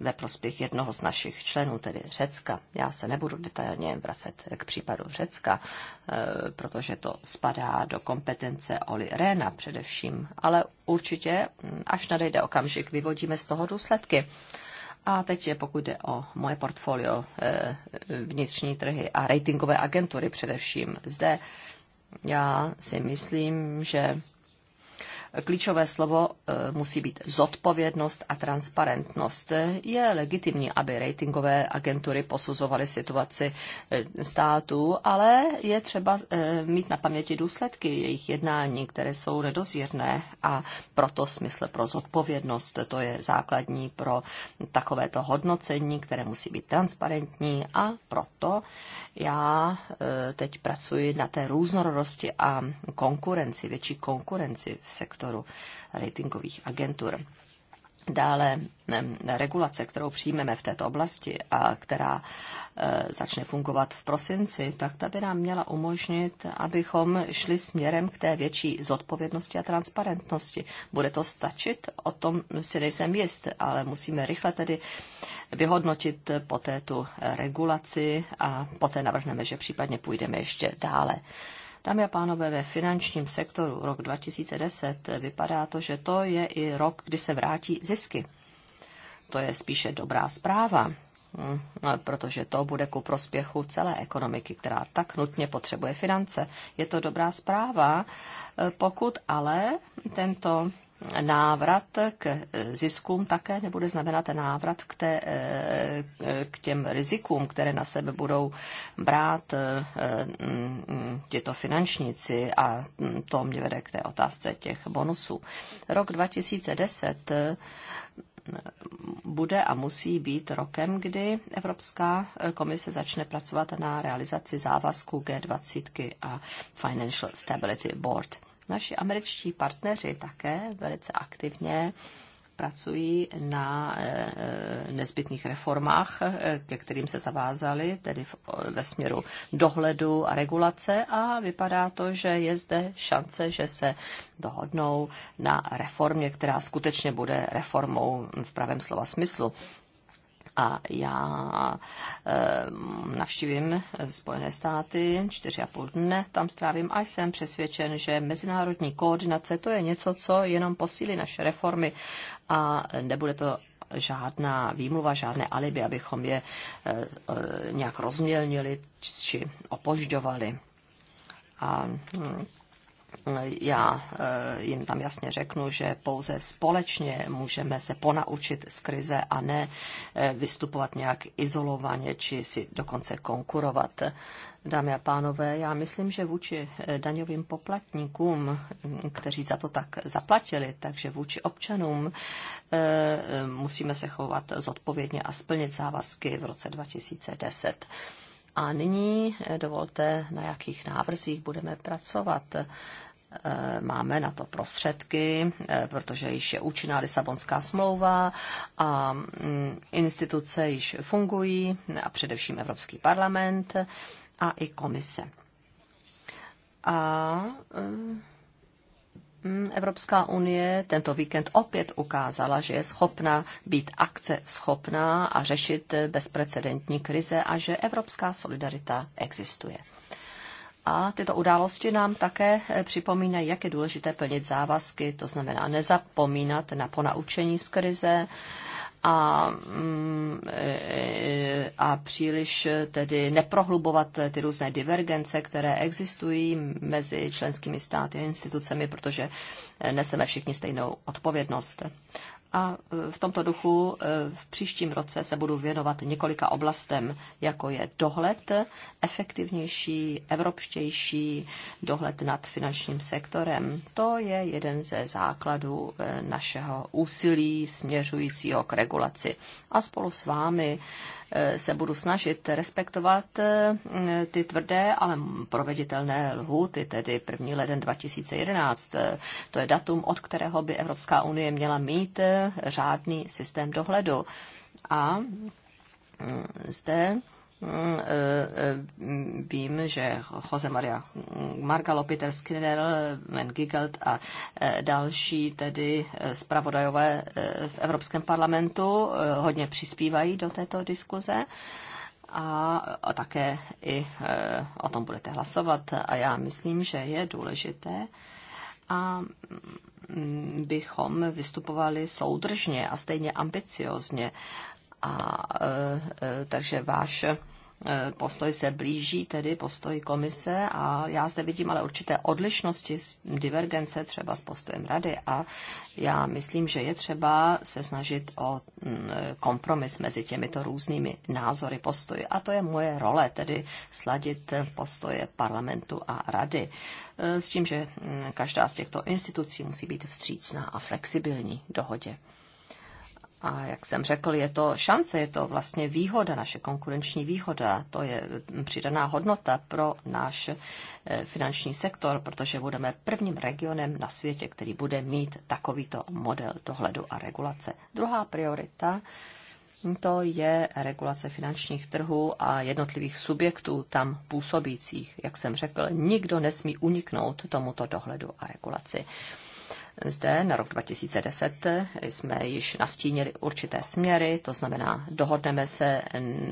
ve prospěch jednoho z našich členů, tedy Řecka. Já se nebudu detailně vracet k případu Řecka, protože to spadá do kompetence Oli Rena především, ale určitě, mm, až nadejde okamžik, vyvodíme z toho důsledky. A teď je, pokud jde o moje portfolio, eh, vnitřní trhy a ratingové agentury především. Zde já si myslím, že klíčové slovo eh, musí být zodpovědnost a transparentnost. Je legitimní, aby ratingové agentury posuzovaly situaci eh, států, ale je třeba eh, mít na paměti důsledky jejich jednání, které jsou nedozírné a proto smysl pro zodpovědnost. To je základní pro takovéto hodnocení, které musí být transparentní a proto já teď pracuji na té různorodosti a konkurenci, větší konkurenci v sektoru sektoru ratingových agentur. Dále regulace, kterou přijmeme v této oblasti a která e, začne fungovat v prosinci, tak ta by nám měla umožnit, abychom šli směrem k té větší zodpovědnosti a transparentnosti. Bude to stačit? O tom si nejsem jist, ale musíme rychle tedy vyhodnotit poté tu regulaci a poté navrhneme, že případně půjdeme ještě dále. Dámy a pánové, ve finančním sektoru rok 2010 vypadá to, že to je i rok, kdy se vrátí zisky. To je spíše dobrá zpráva, hm, no, protože to bude ku prospěchu celé ekonomiky, která tak nutně potřebuje finance. Je to dobrá zpráva, eh, pokud ale tento návrat k eh, ziskům také nebude znamenat návrat k, té, eh, k těm rizikům, které na sebe budou brát eh, mm, mm, těto finančníci a mm, to mě vede k té otázce těch bonusů. Rok 2010 bude a musí být rokem, kdy Evropská komise začne pracovat na realizaci závazku G20 a Financial Stability Board. Naši američtí partneři také velice aktivně pracují na eh, eh, nezbytných reformách, eh, ke kterým se zavázali, tedy ve směru dohledu a regulace a vypadá to, že je zde šance, že se dohodnou na reformě, která skutečně bude reformou v pravém slova smyslu a já eh, navštívím Spojené státy, čtyři a půl dne tam strávím a jsem přesvědčen, že mezinárodní koordinace to je něco, co jenom posílí naše reformy a nebude to žádná výmluva, žádné alibi, abychom je eh, eh, nějak rozmělnili či opožďovali. A hm, já eh, jim tam jasně řeknu, že pouze společně můžeme se ponaučit z krize a ne eh, vystupovat nějak izolovaně či si dokonce konkurovat. Dámy a pánové, já myslím, že vůči eh, daňovým poplatníkům, mm, kteří za to tak zaplatili, takže vůči občanům musíme se chovat zodpovědně a splnit závazky v roce 2010. A nyní dovolte, na jakých návrzích budeme pracovat. Eh, máme na to prostředky, eh, protože již je účinná Lisabonská smlouva a mm, instituce již fungují, a především Evropský parlament a i komise. A eh, mm, Evropská unie tento víkend opět ukázala, že je schopna být akce schopná a řešit bezprecedentní krize a že evropská solidarita existuje. A tyto události nám také eh, připomínají, jak je důležité plnit závazky, to znamená nezapomínat na ponaučení z krize a, mm, eh, a příliš eh, tedy neprohlubovat ty různé divergence, které existují mezi členskými státy a institucemi, protože neseme všichni stejnou odpovědnost. A e, v tomto duchu e, v příštím roce se budu věnovat několika oblastem, jako je dohled, efektivnější, evropštější dohled nad finančním sektorem. To je jeden ze základů e, našeho úsilí směřujícího k regulaci. A spolu s vámi Eh, se budu snažit respektovat eh, ty tvrdé, ale proveditelné lhůty, tedy 1. leden 2011. Eh, to je datum, od kterého by Evropská unie měla mít řádný systém dohledu. A mm, zde Mm, e, e, vím, že Jose Maria mm, Marka Lopiter Skinner, Van Gigelt a e, další tedy zpravodajové v Evropském parlamentu hodně přispívají do této diskuze a, a také i o tom budete hlasovat a já myslím, že je důležité a mm, bychom vystupovali soudržně a stejně ambiciozně. A, e, e, takže váš Eh, postoj se blíží, tedy postoj komise a já zde vidím ale určité odlišnosti, divergence třeba s postojem rady a já myslím, že je třeba se snažit o mm, eh, kompromis mezi těmito různými názory postoj a to je moje role, tedy sladit postoje parlamentu a rady eh, s tím, že mm, každá z těchto institucí musí být vstřícná a flexibilní dohodě. A jak jsem řekl, je to šance, je to vlastně výhoda, naše konkurenční výhoda, to je přidaná hodnota pro náš eh, finanční sektor, protože budeme prvním regionem na světě, který bude mít takovýto model dohledu a regulace. Druhá priorita to je regulace finančních trhů a jednotlivých subjektů tam působících. Jak jsem řekl, nikdo nesmí uniknout tomuto dohledu a regulaci. Zde na rok 2010 jsme již nastínili určité směry, to znamená, dohodneme se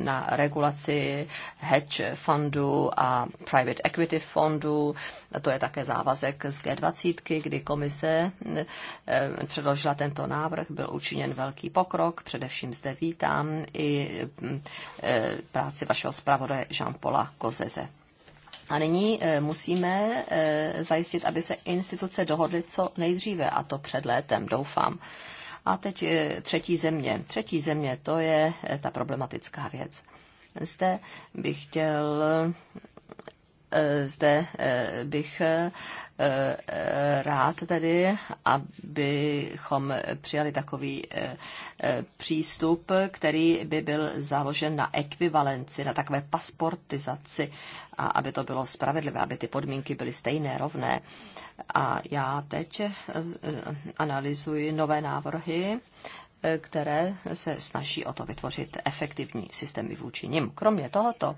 na regulaci hedge fondů a private equity fondů. To je také závazek z G20, kdy komise eh, předložila tento návrh. Byl učiněn velký pokrok, především zde vítám i eh, práci vašeho zpravodaje Jean-Paula Kozeze. A nyní eh, musíme eh, zajistit, aby se instituce dohodly co nejdříve, a to před létem, doufám. A teď eh, třetí země. Třetí země, to je ta problematická věc. Zde bych chtěl zde bych rád tedy, abychom přijali takový přístup, který by byl založen na ekvivalenci, na takové pasportizaci a aby to bylo spravedlivé, aby ty podmínky byly stejné, rovné. A já teď eh, eh, analyzuji nové návrhy, eh, které se snaží o to vytvořit efektivní systémy vůči nim. Kromě tohoto,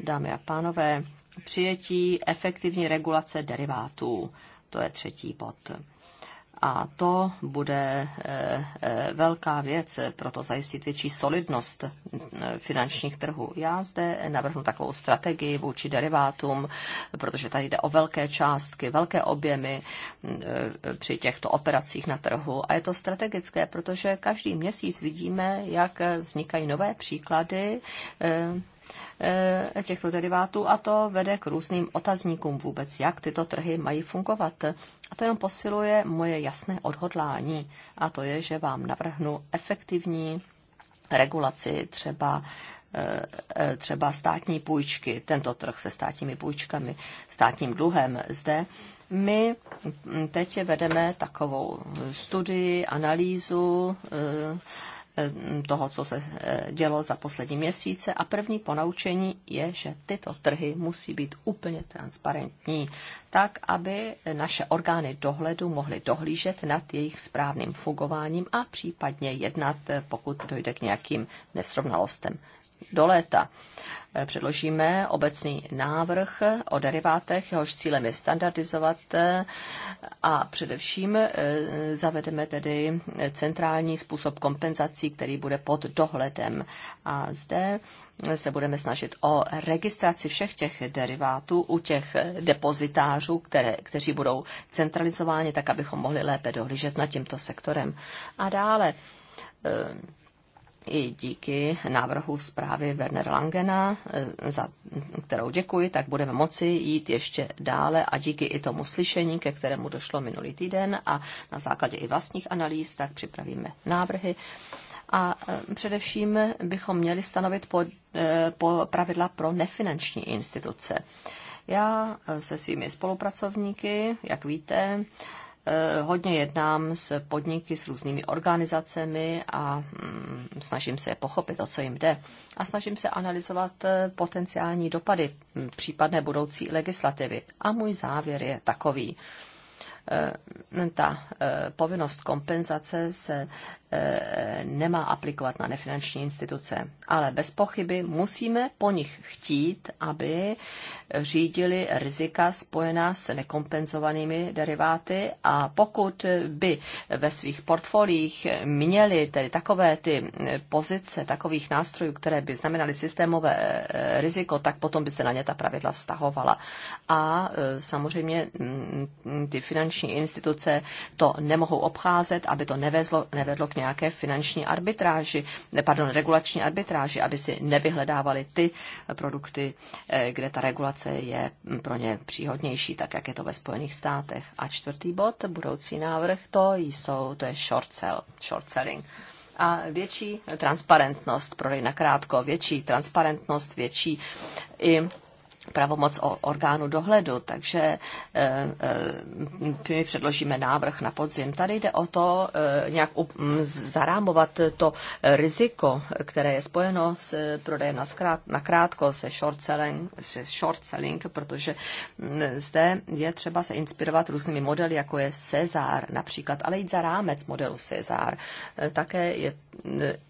dámy a pánové, přijetí efektivní regulace derivátů. To je třetí bod a to bude eh, eh, velká věc pro to zajistit větší solidnost eh, finančních trhů. Já zde navrhnu takovou strategii vůči derivátům, protože tady jde o velké částky, velké objemy při těchto operacích na trhu a je to strategické, protože každý měsíc vidíme, jak vznikají nové příklady Eh, těchto derivátů a to vede k různým otazníkům vůbec, jak tyto trhy mají fungovat. A to jenom posiluje moje jasné odhodlání a to je, že vám navrhnu efektivní regulaci třeba eh, eh, třeba státní půjčky, tento trh se státními půjčkami, státním dluhem zde. My teď vedeme takovou studii, analýzu Eh, toho, co se eh, dělo za poslední měsíce. A první ponaučení je, že tyto trhy musí být úplně transparentní, tak aby naše orgány dohledu mohly dohlížet nad jejich správným fungováním a případně jednat, eh, pokud dojde k nějakým nesrovnalostem do léta předložíme obecný návrh o derivátech, jehož cílem je standardizovat eh, a především eh, zavedeme tedy centrální způsob kompenzací, který bude pod dohledem. A zde se budeme snažit o registraci všech těch derivátů u těch depozitářů, které, kteří budou centralizováni, tak abychom mohli lépe dohlížet nad tímto sektorem. A dále eh, i díky návrhu zprávy Werner Langena, eh, za kterou děkuji, tak budeme moci jít ještě dále a díky i tomu slyšení, ke kterému došlo minulý týden a na základě i vlastních analýz, tak připravíme návrhy. A eh, především bychom měli stanovit po, eh, po pravidla pro nefinanční instituce. Já se svými spolupracovníky, jak víte, Eh, hodně jednám s podniky, s různými organizacemi a mm, snažím se je pochopit, o co jim jde. A snažím se analyzovat eh, potenciální dopady mm, případné budoucí legislativy. A můj závěr je takový eh, ta povinnost kompenzace se E, nemá aplikovat na nefinanční instituce. Ale bez pochyby musíme po nich chtít, aby řídili rizika spojená s nekompenzovanými deriváty a pokud by ve svých portfoliích měli tedy takové ty pozice takových nástrojů, které by znamenaly systémové e, riziko, tak potom by se na ně ta pravidla vztahovala. A e, samozřejmě mm, ty finanční instituce to nemohou obcházet, aby to nevezlo, nevedlo k nějakému nějaké finanční arbitráži, pardon, regulační arbitráži, aby si nevyhledávali ty produkty, eh, kde ta regulace je pro ně příhodnější, tak jak je to ve Spojených státech. A čtvrtý bod, budoucí návrh, to jsou, to je short, sell, short selling a větší transparentnost, prodej na krátko, větší transparentnost, větší i pravomoc o orgánu dohledu, takže eh, eh, my předložíme návrh na podzim. Tady jde o to eh, nějak zarámovat to riziko, které je spojeno s prodejem na, krátko, se short, selling, se short selling, protože mm, zde je třeba se inspirovat různými modely, jako je Cezar například, ale jít za rámec modelu Cezar. Také je,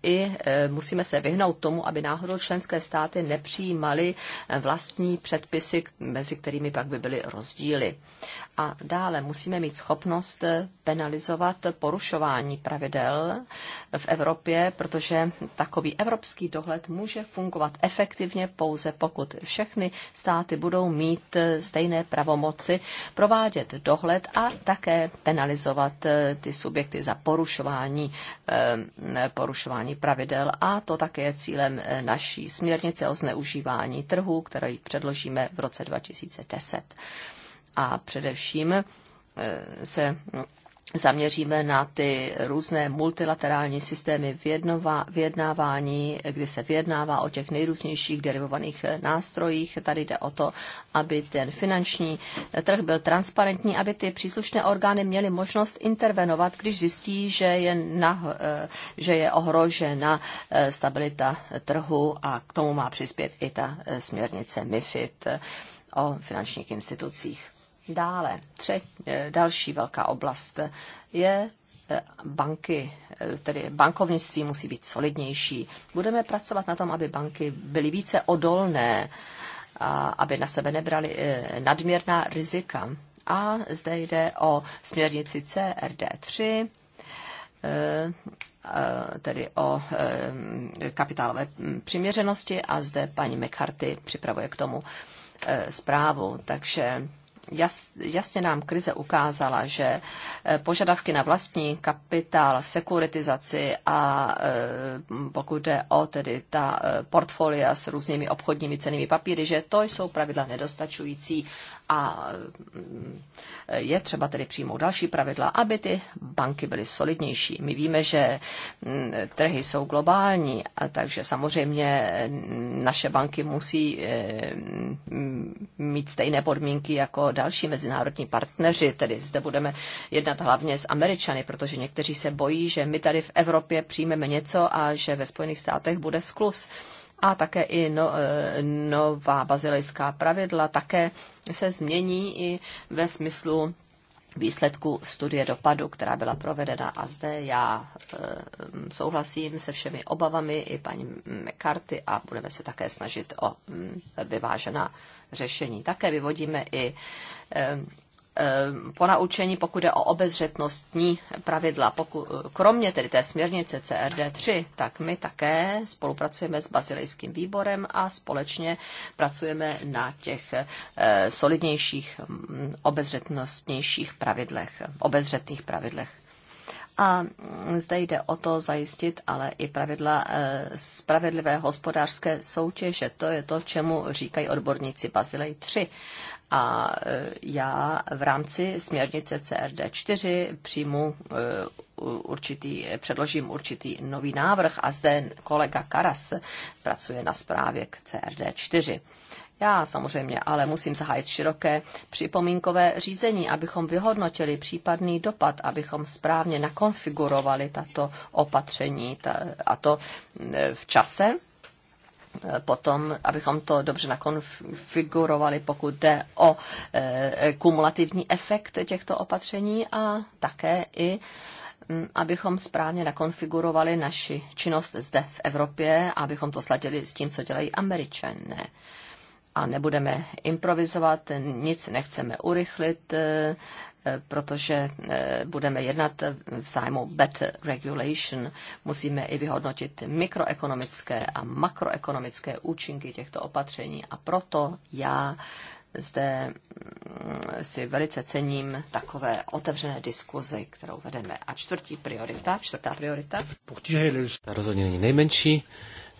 i musíme se vyhnout tomu, aby náhodou členské státy nepřijímaly vlastní předpisy, mezi kterými pak by byly rozdíly. A dále musíme mít schopnost penalizovat porušování pravidel v Evropě, protože takový evropský dohled může fungovat efektivně pouze pokud všechny státy budou mít stejné pravomoci provádět dohled a také penalizovat ty subjekty za porušování, eh, porušování pravidel. A to také je cílem naší směrnice o zneužívání trhu, který předložíme v roce 2010 a především eh, se zaměříme na ty různé multilaterální systémy vyjednávání, kdy se vyjednává o těch nejrůznějších derivovaných eh, nástrojích. Tady jde o to, aby ten finanční eh, trh byl transparentní, aby ty příslušné orgány měly možnost intervenovat, když zjistí, že je, na, že je ohrožena stabilita trhu a k tomu má přispět i ta směrnice MIFID o finančních institucích. Dále, tře- eh, další velká oblast je eh, banky, eh, tedy bankovnictví musí být solidnější. Budeme pracovat na tom, aby banky byly více odolné, a aby na sebe nebrali nadměrná rizika. A zde jde o směrnici CRD3, tedy o kapitálové hm, přiměřenosti a zde paní McCarthy připravuje k tomu zprávu. Takže jas, jasně nám krize ukázala, že eh, požadavky na vlastní kapitál, sekuritizaci a eh, pokud jde o tedy ta eh, portfolia s různými obchodními cenými papíry, že to jsou pravidla nedostačující a mm, je třeba tedy přijmout další pravidla, aby ty banky byly solidnější. My víme, že mm, trhy jsou globální, a takže samozřejmě mm, naše banky musí eh, mít stejné podmínky jako další mezinárodní partneři, tedy zde budeme jednat hlavně s Američany, protože někteří se bojí, že my tady v Evropě přijmeme něco a že ve Spojených státech bude sklus a také i no, e, nová bazilejská pravidla také se změní i ve smyslu výsledku studie dopadu, která byla provedena. A zde já e, souhlasím se všemi obavami i paní McCarthy a budeme se také snažit o vyvážená řešení. Také vyvodíme i e, Eh, ponaučení, pokud je o obezřetnostní pravidla. Poku, kromě tedy té směrnice CRD3, tak my také spolupracujeme s Bazilejským výborem a společně pracujeme na těch eh, solidnějších, mm, obezřetnostnějších pravidlech, obezřetných pravidlech. A zde jde o to zajistit ale i pravidla eh, spravedlivé hospodářské soutěže. To je to, čemu říkají odborníci Bazilej 3. A eh, já v rámci směrnice CRD 4 přijmu eh, určitý, předložím určitý nový návrh a zde kolega Karas pracuje na zprávě k CRD 4 já samozřejmě, ale musím zahájit široké připomínkové řízení, abychom vyhodnotili případný dopad, abychom správně nakonfigurovali tato opatření a to e, v čase, e, potom, abychom to dobře nakonfigurovali, pokud jde o e, kumulativní efekt těchto opatření a také i abychom správně nakonfigurovali naši činnost zde v Evropě, abychom to sladili s tím, co dělají američané a nebudeme improvizovat, nic nechceme urychlit, eh, protože eh, budeme jednat v zájmu better regulation. Musíme i vyhodnotit mikroekonomické a makroekonomické účinky těchto opatření a proto já zde mm, si velice cením takové otevřené diskuzi, kterou vedeme. A čtvrtí priorita, čtvrtá priorita. Rozhodně není nejmenší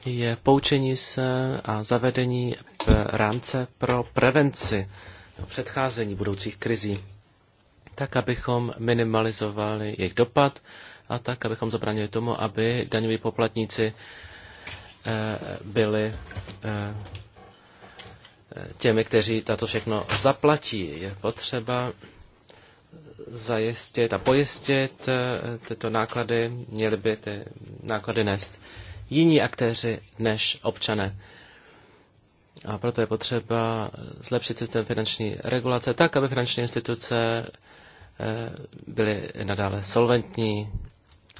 je poučení se a zavedení rámce pro prevenci předcházení budoucích krizí, tak abychom minimalizovali jejich dopad a tak, abychom zabránili tomu, aby daňoví poplatníci eh, byli eh, těmi, kteří tato všechno zaplatí. Je potřeba zajistit a pojistit eh, tyto náklady, měly by ty náklady nést jiní aktéři než občané. A proto je potřeba zlepšit systém finanční regulace tak, aby finanční instituce eh, byly nadále solventní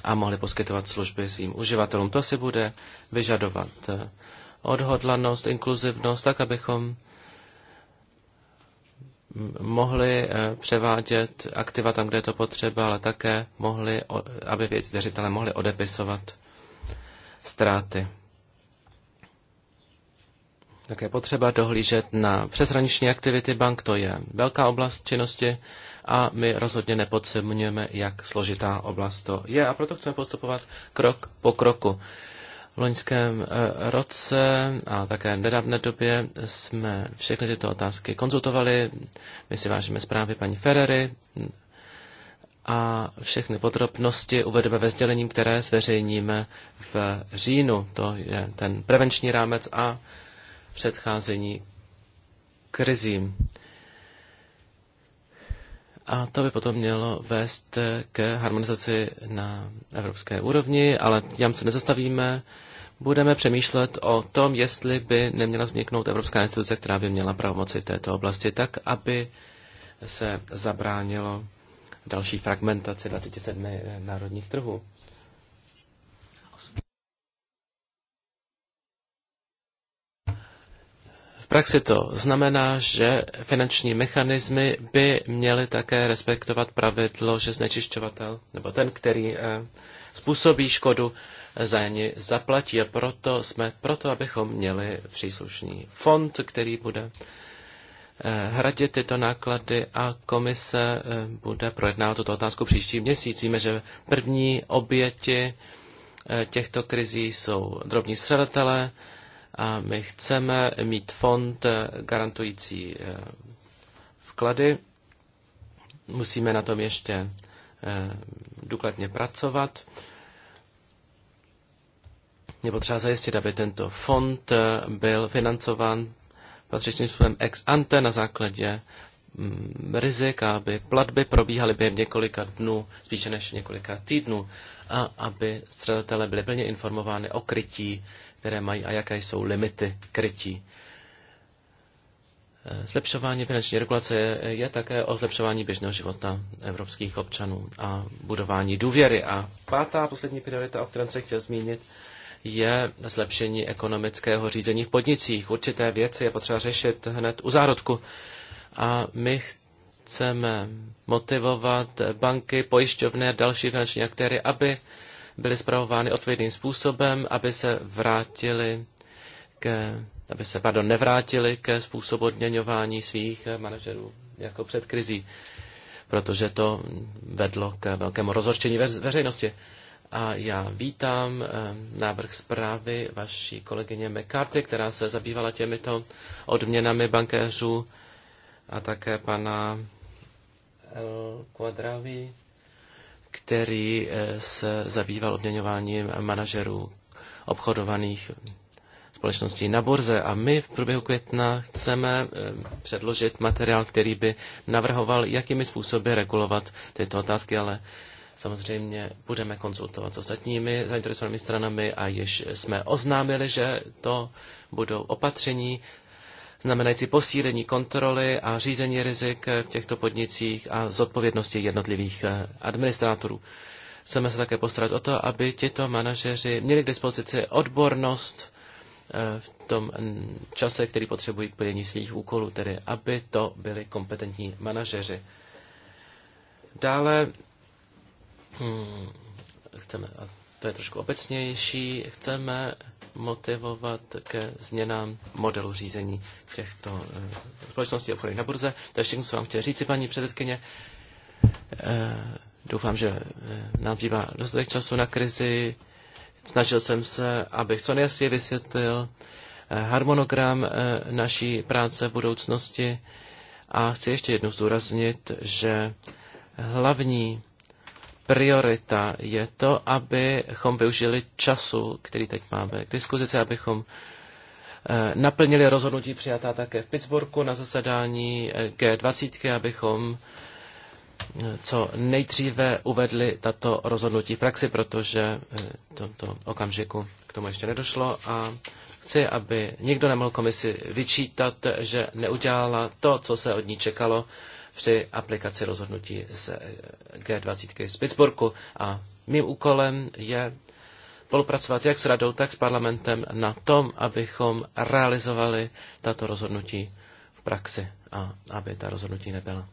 a mohly poskytovat služby svým uživatelům. To si bude vyžadovat eh, odhodlanost, inkluzivnost, tak abychom mohli eh, převádět aktiva tam, kde je to potřeba, ale také mohli, aby věřitelé mohli odepisovat ztráty. Také potřeba dohlížet na přeshraniční aktivity bank, to je velká oblast činnosti a my rozhodně nepodceňujeme, jak složitá oblast to je a proto chceme postupovat krok po kroku. V loňském eh, roce a také v nedávné době jsme všechny tyto otázky konzultovali. My si vážíme zprávy paní Ferrery, a všechny podrobnosti uvedeme ve sdělení, které zveřejníme v říjnu. To je ten prevenční rámec a předcházení krizím. A to by potom mělo vést k harmonizaci na evropské úrovni, ale tam se nezastavíme. Budeme přemýšlet o tom, jestli by neměla vzniknout evropská instituce, která by měla pravomoci v této oblasti, tak aby se zabránilo další fragmentaci 27 eh, národních trhů. V praxi to znamená, že finanční mechanismy by měly také respektovat pravidlo, že znečišťovatel nebo ten, který eh, způsobí škodu, eh, za ně zaplatí. A proto jsme proto, abychom měli příslušný fond, který bude Eh, hradit tyto náklady a komise eh, bude projednávat tuto otázku příští měsíc. Víme, že první oběti eh, těchto krizí jsou drobní střadatelé a my chceme mít fond garantující vklady. Musíme na tom ještě důkladně pracovat. Je potřeba zajistit, aby tento fond byl financován patřičným způsobem ex ante na základě mm, rizik, aby platby probíhaly během několika dnů, spíše než několika týdnů, a aby střelatele byly plně informovány o krytí, které mají a jaké jsou limity krytí. E, zlepšování finanční regulace je také o zlepšování běžného života evropských občanů a budování důvěry. A pátá poslední priorita, o kterém se chtěl zmínit, je zlepšení ekonomického řízení v podnicích. Určité věci je potřeba řešit hned u zárodku. A my chceme motivovat banky, pojišťovny a další finanční aktéry, aby byly zpravovány odpovědným způsobem, aby se vrátili ke, aby se, pardon, nevrátili ke způsobu odměňování svých manažerů jako před krizí, protože to vedlo k velkému rozhorčení veřejnosti. A já vítám eh, návrh zprávy vaší kolegyně McCarthy, která se zabývala těmito odměnami bankéřů a také pana El Quadravi, který eh, se zabýval odměňováním manažerů obchodovaných společností na burze. A my v průběhu května chceme eh, předložit materiál, který by navrhoval, jakými způsoby regulovat tyto otázky, ale Samozřejmě budeme konzultovat s ostatními zainteresovanými stranami a již jsme oznámili, že to budou opatření znamenající posílení kontroly a řízení rizik v těchto podnicích a zodpovědnosti jednotlivých eh, administrátorů. Chceme se také postarat o to, aby tito manažeři měli k dispozici odbornost eh, v tom čase, který potřebují k plnění svých úkolů, tedy aby to byli kompetentní manažeři. Dále Hmm, chceme, a to je trošku obecnější, chceme motivovat ke změnám modelu řízení těchto eh, společností obchodů na burze. To je všechno, co vám chtěl říct, paní předsedkyně. Eh, doufám, že eh, nám zbývá dostatek času na krizi. Snažil jsem se, abych co nejasně vysvětlil harmonogram naší práce v budoucnosti. A chci ještě jednou zdůraznit, že hlavní priorita je to, abychom využili času, který teď máme k dispozici, abychom eh, naplnili rozhodnutí přijatá také v Pittsburghu na zasedání eh, G20, abychom eh, co nejdříve uvedli tato rozhodnutí v praxi, protože tomto okamžiku k tomu ještě nedošlo a chci, aby nikdo nemohl komisi vyčítat, že neudělala to, co se od ní čekalo při aplikaci rozhodnutí z eh, G20 z Pittsburghu. A mým úkolem je spolupracovat jak s radou, tak s parlamentem na tom, abychom realizovali tato rozhodnutí v praxi a aby ta rozhodnutí nebyla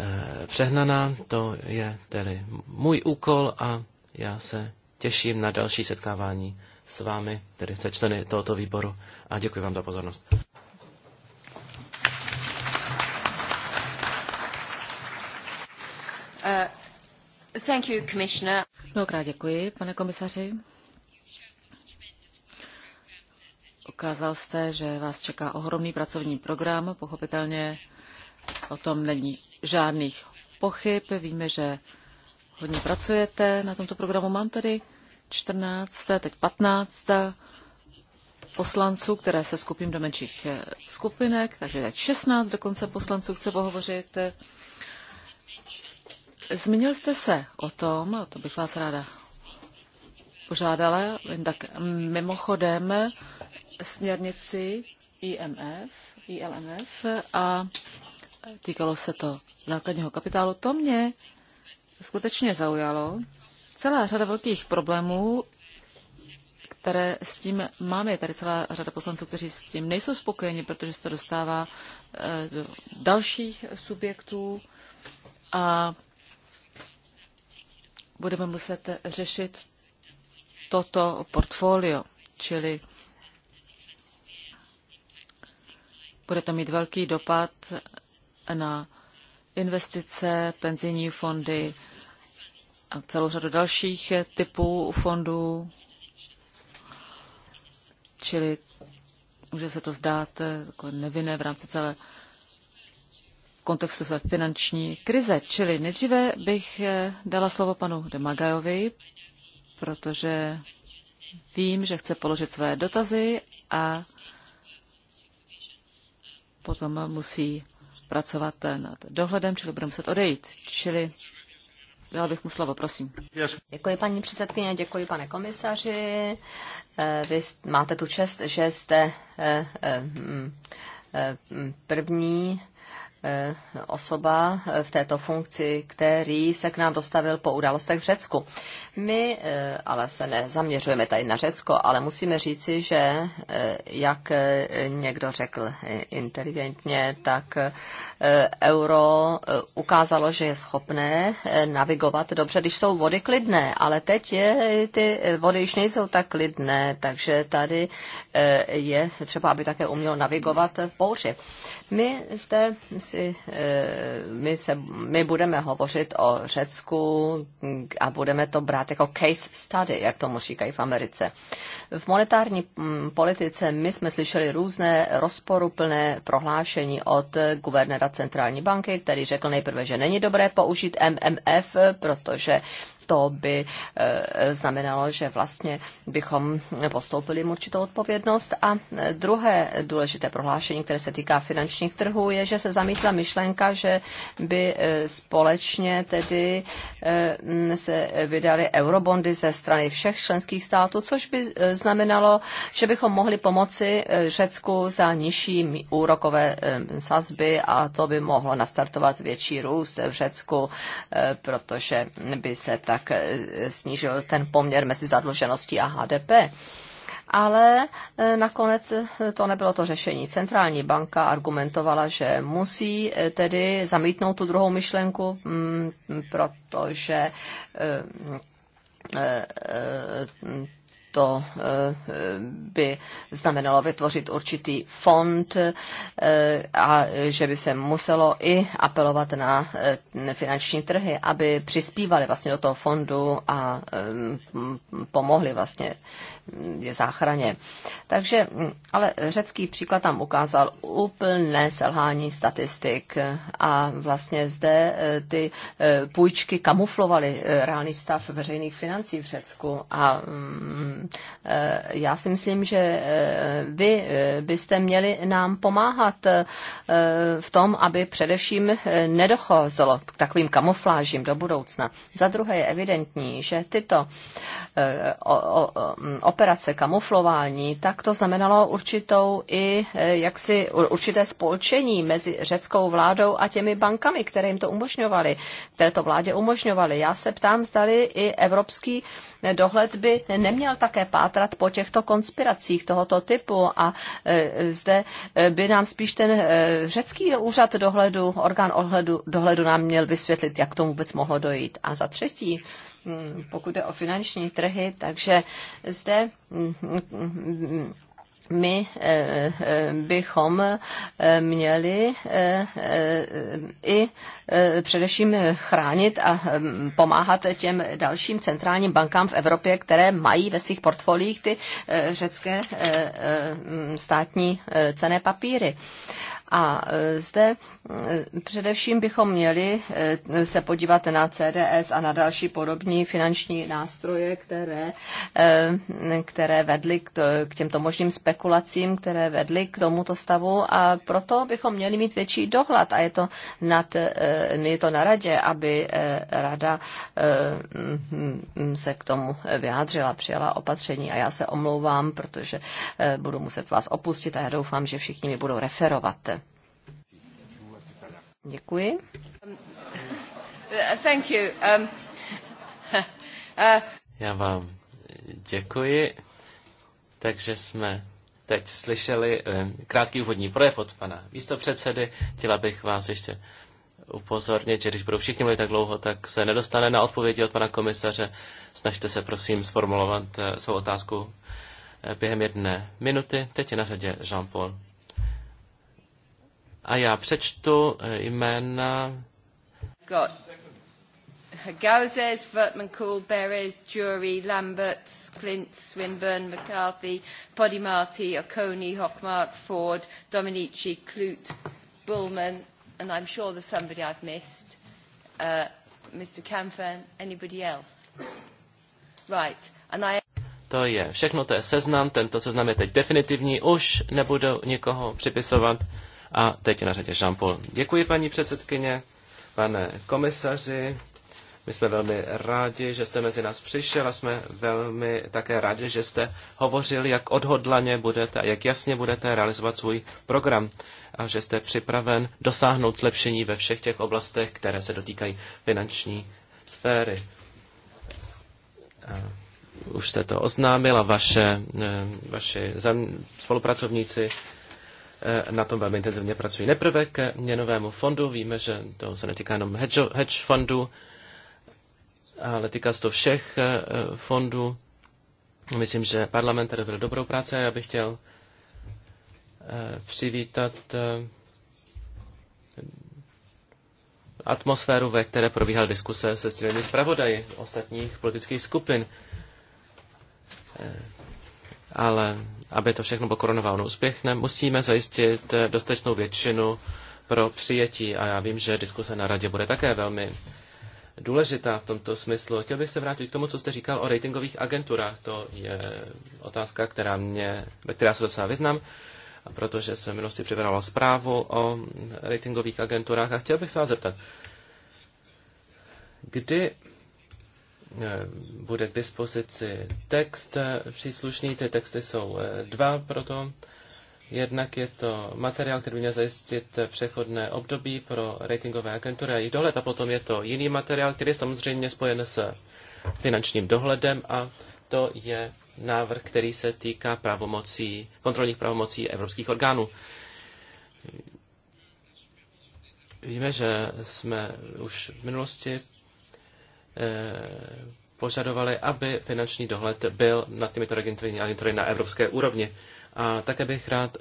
eh, přehnaná. To je tedy můj úkol a já se těším na další setkávání s vámi, tedy se členy tohoto výboru a děkuji vám za pozornost. Uh, Mnohokrát děkuji, pane komisaři. Ukázal jste, že vás čeká ohromný pracovní program. Pochopitelně o tom není žádných pochyb. Víme, že hodně pracujete na tomto programu. Mám tady 14, teď 15 poslanců, které se skupím do menších eh, skupinek, takže 16 dokonce poslanců chce pohovořit. Zmínil jste se o tom, to bych vás ráda požádala, jen tak mimochodem směrnici IMF, ILMF a týkalo se to základního kapitálu. To mě skutečně zaujalo. Celá řada velkých problémů, které s tím máme. Je tady celá řada poslanců, kteří s tím nejsou spokojeni, protože se to dostává eh, do dalších subjektů a budeme muset řešit toto portfolio, čili bude to mít velký dopad na investice, penzijní fondy a celou řadu dalších typů fondů, čili může se to zdát jako nevinné v rámci celé kontextu finanční krize. Čili nejdříve bych eh, dala slovo panu Demagajovi, protože vím, že chce položit své dotazy a potom musí pracovat eh, nad dohledem, čili budeme muset odejít. Čili Dala bych mu slovo, prosím. Děkuji, paní předsedkyně, děkuji, pane komisaři. Eh, vy máte tu čest, že jste hm, hm, první Eh, osoba eh, v této funkci, který se k nám dostavil po událostech v Řecku. My eh, ale se nezaměřujeme tady na Řecko, ale musíme říci, že jak někdo řekl inteligentně, tak Eh, euro eh, ukázalo, že je schopné eh, navigovat dobře, když jsou vody klidné, ale teď je, ty vody již nejsou tak klidné, takže tady je třeba, aby také umělo navigovat v bouři. My, jste, si, my, se, my budeme hovořit o Řecku a budeme to brát jako case study, jak tomu říkají v Americe. V monetární mm, politice my jsme slyšeli různé rozporuplné prohlášení od guvernéra centrální banky, který řekl nejprve, že není dobré použít MMF, protože to by e, znamenalo, že vlastně bychom postoupili určitou odpovědnost. A e, druhé důležité prohlášení, které se týká finančních trhů, je, že se zamítla myšlenka, že by e, společně tedy se vydali eurobondy ze strany všech členských států, což by znamenalo, že bychom mohli pomoci Řecku za nižší úrokové sazby a to by mohlo nastartovat větší růst v Řecku, protože by se tak jak eh, snížil ten poměr mezi zadlužeností a HDP. Ale eh, nakonec eh, to nebylo to řešení. Centrální banka argumentovala, že musí tedy zamítnout tu druhou myšlenku, mm, protože to eh, eh, by znamenalo vytvořit určitý fond eh, a že by se muselo i apelovat na finanční trhy, aby přispívali vlastně do toho fondu a pomohli vlastně je záchraně. Takže, mm, ale řecký příklad tam ukázal úplné selhání statistik a vlastně zde e, ty e, půjčky kamuflovaly e, reálný stav veřejných financí v Řecku a mm, já si myslím, že vy byste měli nám pomáhat v tom, aby především nedocházelo k takovým kamuflážím do budoucna. Za druhé je evidentní, že tyto operace operace, kamuflování, tak to znamenalo určitou i eh, jaksi určité spolčení mezi řeckou vládou a těmi bankami, které jim to umožňovaly, které to vládě umožňovaly. Já se ptám, zdali i Evropský dohled by neměl také pátrat po těchto konspiracích tohoto typu a e, zde e, by nám spíš ten e, řecký úřad dohledu, orgán ohledu, dohledu nám měl vysvětlit, jak tomu vůbec mohlo dojít. A za třetí, hm, pokud jde o finanční trhy, takže zde hm, hm, my eh, eh, bychom eh, měli i především chránit a hm, pomáhat těm dalším centrálním bankám v Evropě, které mají ve svých portfoliích ty řecké hm, státní cené papíry. A e, zde e, především bychom měli e, se podívat na CDS a na další podobní finanční nástroje, které, které vedly k těmto možným spekulacím, které vedly k tomuto stavu a proto bychom měli mít větší dohled a je to, nad, je to na radě, aby rada se k tomu vyjádřila, přijala opatření a já se omlouvám, protože budu muset vás opustit a já doufám, že všichni mi budou referovat. Děkuji. Um, thank you. Um, uh, Já vám děkuji. Takže jsme teď slyšeli um, krátký úvodní projev od pana místopředsedy. Chtěla bych vás ještě upozornit, že když budou všichni mluvit tak dlouho, tak se nedostane na odpovědi od pana komisaře. Snažte se prosím sformulovat eh, svou otázku eh, během jedné minuty. Teď je na řadě Jean-Paul. A já přečtu eh, jména. Got. Gauzes, Vertman Cool, Beres, Jury, Lamberts, Clint, Swinburne, McCarthy, Podimati, Oconi, Hockmark, Ford, Dominici, Clute, Bullman, and I'm sure there's somebody I've missed. Uh, Mr. Camfern, anybody else? Right. And I... To je všechno, to je seznam, tento seznam je teď definitivní, už nebudu nikoho připisovat. A teď je na řadě jean -Paul. Děkuji, paní předsedkyně, pane komisaři. My jsme velmi rádi, že jste mezi nás přišel a jsme velmi také rádi, že jste hovořili, jak odhodlaně budete a jak jasně budete realizovat svůj program a že jste připraven dosáhnout zlepšení ve všech těch oblastech, které se dotýkají finanční sféry. Už jste to oznámil a vaše, eh, vaši spolupracovníci Eh, na tom velmi intenzivně pracují. Neprve k měnovému fondu, víme, že to se netýká jenom hedge, hedge fondu, ale týká se to všech eh, fondů. Myslím, že parlament tady byl dobrou práci a já bych chtěl eh, přivítat atmosféru, ve které probíhala diskuse se stílenými zpravodaji ostatních politických skupin. Ale aby to všechno bylo koronováno úspěchem, musíme zajistit eh, dostatečnou většinu pro přijetí. A já vím, že diskuse na radě bude také velmi důležitá v tomto smyslu. Chtěl bych se vrátit k tomu, co jste říkal o ratingových agenturách. To je otázka, která mě, ve které se docela vyznám, protože jsem minulosti připravoval zprávu o ratingových agenturách a chtěl bych se vás zeptat, kdy Eh, bude k dispozici text eh, příslušný, ty texty jsou eh, dva proto. Jednak je to materiál, který by měl zajistit přechodné období pro ratingové agentury a jejich dohled. A potom je to jiný materiál, který je samozřejmě spojen s finančním dohledem a to je návrh, který se týká pravomocí, kontrolních pravomocí evropských orgánů. Víme, že jsme už v minulosti Eh, požadovali, aby finanční dohled byl nad těmito agentury na evropské úrovni. A také bych rád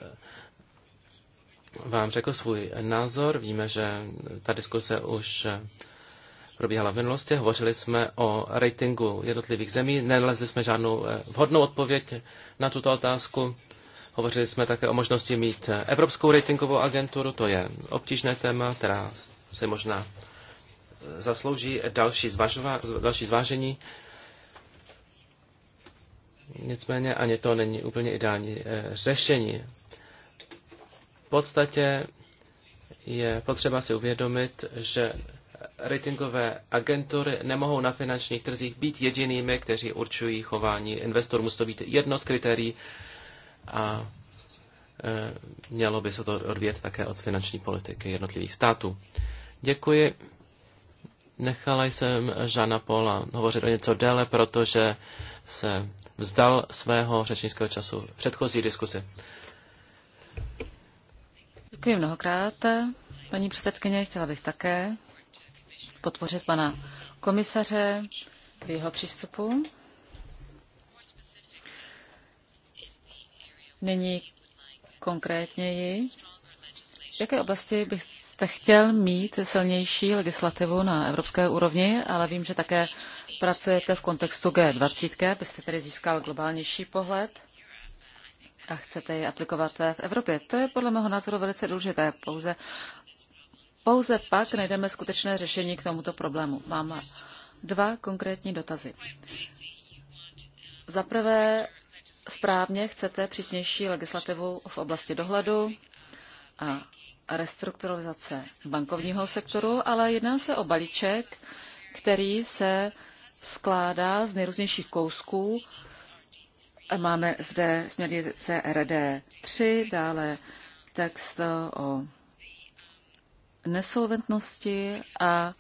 vám řekl svůj názor. Víme, že ta diskuse už probíhala v minulosti. Hovořili jsme o ratingu jednotlivých zemí. Nenalezli jsme žádnou eh, vhodnou odpověď na tuto otázku. Hovořili jsme také o možnosti mít Evropskou ratingovou agenturu. To je obtížné téma, která se možná zaslouží další, zvažová, další zvážení. Nicméně ani to není úplně ideální eh, řešení. V podstatě je potřeba si uvědomit, že ratingové agentury nemohou na finančních trzích být jedinými, kteří určují chování investorů. Musí to být jedno z kritérií a eh, mělo by se to odvět také od finanční politiky jednotlivých států. Děkuji. Nechala jsem Žana Pola hovořit o něco déle, protože se vzdal svého řečnického času v předchozí diskusi. Děkuji mnohokrát. Paní předsedkyně, chtěla bych také podpořit pana komisaře v jeho přístupu. Nyní konkrétněji, v jaké oblasti bych jste chtěl mít silnější legislativu na evropské úrovni, ale vím, že také pracujete v kontextu G20, abyste tedy získal globálnější pohled a chcete ji aplikovat v Evropě. To je podle mého názoru velice důležité. Pouze, pouze pak najdeme skutečné řešení k tomuto problému. Mám dva konkrétní dotazy. Za prvé, správně chcete přísnější legislativu v oblasti dohledu a restrukturalizace bankovního sektoru, ale jedná se o balíček, který se skládá z nejrůznějších kousků. Máme zde směrnice RD 3, dále text o nesolventnosti a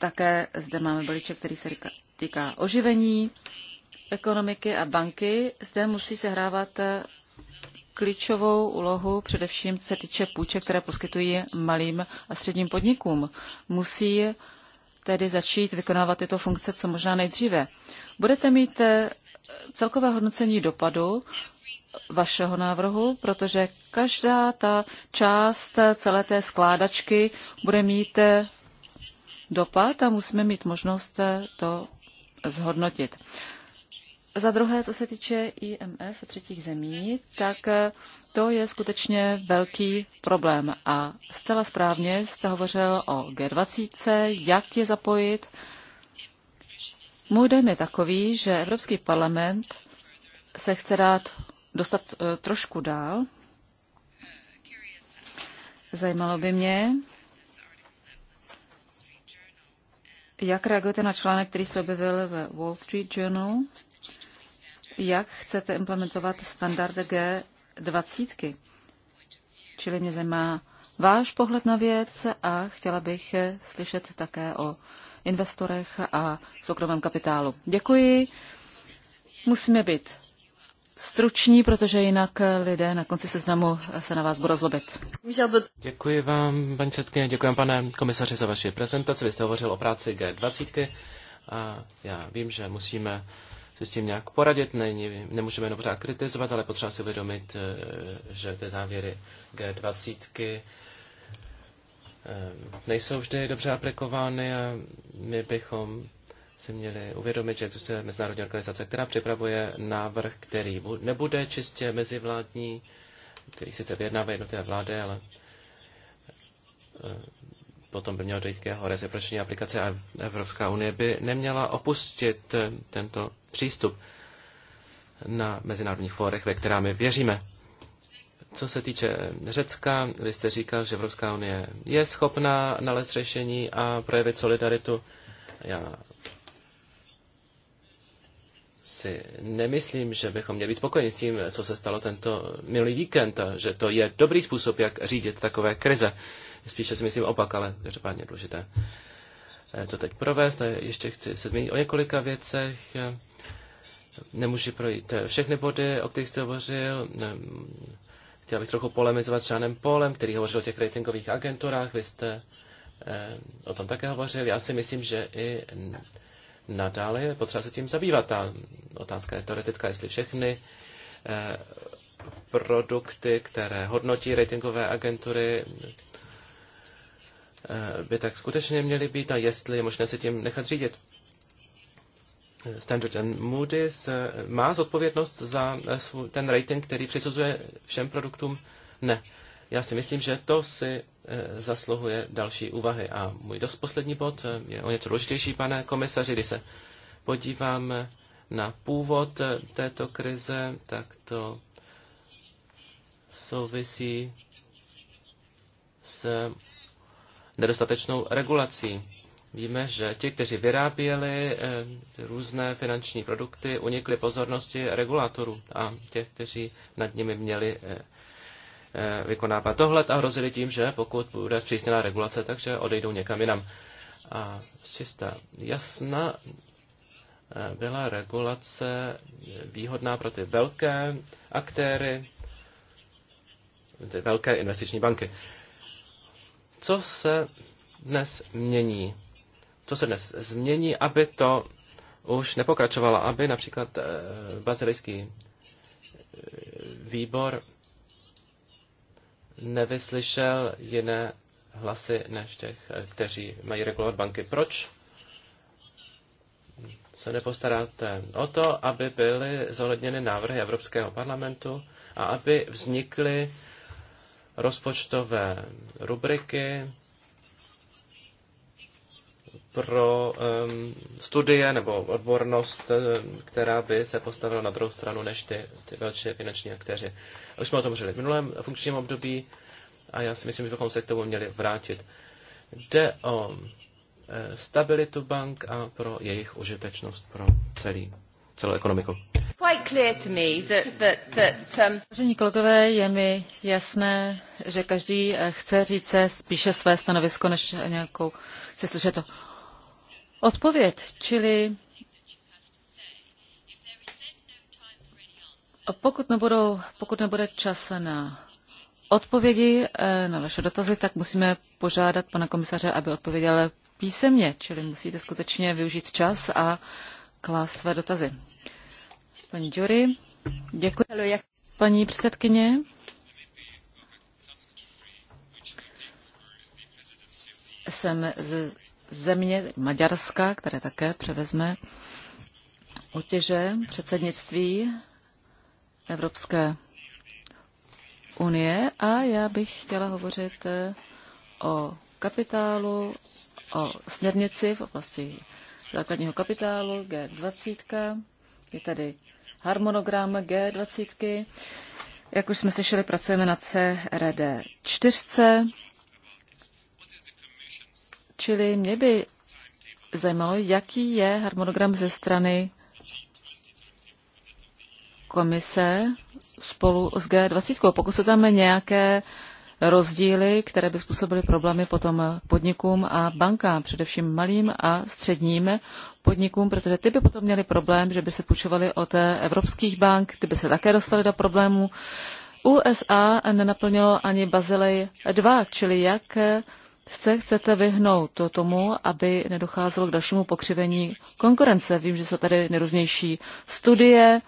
také zde máme balíček, který se týká oživení ekonomiky a banky. Zde musí se hrávat klíčovou úlohu, především co se týče půjček, které poskytují malým a středním podnikům. Musí tedy začít vykonávat tyto funkce co možná nejdříve. Budete mít eh, celkové hodnocení dopadu vašeho návrhu, protože každá ta část eh, celé té skládačky bude mít eh, dopad a musíme mít možnost to zhodnotit. Za druhé, co se týče IMF třetích zemí, tak to je skutečně velký problém. A zcela správně jste hovořil o G20, jak je zapojit. Můj dojem je takový, že Evropský parlament se chce dát dostat eh, trošku dál. Zajímalo by mě, jak reagujete na článek, který se objevil ve Wall Street Journal jak chcete implementovat standard G20. Čili mě zajímá váš pohled na věc a chtěla bych slyšet také o investorech a soukromém kapitálu. Děkuji. Musíme být struční, protože jinak lidé na konci seznamu se na vás budou zlobit. Děkuji vám, paní předsedkyně, děkuji vám, pane komisaři, za vaši prezentaci. Vy jste hovořil o práci G20 a já vím, že musíme se s tím nějak poradit. Není, nemůžeme jenom pořád kritizovat, ale potřeba si uvědomit, eh, že ty závěry G20 eh, nejsou vždy dobře aplikovány a my bychom si měli uvědomit, že existuje mezinárodní organizace, která připravuje návrh, který nebude čistě mezivládní, který sice vyjednává jednotlivé vlády, ale eh, potom by mělo dojít k jeho reciproční aplikace a Evropská unie by neměla opustit eh, tento přístup na mezinárodních fórech, ve která my věříme. Co se týče Řecka, vy jste říkal, že Evropská unie je schopná nalézt řešení a projevit solidaritu. Já si nemyslím, že bychom měli být spokojeni s tím, co se stalo tento minulý víkend, že to je dobrý způsob, jak řídit takové krize. Spíše si myslím opak, ale každopádně důležité eh, to teď provést. A ještě chci se zmínit o několika věcech. Nemůžu projít eh, všechny body, o kterých jste hovořil. Ehm, chtěl bych trochu polemizovat s Žánem Polem, který hovořil o těch ratingových agenturách. Vy jste eh, o tom také hovořil. Já si myslím, že i nadále je potřeba se tím zabývat. Ta otázka je teoretická, jestli všechny produkty, které hodnotí ratingové agentury, Eh, by tak skutečně měly být a jestli je možné se tím nechat řídit. Standard Moody's eh, má zodpovědnost za eh, ten rating, který přisuzuje všem produktům? Ne. Já si myslím, že to si zasluhuje další úvahy. A můj dost poslední bod je o něco důležitější, pane komisaři, když se podíváme na původ této krize, tak to souvisí s nedostatečnou regulací. Víme, že ti, kteří vyráběli eh, různé finanční produkty, unikli pozornosti regulátorů a těch, kteří nad nimi měli eh, eh, vykonávat dohled a hrozili tím, že pokud bude zpřísněná regulace, takže odejdou někam jinam. A čistá jasna byla regulace výhodná pro ty velké aktéry, ty velké investiční banky. Co se dnes mění? Co se dnes změní, aby to už nepokračovalo, aby například eh, bazilijský eh, výbor nevyslyšel jiné hlasy než těch, eh, kteří mají regulovat banky. Proč se nepostaráte o to, aby byly zohledněny návrhy Evropského parlamentu a aby vznikly rozpočtové rubriky pro um, studie nebo odbornost, která by se postavila na druhou stranu než ty, ty velké finanční aktéři. Už jsme o tom mluvili v minulém funkčním období a já si myslím, že bychom se k tomu měli vrátit. Jde o eh, stabilitu bank a pro jejich užitečnost pro celý celou ekonomiku. Um, Vážení kolegové, je mi jasné, že každý eh, chce říct se spíše své stanovisko, než nějakou, chce slyšet to odpověď, čili pokud, nebudou, pokud nebude čas na odpovědi eh, na vaše dotazy, tak musíme požádat pana komisaře, aby odpověděl písemně, čili musíte skutečně využít čas a klást své dotazy. Paní Jury, děkuji. Paní předsedkyně, jsem ze země Maďarska, které také převezme otěže předsednictví Evropské unie a já bych chtěla hovořit o kapitálu, o směrnici v oblasti základního kapitálu G20. Je tady harmonogram G20. Jak už jsme slyšeli, pracujeme na CRD 4. Čili mě by zajímalo, jaký je harmonogram ze strany komise spolu s G20. Pokud jsou tam nějaké rozdíly, které by způsobily problémy potom podnikům a bankám, především malým a středním podnikům, protože ty by potom měly problém, že by se půjčovaly od evropských bank, ty by se také dostaly do problémů. USA nenaplnilo ani Bazilej 2, čili jak se chcete vyhnout tomu, aby nedocházelo k dalšímu pokřivení konkurence. Vím, že jsou tady nejrůznější studie,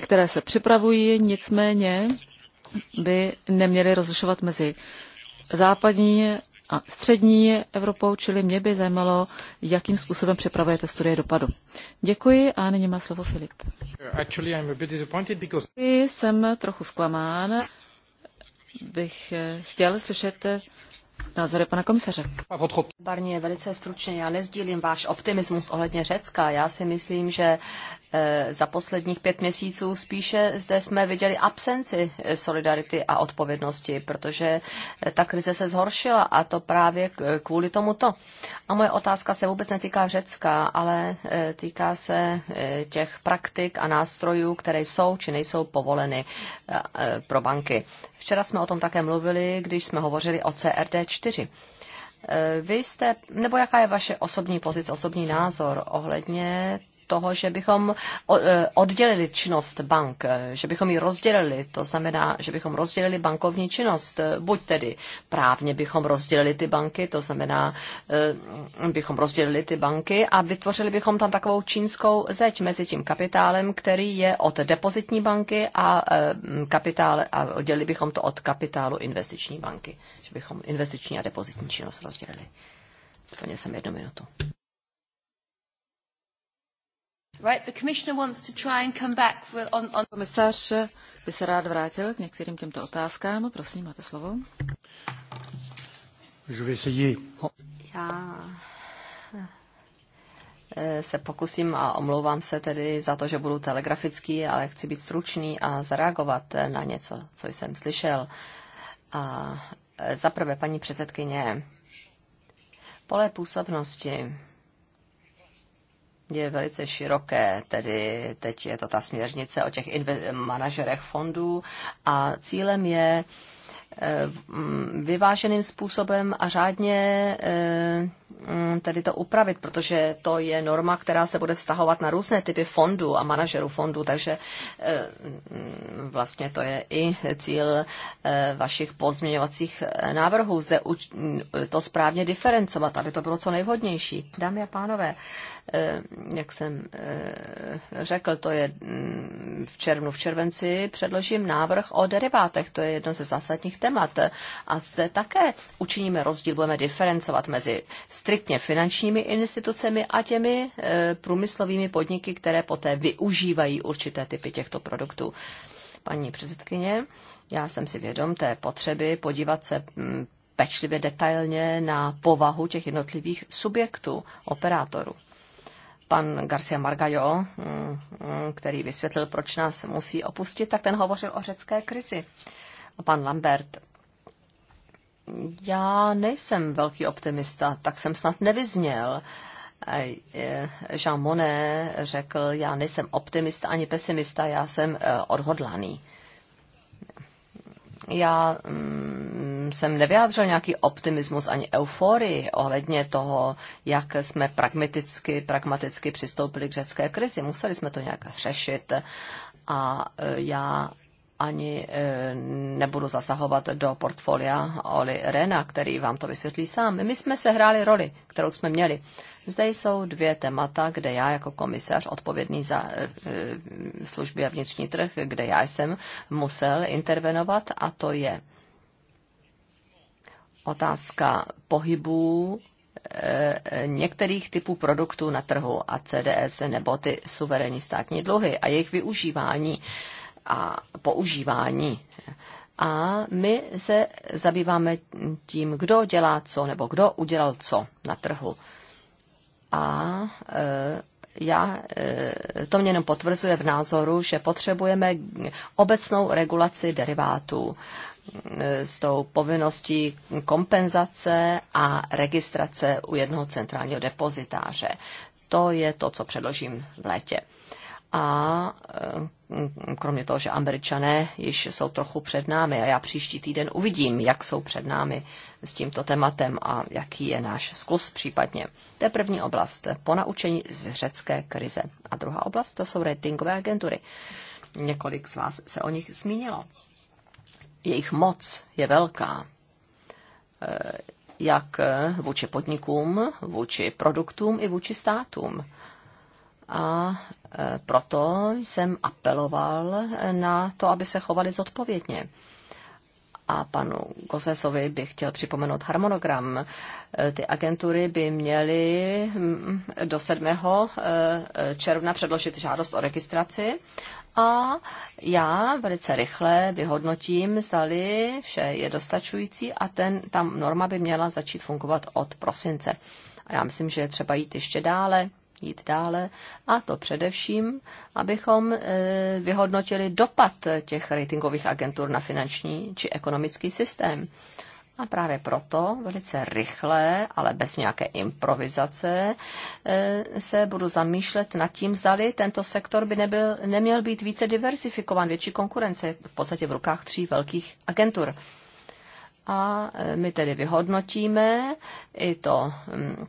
které se připravují, nicméně by neměli rozlišovat mezi západní a střední Evropou, čili mě by zajímalo, jakým způsobem připravujete studie dopadu. Děkuji a nyní má slovo Filip. Jsem trochu zklamán, bych eh, chtěl slyšet eh, názory pana komisaře. Barně, velice stručně, já nezdílím váš optimismus ohledně Řecka. Já si myslím, že Eh, za posledních pět měsíců spíše zde jsme viděli absenci eh, solidarity a odpovědnosti, protože eh, ta krize se zhoršila a to právě kvůli tomuto. A moje otázka se vůbec netýká Řecka, ale týká se těch praktik a nástrojů, které jsou či nejsou povoleny pro banky. Včera jsme o tom také mluvili, když jsme hovořili o CRD4. Vy jste, nebo jaká je vaše osobní pozice, osobní názor ohledně toho, že bychom e, oddělili činnost bank, e, že bychom ji rozdělili, to znamená, že bychom rozdělili bankovní činnost, e, buď tedy právně bychom rozdělili ty banky, to znamená, bychom rozdělili ty banky a vytvořili bychom tam takovou čínskou zeď mezi tím kapitálem, který je od depozitní banky a kapitál, a oddělili bychom to od kapitálu investiční banky, že bychom investiční a depozitní činnost rozdělili. Splnil jsem jednu minutu. Right, the commissioner wants to try and come back on, on... Komisař by se rád vrátil k některým těmto otázkám. Prosím, máte slovo. Já eh, se pokusím a omlouvám se tedy za to, že budu telegrafický, ale chci být stručný a zareagovat na něco, co jsem slyšel. A eh, zaprvé, paní předsedkyně, pole působnosti je velice široké, tedy teď je to ta směrnice o těch manažerech fondů a cílem je eh, vyváženým způsobem a řádně eh, Mm, tedy to upravit, protože to je norma, která se bude vztahovat na různé typy fondů a manažerů fondů, takže eh, mm, vlastně to je i cíl eh, vašich pozměňovacích eh, návrhů. Zde mm, to správně diferencovat, aby to bylo co nejvhodnější. Dámy a pánové, jak jsem řekl, to je v červnu, v červenci předložím návrh o derivátech. To je jedno ze zásadních témat. A zde také učiníme rozdíl, budeme diferencovat mezi striktně finančními institucemi a těmi e, průmyslovými podniky, které poté využívají určité typy těchto produktů. Paní předsedkyně, já jsem si vědom té potřeby podívat se mm, pečlivě detailně na povahu těch jednotlivých subjektů, operátorů pan Garcia Margallo, mm, mm, který vysvětlil, proč nás musí opustit, tak ten hovořil o řecké krizi. A pan Lambert já nejsem velký optimista, tak jsem snad nevyzněl. E, Jean Monnet řekl, já nejsem optimista ani pesimista, já jsem e, odhodlaný. Já mm, jsem nevyjádřil nějaký optimismus ani euforii ohledně toho, jak jsme pragmaticky, pragmaticky přistoupili k řecké krizi. Museli jsme to nějak řešit a e, já ani e, nebudu zasahovat do portfolia Oli Rena, který vám to vysvětlí sám. My jsme se hráli roli, kterou jsme měli. Zde jsou dvě témata, kde já jako komisař odpovědný za e, e, služby a vnitřní trh, kde já jsem musel intervenovat a to je otázka pohybů některých typů produktů na trhu a CDS nebo ty suverénní státní dluhy a jejich využívání a používání. A my se zabýváme tím, kdo dělá co, nebo kdo udělal co na trhu. A e, já, e, to mě jenom potvrzuje v názoru, že potřebujeme obecnou regulaci derivátů e, s tou povinností kompenzace a registrace u jednoho centrálního depozitáře. To je to, co předložím v létě a eh, kromě toho, že američané již jsou trochu před námi a já příští týden uvidím, jak jsou před námi s tímto tématem a jaký je náš zkus případně. To je první oblast, po naučení z řecké krize. A druhá oblast, to jsou ratingové agentury. Několik z vás se o nich zmínilo. Jejich moc je velká. Eh, jak vůči podnikům, vůči produktům i vůči státům. A proto jsem apeloval na to, aby se chovali zodpovědně. A panu Gosesovi bych chtěl připomenout harmonogram. Ty agentury by měly hm, do 7. Eh, června předložit žádost o registraci a já velice rychle vyhodnotím, zdali vše je dostačující a ten, tam norma by měla začít fungovat od prosince. A já myslím, že je třeba jít ještě dále jít dále, a to především, abychom e, vyhodnotili dopad těch ratingových agentur na finanční či ekonomický systém. A právě proto velice rychle, ale bez nějaké improvizace, e, se budu zamýšlet nad tím, zdali tento sektor by nebyl, neměl být více diversifikován, větší konkurence v podstatě v rukách tří velkých agentur. A e, my tedy vyhodnotíme i to mm,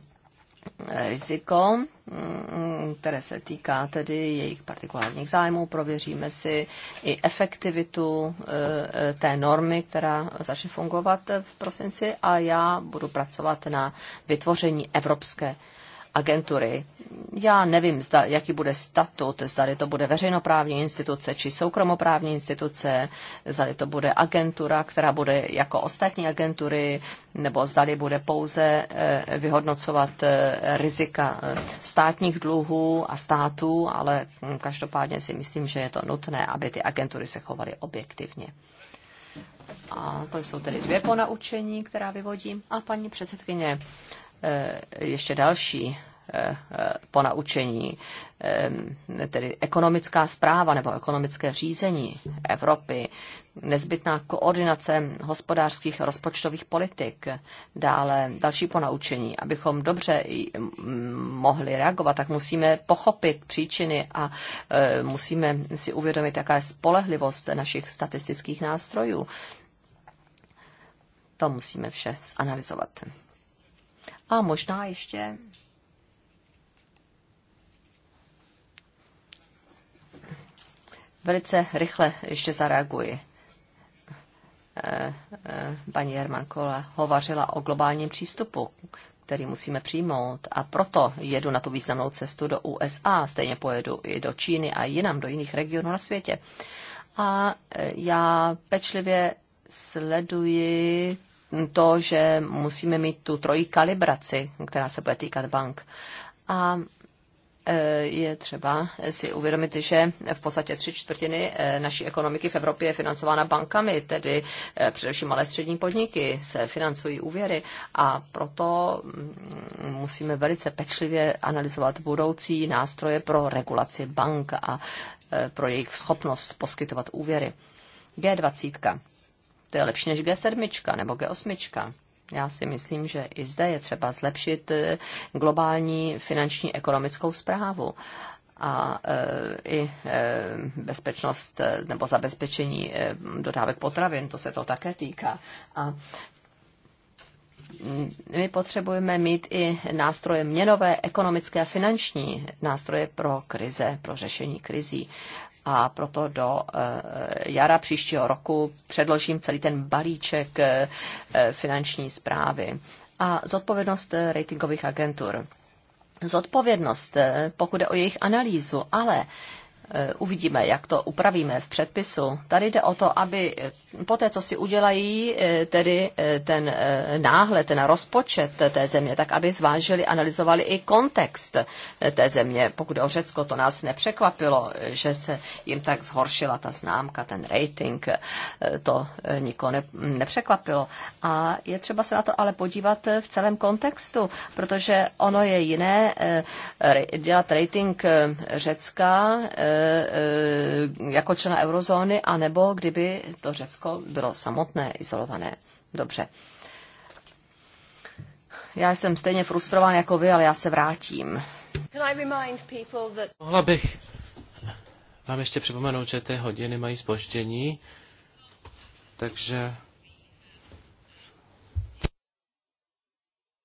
riziko, mm, které se týká tedy jejich partikulárních zájmů. Prověříme si i efektivitu eh, té normy, která začne fungovat v prosinci a já budu pracovat na vytvoření evropské agentury. Já nevím, zda, jaký bude statut, zda to bude veřejnoprávní instituce či soukromoprávní instituce, zda to bude agentura, která bude jako ostatní agentury, nebo zda bude pouze eh, vyhodnocovat eh, rizika eh, státních dluhů a států, ale hm, každopádně si myslím, že je to nutné, aby ty agentury se chovaly objektivně. A to jsou tedy dvě ponaučení, která vyvodím. A paní předsedkyně, Eh, ještě další eh, eh, ponaučení, tedy ekonomická zpráva nebo ekonomické řízení Evropy, nezbytná koordinace hospodářských rozpočtových politik, dále další ponaučení. Abychom dobře mohli reagovat, tak musíme pochopit příčiny a musíme si uvědomit, jaká je spolehlivost našich statistických nástrojů. To musíme vše zanalizovat. A možná ještě velice rychle ještě zareaguji. Eh, eh, paní Jermankola hovařila o globálním přístupu, který musíme přijmout a proto jedu na tu významnou cestu do USA, stejně pojedu i do Číny a jinam, do jiných regionů na světě. A eh, já pečlivě sleduji to, že musíme mít tu trojí kalibraci, která se bude týkat bank. A e, je třeba si uvědomit, že v podstatě tři čtvrtiny e, naší ekonomiky v Evropě je financována bankami, tedy e, především malé střední podniky se financují úvěry a proto mm, musíme velice pečlivě analyzovat budoucí nástroje pro regulaci bank a pro jejich schopnost poskytovat úvěry. G20. To je lepší než G7 nebo G8. Já si myslím, že i zde je třeba zlepšit eh, globální finanční ekonomickou zprávu a eh, i eh, bezpečnost nebo zabezpečení dodávek potravin, to se to také týká. A my potřebujeme mít i nástroje měnové, ekonomické a finanční nástroje pro krize, pro řešení krizí a proto do eh, jara příštího roku předložím celý ten balíček eh, eh, finanční zprávy a zodpovědnost ratingových agentur. Zodpovědnost, pokud je o jejich analýzu, ale Eh, uvidíme, jak to upravíme v předpisu. Tady jde o to, aby eh, po té, co si udělají, eh, tedy ten náhled ten rozpočet té země, tak aby zvážili, analyzovali i kontext té země. Pokud o Řecko, to nás nepřekvapilo, že se jim tak zhoršila ta známka, ten rating, to nikoho ne, nepřekvapilo. A je třeba se na to ale podívat v celém kontextu, protože ono je jiné dělat rating Řecka, Eh, jako člena eurozóny, anebo kdyby to Řecko bylo samotné, izolované. Dobře. Já jsem stejně frustrován jako vy, ale já se vrátím. Mohla bych vám ještě připomenout, že ty hodiny mají spoždění, takže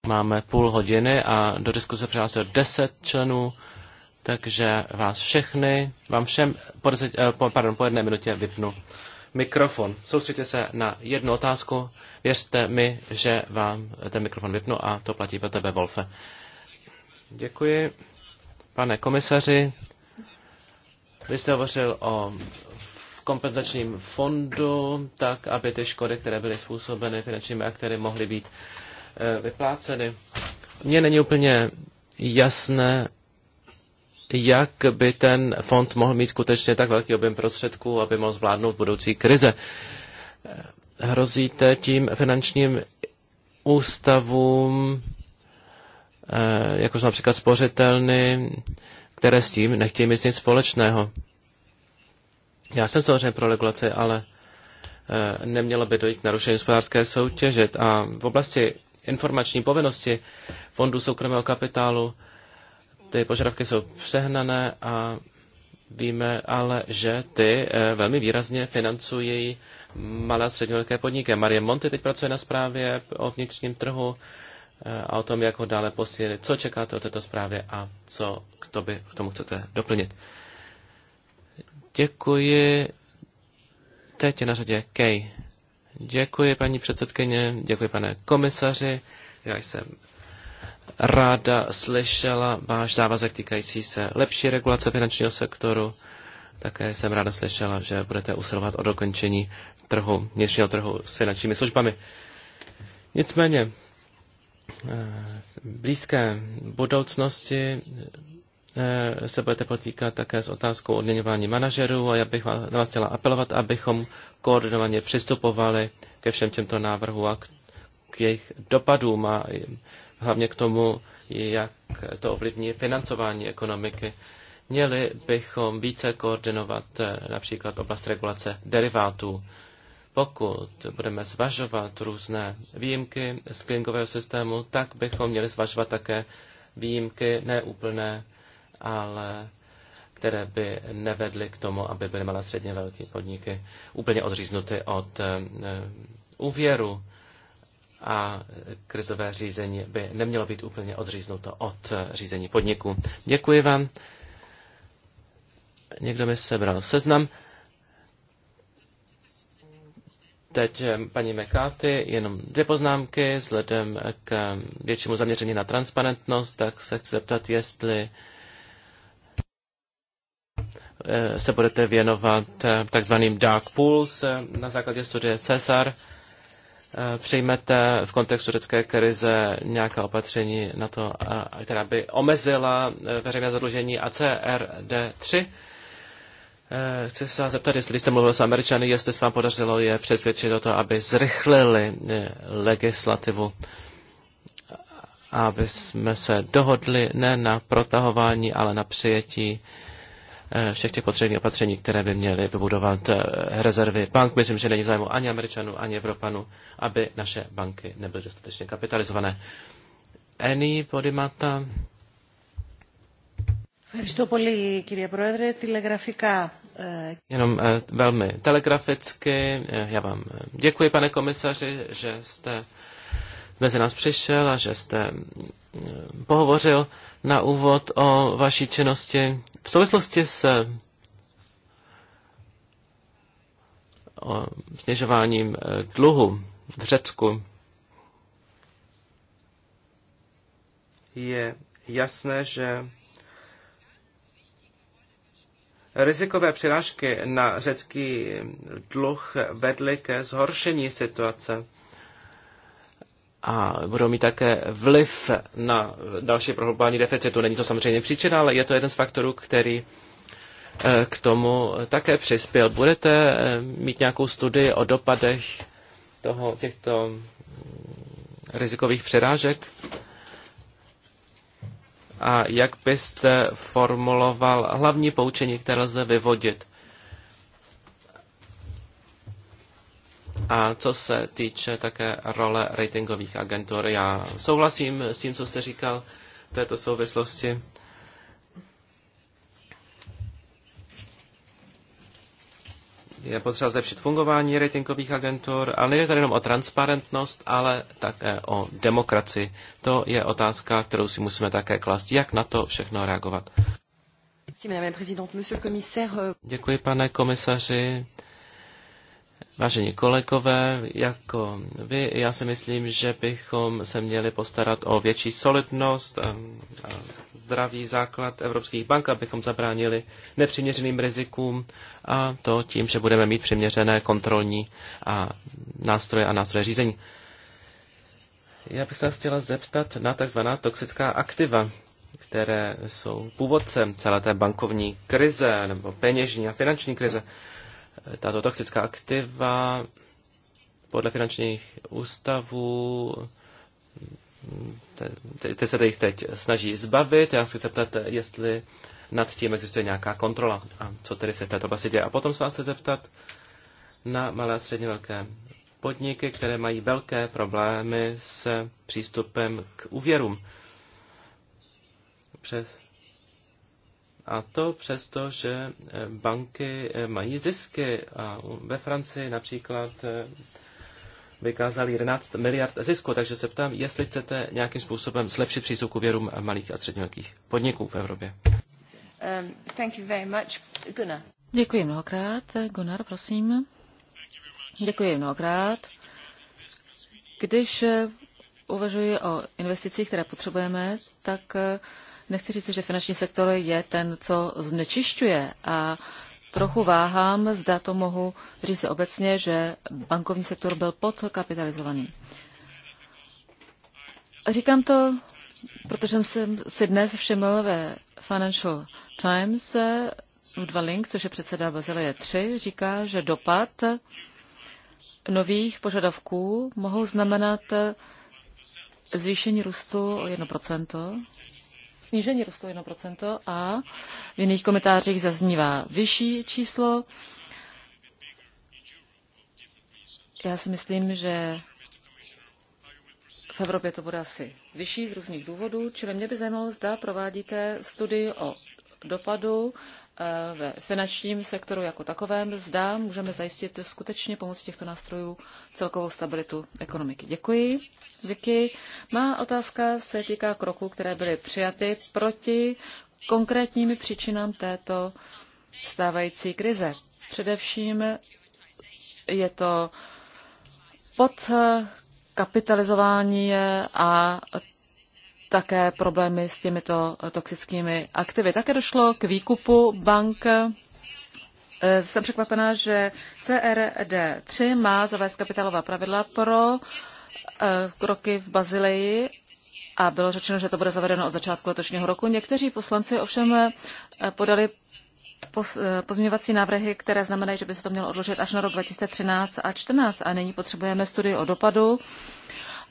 máme půl hodiny a do diskuse přihlásil deset členů takže vás všechny, vám všem po, deset, eh, po, pardon, po jedné minutě vypnu mikrofon. Soustředte se na jednu otázku. Věřte mi, že vám ten mikrofon vypnu a to platí pro tebe, Wolfe. Děkuji. Pane komisaři, vy jste hovořil o kompenzačním fondu, tak aby ty škody, které byly způsobeny finančními aktéry, mohly být eh, vypláceny. Mně není úplně jasné, jak by ten fond mohl mít skutečně tak velký objem prostředků, aby mohl zvládnout budoucí krize. Hrozíte tím finančním ústavům, eh, jako jsou například spořitelny, které s tím nechtějí mít nic společného. Já jsem samozřejmě pro regulaci, ale eh, nemělo by dojít k narušení hospodářské soutěže. A v oblasti informační povinnosti fondů soukromého kapitálu ty požadavky jsou přehnané a víme ale, že ty eh, velmi výrazně financují malé a střední velké podniky. Marie Monty teď pracuje na zprávě o vnitřním trhu eh, a o tom, jak ho dále posílit. Co čekáte o této zprávě a co k, tobě, k tomu chcete doplnit? Děkuji. Teď je na řadě Kej. Děkuji, paní předsedkyně, děkuji, pane komisaři. Já jsem ráda slyšela váš závazek týkající se lepší regulace finančního sektoru. Také jsem ráda slyšela, že budete usilovat o dokončení trhu, vnitřního trhu s finančními službami. Nicméně, eh, v blízké budoucnosti eh, se budete potýkat také s otázkou odměňování manažerů a já bych na vás chtěla apelovat, abychom koordinovaně přistupovali ke všem těmto návrhům a k jejich dopadům a hlavně k tomu, jak to ovlivní financování ekonomiky. Měli bychom více koordinovat eh, například oblast regulace derivátů. Pokud budeme zvažovat různé výjimky z clearingového systému, tak bychom měli zvažovat také výjimky neúplné, ale které by nevedly k tomu, aby byly malé středně velké podniky úplně odříznuty od eh, eh, úvěru a krizové řízení by nemělo být úplně odříznuto od řízení podniku. Děkuji vám. Někdo mi sebral seznam. Teď eh, paní Mekáty, jenom dvě poznámky vzhledem k většímu zaměření na transparentnost, tak se chci zeptat, jestli eh, se budete věnovat eh, takzvaným dark pools na základě studie Cesar Eh, přijmete v kontextu řecké krize nějaká opatření na to, eh, která by omezila eh, veřejné zadlužení acrd 3 Chci se vás zeptat, jestli jste mluvil s Američany, jestli se vám podařilo je přesvědčit o to, aby zrychlili legislativu, aby jsme se dohodli ne na protahování, ale na přijetí Eh, všech těch potřebných opatření, které by měly vybudovat eh, rezervy bank. Myslím, že není v zájmu ani Američanů, ani Evropanů, aby naše banky nebyly dostatečně kapitalizované. Any Podimata. Jenom eh, velmi telegraficky. Já vám děkuji, pane komisaři, že jste mezi nás přišel a že jste pohovořil na úvod o vaší činnosti v souvislosti s eh, snižováním eh, dluhu v Řecku je jasné, že rizikové přirážky na řecký dluh vedly ke zhoršení situace a budou mít také vliv na další prohlubování deficitu. Není to samozřejmě příčina, ale je to jeden z faktorů, který eh, k tomu také přispěl. Budete eh, mít nějakou studii o dopadech toho, těchto mm, rizikových přerážek? A jak byste formuloval hlavní poučení, které lze vyvodit A co se týče také role ratingových agentur, já souhlasím s tím, co jste říkal v této souvislosti. Je potřeba zlepšit fungování ratingových agentur, ale nejde tady jenom o transparentnost, ale také o demokracii. To je otázka, kterou si musíme také klást. Jak na to všechno reagovat? Euh, Děkuji, pane komisaři. Vážení kolegové, jako vy, já si myslím, že bychom se měli postarat o větší solidnost a, a zdravý základ evropských bank, abychom zabránili nepřiměřeným rizikům a to tím, že budeme mít přiměřené kontrolní a nástroje a nástroje řízení. Já bych se chtěla zeptat na takzvaná toxická aktiva, které jsou původcem celé té bankovní krize nebo peněžní a finanční krize tato toxická aktiva podle finančních ústavů ty, ty se jich teď snaží zbavit. Já se chci zeptat, jestli nad tím existuje nějaká kontrola a co tedy se v této oblasti děje. A potom se vás chci zeptat na malé a středně velké podniky, které mají velké problémy s přístupem k úvěrům. Přes a to přesto, že eh, banky eh, mají zisky. A ve Francii například eh, vykázali 11 miliard zisku, takže se ptám, jestli chcete nějakým způsobem zlepšit přístup k věrům malých a středních podniků v Evropě. Um, thank you very much. Gunnar. Děkuji mnohokrát. Gunnar, prosím. Děkuji mnohokrát. Když uvažuji o investicích, které potřebujeme, tak Nechci říct, že finanční sektor je ten, co znečišťuje a trochu váhám, zda to mohu říct obecně, že bankovní sektor byl podkapitalizovaný. Říkám to, protože jsem si dnes všiml ve Financial Times, dva link, což je předseda Bazileje 3, říká, že dopad nových požadavků mohou znamenat zvýšení růstu o snížení rostlo 1% a v jiných komentářích zaznívá vyšší číslo. Já si myslím, že v Evropě to bude asi vyšší z různých důvodů, čili mě by zajímalo, zda provádíte studii o dopadu Eh, ve finančním sektoru jako takovém, zda můžeme zajistit skutečně pomocí těchto nástrojů celkovou stabilitu ekonomiky. Děkuji. Vicky. Má otázka se týká kroků, které byly přijaty proti konkrétním příčinám této stávající krize. Především je to pod kapitalizování a také problémy s těmito toxickými aktivy. Také došlo k výkupu bank. Eh, jsem překvapená, že CRD3 má zavést kapitálová pravidla pro eh, kroky v Bazileji a bylo řečeno, že to bude zavedeno od začátku letošního roku. Někteří poslanci ovšem eh, podali pozměňovací návrhy, které znamenají, že by se to mělo odložit až na rok 2013 a 2014 a nyní potřebujeme studii o dopadu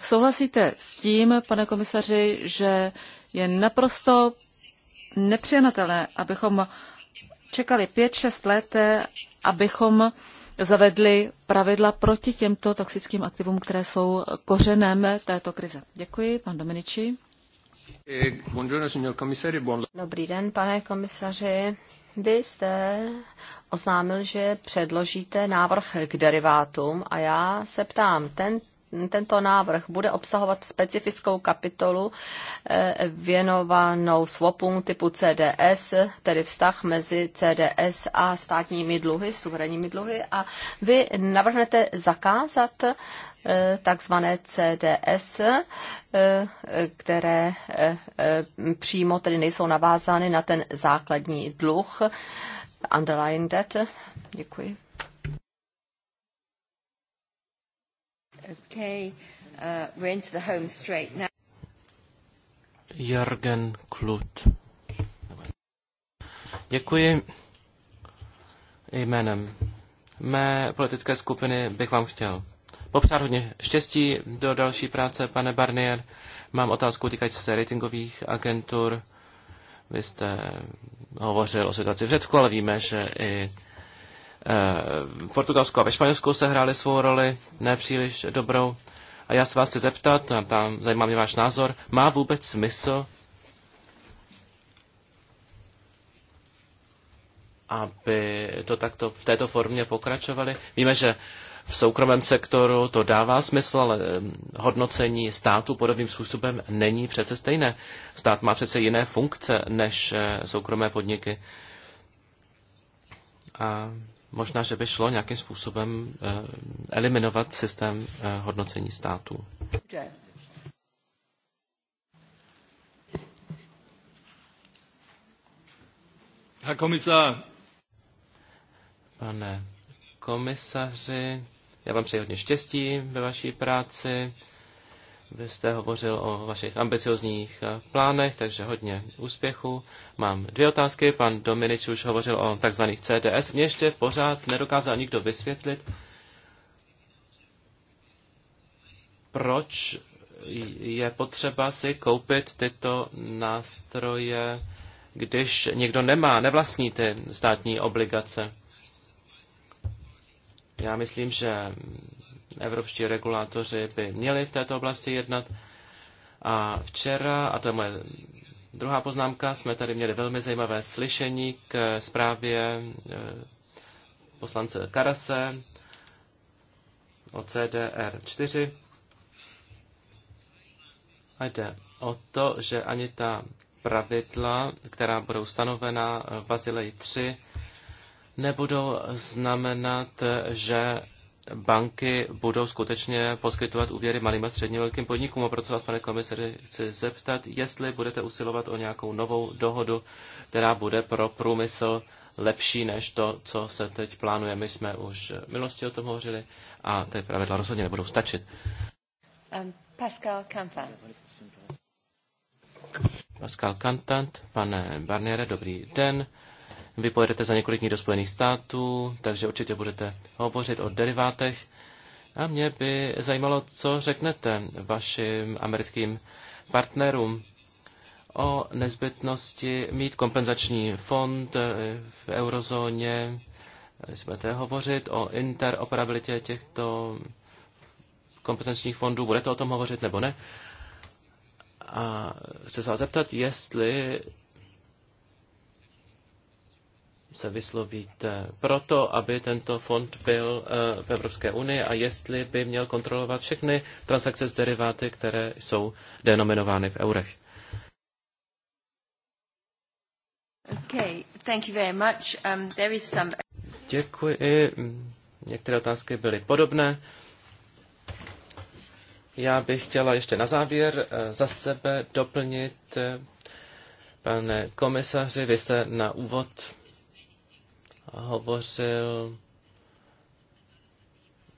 Souhlasíte s tím, pane komisaři, že je naprosto nepřijatelné, abychom čekali 5-6 let, abychom zavedli pravidla proti těmto toxickým aktivům, které jsou kořenem této krize. Děkuji, pan Dominici. Dobrý den, pane komisaři. Vy jste oznámil, že předložíte návrh k derivátům a já se ptám, ten tento návrh bude obsahovat specifickou kapitolu eh, věnovanou swapům typu CDS, tedy vztah mezi CDS a státními dluhy, suverénními dluhy. A vy navrhnete zakázat eh, takzvané CDS, eh, které přímo tedy nejsou navázány na ten základní dluh, underlying debt. Děkuji. Okay. Uh, we're into the home straight now. Jürgen Klut. Děkuji. Jménem mé politické skupiny bych vám chtěl popřát hodně štěstí do další práce, pane Barnier. Mám otázku týkající se ratingových agentur. Vy jste hovořil o situaci v Řecku, ale víme, že i Eh, v Portugalsku a ve Španělsku se hráli svou roli, nepříliš dobrou. A já se vás chci zeptat, a tam zajímá mě váš názor, má vůbec smysl, aby to takto v této formě pokračovali? Víme, že v soukromém sektoru to dává smysl, ale hodnocení státu podobným způsobem není přece stejné. Stát má přece jiné funkce než eh, soukromé podniky. A Možná, že by šlo nějakým způsobem eh, eliminovat systém eh, hodnocení států. Herr Kommissar. Pane komisaři, já vám přeji hodně štěstí ve vaší práci. Vy jste hovořil o vašich ambiciozních eh, plánech, takže hodně úspěchu. Mám dvě otázky. Pan Dominič už hovořil o takzvaných CDS. Mě ještě pořád nedokázal nikdo vysvětlit, proč je potřeba si koupit tyto nástroje, když někdo nemá, nevlastní ty státní obligace. Já myslím, že evropští regulátoři by měli v této oblasti jednat. A včera, a to je moje druhá poznámka, jsme tady měli velmi zajímavé slyšení k zprávě eh, poslance Karase o CDR4. A jde o to, že ani ta pravidla, která budou stanovena v Bazileji 3, nebudou znamenat, že banky budou skutečně poskytovat úvěry malým a středně velkým podnikům. A proto vás, pane komisaři, chci zeptat, jestli budete usilovat o nějakou novou dohodu, která bude pro průmysl lepší než to, co se teď plánuje. My jsme už v minulosti o tom hovořili a ty pravidla rozhodně nebudou stačit. Um, Pascal Kampan. Pascal Kantant, pane Barniere, dobrý den. Vy pojedete za několik dní do Spojených států, takže určitě budete hovořit o derivátech. A mě by zajímalo, co řeknete vašim americkým partnerům o nezbytnosti mít kompenzační fond eh, v eurozóně. Budete hovořit o interoperabilitě těchto kompenzačních fondů. Budete o tom hovořit nebo ne? A chci se vás zeptat, jestli se vyslovíte proto, aby tento fond byl eh, v Evropské unii a jestli by měl kontrolovat všechny transakce s deriváty, které jsou denominovány v eurech. Okay, thank you very much. Um, there is some... Děkuji. Některé otázky byly podobné. Já bych chtěla ještě na závěr eh, za sebe doplnit, eh, pane komisaři, vy jste na úvod hovořil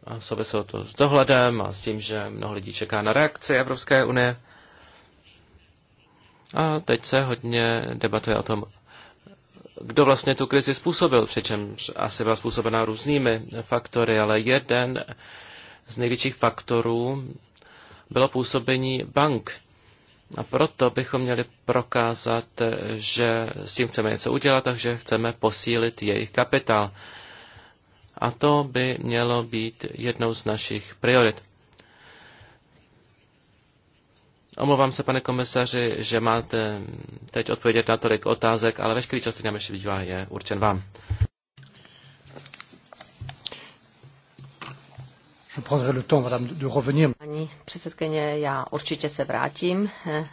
a souviselo to s dohledem a s tím, že mnoho lidí čeká na reakci Evropské unie. A teď se hodně debatuje o tom, kdo vlastně tu krizi způsobil, přičemž asi byla způsobená různými faktory, ale jeden z největších faktorů bylo působení bank. A proto bychom měli prokázat, že s tím chceme něco udělat, takže chceme posílit jejich kapitál. A to by mělo být jednou z našich priorit. Omlouvám se, pane komisaři, že máte teď odpovědět na tolik otázek, ale veškerý čas, který nám ještě bývá, je určen vám. Paní předsedkyně, já určitě se vrátím eh,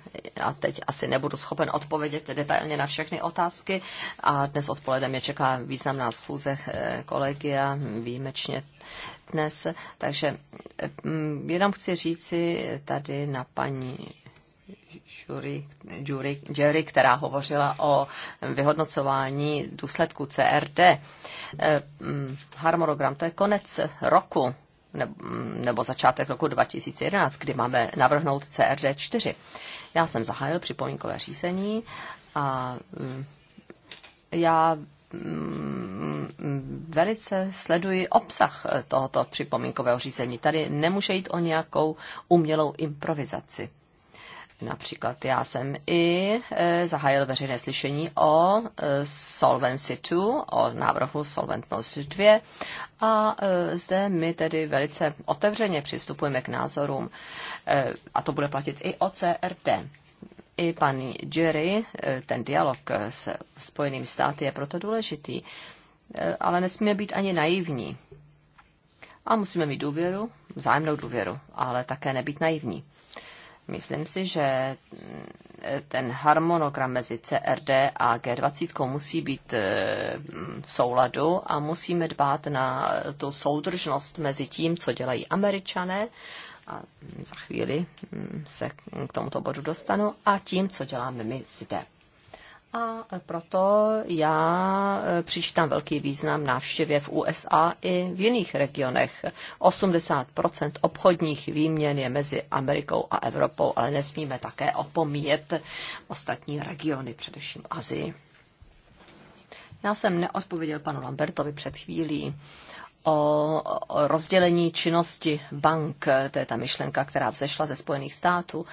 a teď asi nebudu schopen odpovědět detailně na všechny otázky a dnes odpoledne mě čeká významná schůze eh, kolegia, výjimečně dnes, takže eh, mm, jenom chci říci tady na paní Jury, Jury, která hovořila o vyhodnocování důsledku CRD. Mm, harmonogram, to je konec roku, nebo začátek roku 2011, kdy máme navrhnout CRD 4. Já jsem zahájil připomínkové řízení a mm, já mm, velice sleduji obsah tohoto připomínkového řízení. Tady nemůže jít o nějakou umělou improvizaci. Například já jsem i e, zahájil veřejné slyšení o e, Solvency 2, o návrhu Solventnosti 2 a e, zde my tedy velice otevřeně přistupujeme k názorům a to bude platit i o CRT. I paní Jerry, ten dialog s Spojenými státy je proto důležitý, ale nesmíme být ani naivní. A musíme mít důvěru, vzájemnou důvěru, ale také nebýt naivní. Myslím si, že eh, ten harmonogram mezi CRD a G20 musí být eh, v souladu a musíme dbát na tu soudržnost mezi tím, co dělají američané, a hm, za chvíli hm, se k tomuto bodu dostanu, a tím, co děláme my zde a proto já e, přičítám velký význam návštěvě v USA i v jiných regionech. 80 obchodních výměn je mezi Amerikou a Evropou, ale nesmíme také opomíjet ostatní regiony, především Azii. Já jsem neodpověděl panu Lambertovi před chvílí o rozdělení činnosti bank, to je ta myšlenka, která vzešla ze Spojených států.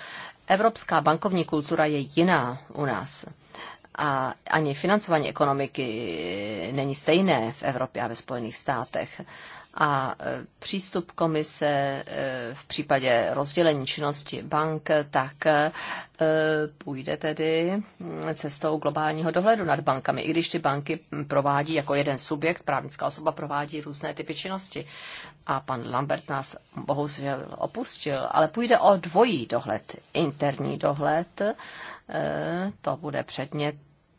Evropská bankovní kultura je jiná u nás a ani financování ekonomiky není stejné v Evropě a ve Spojených státech. A e, přístup komise e, v případě rozdělení činnosti bank tak e, půjde tedy mm, cestou globálního dohledu nad bankami, i když ty banky provádí jako jeden subjekt, právnická osoba provádí různé typy činnosti. A pan Lambert nás bohužel opustil, ale půjde o dvojí dohled. Interní dohled, to bude předmět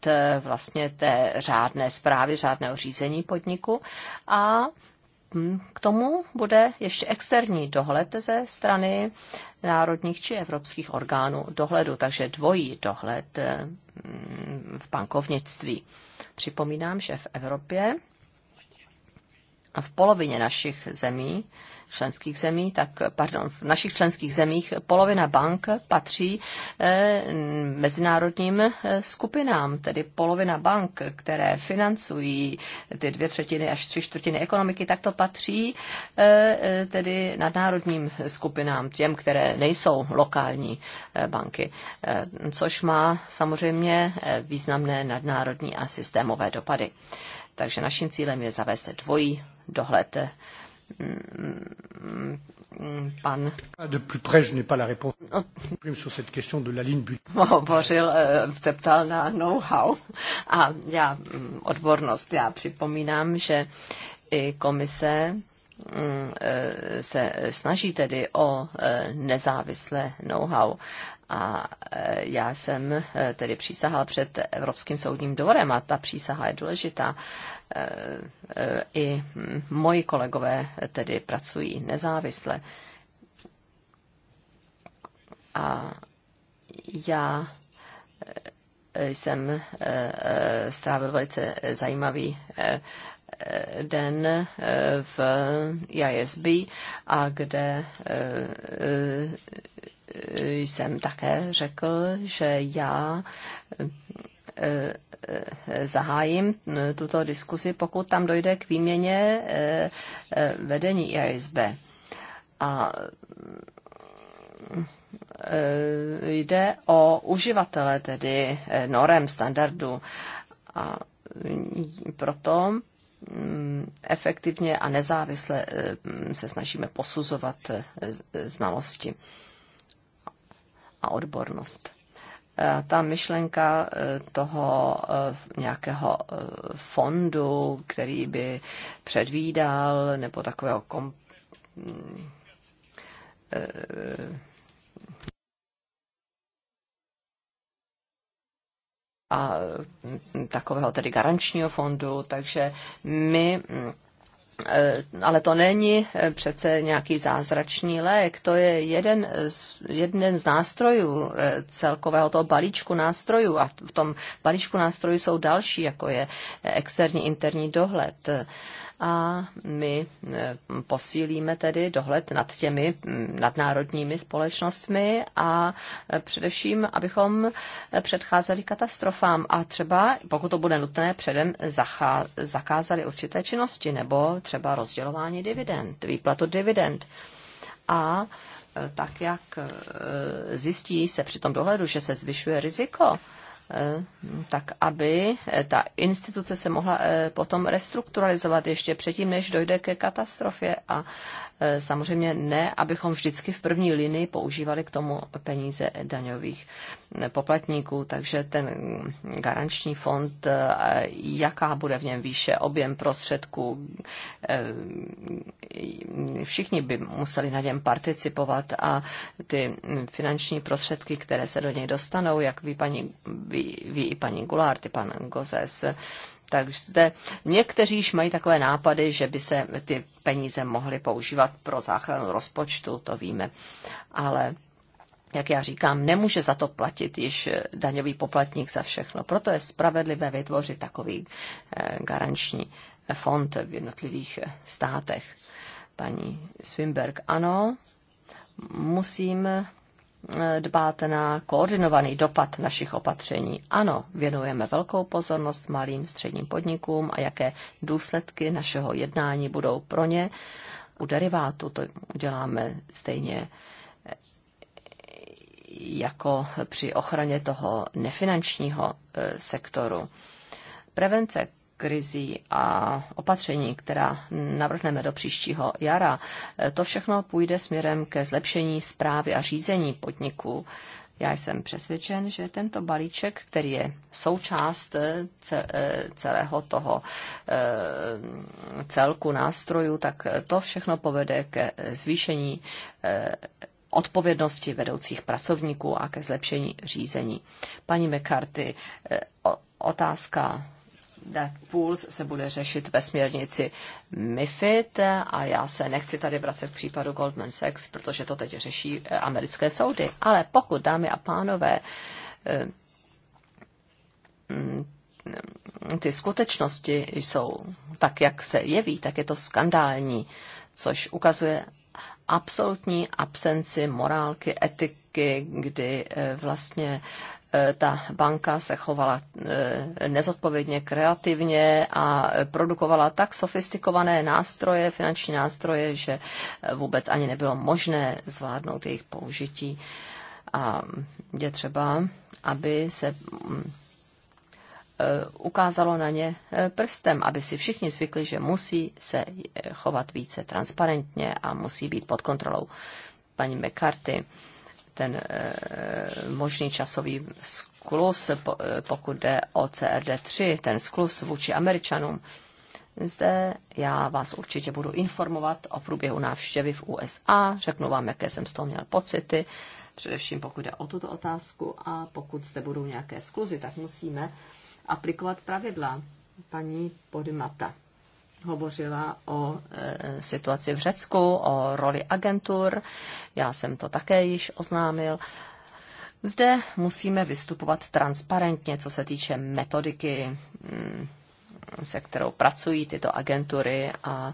Eh, vlastně té řádné zprávy, řádného řízení podniku a hm, k tomu bude ještě externí dohled ze strany národních či evropských orgánů dohledu, takže dvojí dohled eh, hm, v bankovnictví. Připomínám, že v Evropě a v polovině našich zemí členských zemí, tak pardon, v našich členských zemích polovina bank patří eh, mezinárodním eh, skupinám, tedy polovina bank, které financují ty dvě třetiny až tři čtvrtiny ekonomiky, tak to patří eh, tedy nadnárodním skupinám, těm, které nejsou lokální banky, což má samozřejmě významné nadnárodní a systémové dopady. Takže naším cílem je zavést dvojí dohled pan. De plus près, je n'ai pas la réponse. Sur cette question de la ligne but. Hovořil, se eh, ptal na know-how a já mm, odbornost. Já připomínám, že i komise mm, eh, se snaží tedy o eh, nezávislé know-how. A já jsem tedy přísahal před Evropským soudním dvorem a ta přísaha je důležitá Eh, eh, i moji kolegové tedy pracují nezávisle. A já eh, jsem strávil velice zajímavý den v ISB, a kde jsem také řekl, že já Eh, zahájím eh, tuto diskusi, pokud tam dojde k výměně eh, vedení ISB. A jde o uživatele, tedy norem, standardu. A mm, proto mm, efektivně a nezávisle se snažíme posuzovat znalosti a odbornost. Eh, ta myšlenka eh, toho eh, nějakého fondu, který by předvídal, nebo takového kom... a mm, takového tedy garančního fondu, takže my mm, Eh, ale to není eh, přece nějaký zázračný lék, to je jeden z, jeden z nástrojů eh, celkového toho balíčku nástrojů a v tom balíčku nástrojů jsou další, jako je externí interní dohled a my eh, posílíme tedy dohled nad těmi mm, nadnárodními společnostmi a eh, především, abychom eh, předcházeli katastrofám a třeba, pokud to bude nutné, předem zakázali určité činnosti nebo třeba rozdělování dividend, výplatu dividend. A tak, jak zjistí se při tom dohledu, že se zvyšuje riziko, Eh, tak aby eh, ta instituce se mohla eh, potom restrukturalizovat ještě předtím, než dojde ke katastrofě a samozřejmě ne, abychom vždycky v první linii používali k tomu peníze daňových poplatníků, takže ten garanční fond, jaká bude v něm výše, objem prostředků, všichni by museli na něm participovat a ty finanční prostředky, které se do něj dostanou, jak ví paní ví, ví i paní Gulárty, pan Gozes. Takže zde někteří již mají takové nápady, že by se ty peníze mohly používat pro záchranu rozpočtu, to víme. Ale jak já říkám, nemůže za to platit již daňový poplatník za všechno. Proto je spravedlivé vytvořit takový eh, garanční fond v jednotlivých eh, státech. Paní Swinberg, ano, musím dbáte na koordinovaný dopad našich opatření. Ano, věnujeme velkou pozornost malým středním podnikům a jaké důsledky našeho jednání budou pro ně. U derivátu to uděláme stejně eh, jako při ochraně toho nefinančního eh, sektoru. Prevence krizí a opatření, která navrhneme do příštího jara, eh, to všechno půjde směrem ke zlepšení zprávy a řízení podniků. Já jsem přesvědčen, že tento balíček, který je součást eh, eh, celého toho celku nástrojů, tak to všechno povede ke zvýšení odpovědnosti vedoucích pracovníků a ke zlepšení řízení. Paní McCarthy, otázka Dark Pools se bude řešit ve směrnici MIFID a já se nechci tady vracet k případu Goldman Sachs, protože to teď řeší eh, americké soudy. Ale pokud, dámy a pánové, eh, mm, mm, ty skutečnosti jsou tak, jak se jeví, tak je to skandální, což ukazuje absolutní absenci morálky, etiky, kdy eh, vlastně Eh, ta banka se chovala eh, nezodpovědně kreativně a produkovala tak sofistikované nástroje, finanční nástroje, že eh, vůbec ani nebylo možné zvládnout jejich použití. A je třeba, aby se mm, ukázalo na ně prstem, aby si všichni zvykli, že musí se chovat více transparentně a musí být pod kontrolou. Paní McCarthy ten eh, možný časový sklus, eh, pokud jde o CRD3, ten sklus vůči Američanům. Zde já vás určitě budu informovat o průběhu návštěvy v USA, řeknu vám, jaké jsem z toho měl pocity, především pokud jde o tuto otázku a pokud zde budou nějaké skluzy, tak musíme aplikovat pravidla paní Podimata hovořila o e, situaci v Řecku, o roli agentur. Já jsem to také již oznámil. Zde musíme vystupovat transparentně, co se týče metodiky, mm, se kterou pracují tyto agentury a e,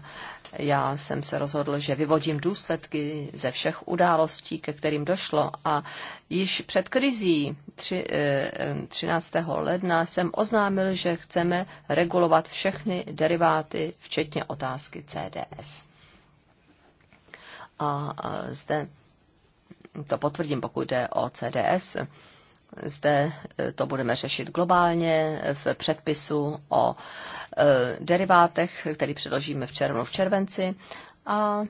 já jsem se rozhodl, že vyvodím důsledky ze všech událostí, ke kterým došlo a již před krizí tři, 13. Eh, ledna jsem oznámil, že chceme regulovat všechny deriváty, včetně otázky CDS. A zde to potvrdím, pokud jde o CDS. Zde e, to budeme řešit globálně v předpisu o e, derivátech, který předložíme v červnu, v červenci. A mm,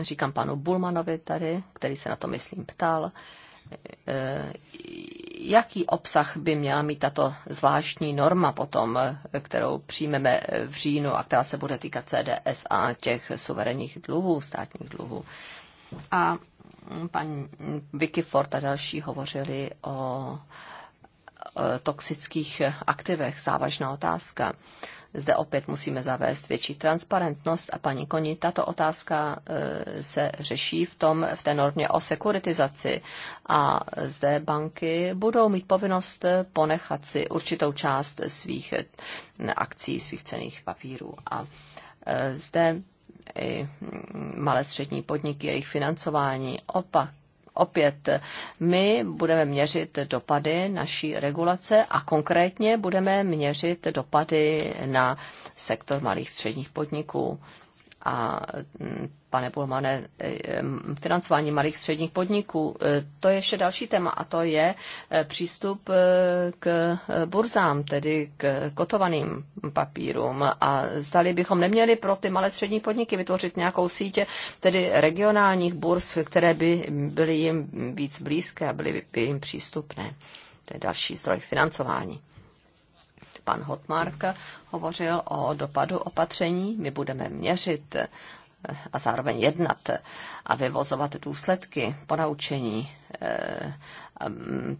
říkám panu Bulmanovi tady, který se na to, myslím, ptal, e, jaký obsah by měla mít tato zvláštní norma potom, kterou přijmeme v říjnu a která se bude týkat CDS a těch suverénních dluhů, státních dluhů. A paní Vicky Ford a další hovořili o toxických aktivech, závažná otázka. Zde opět musíme zavést větší transparentnost a paní Koni, tato otázka e, se řeší v, tom, v té normě o sekuritizaci a zde banky budou mít povinnost ponechat si určitou část svých akcí, svých cených papírů. A e, zde i malé střední podniky, jejich financování. Opak, opět, my budeme měřit dopady naší regulace a konkrétně budeme měřit dopady na sektor malých středních podniků. A mm, pane Pulmane, e, financování malých středních podniků, e, to je ještě další téma a to je e, přístup k burzám, tedy k kotovaným papírům. A zdali bychom neměli pro ty malé střední podniky vytvořit nějakou sítě, tedy regionálních burz, které by byly jim víc blízké a byly by jim přístupné. To je další zdroj financování. Pan Hotmark hovořil o dopadu opatření. My budeme měřit a zároveň jednat a vyvozovat důsledky naučení, eh,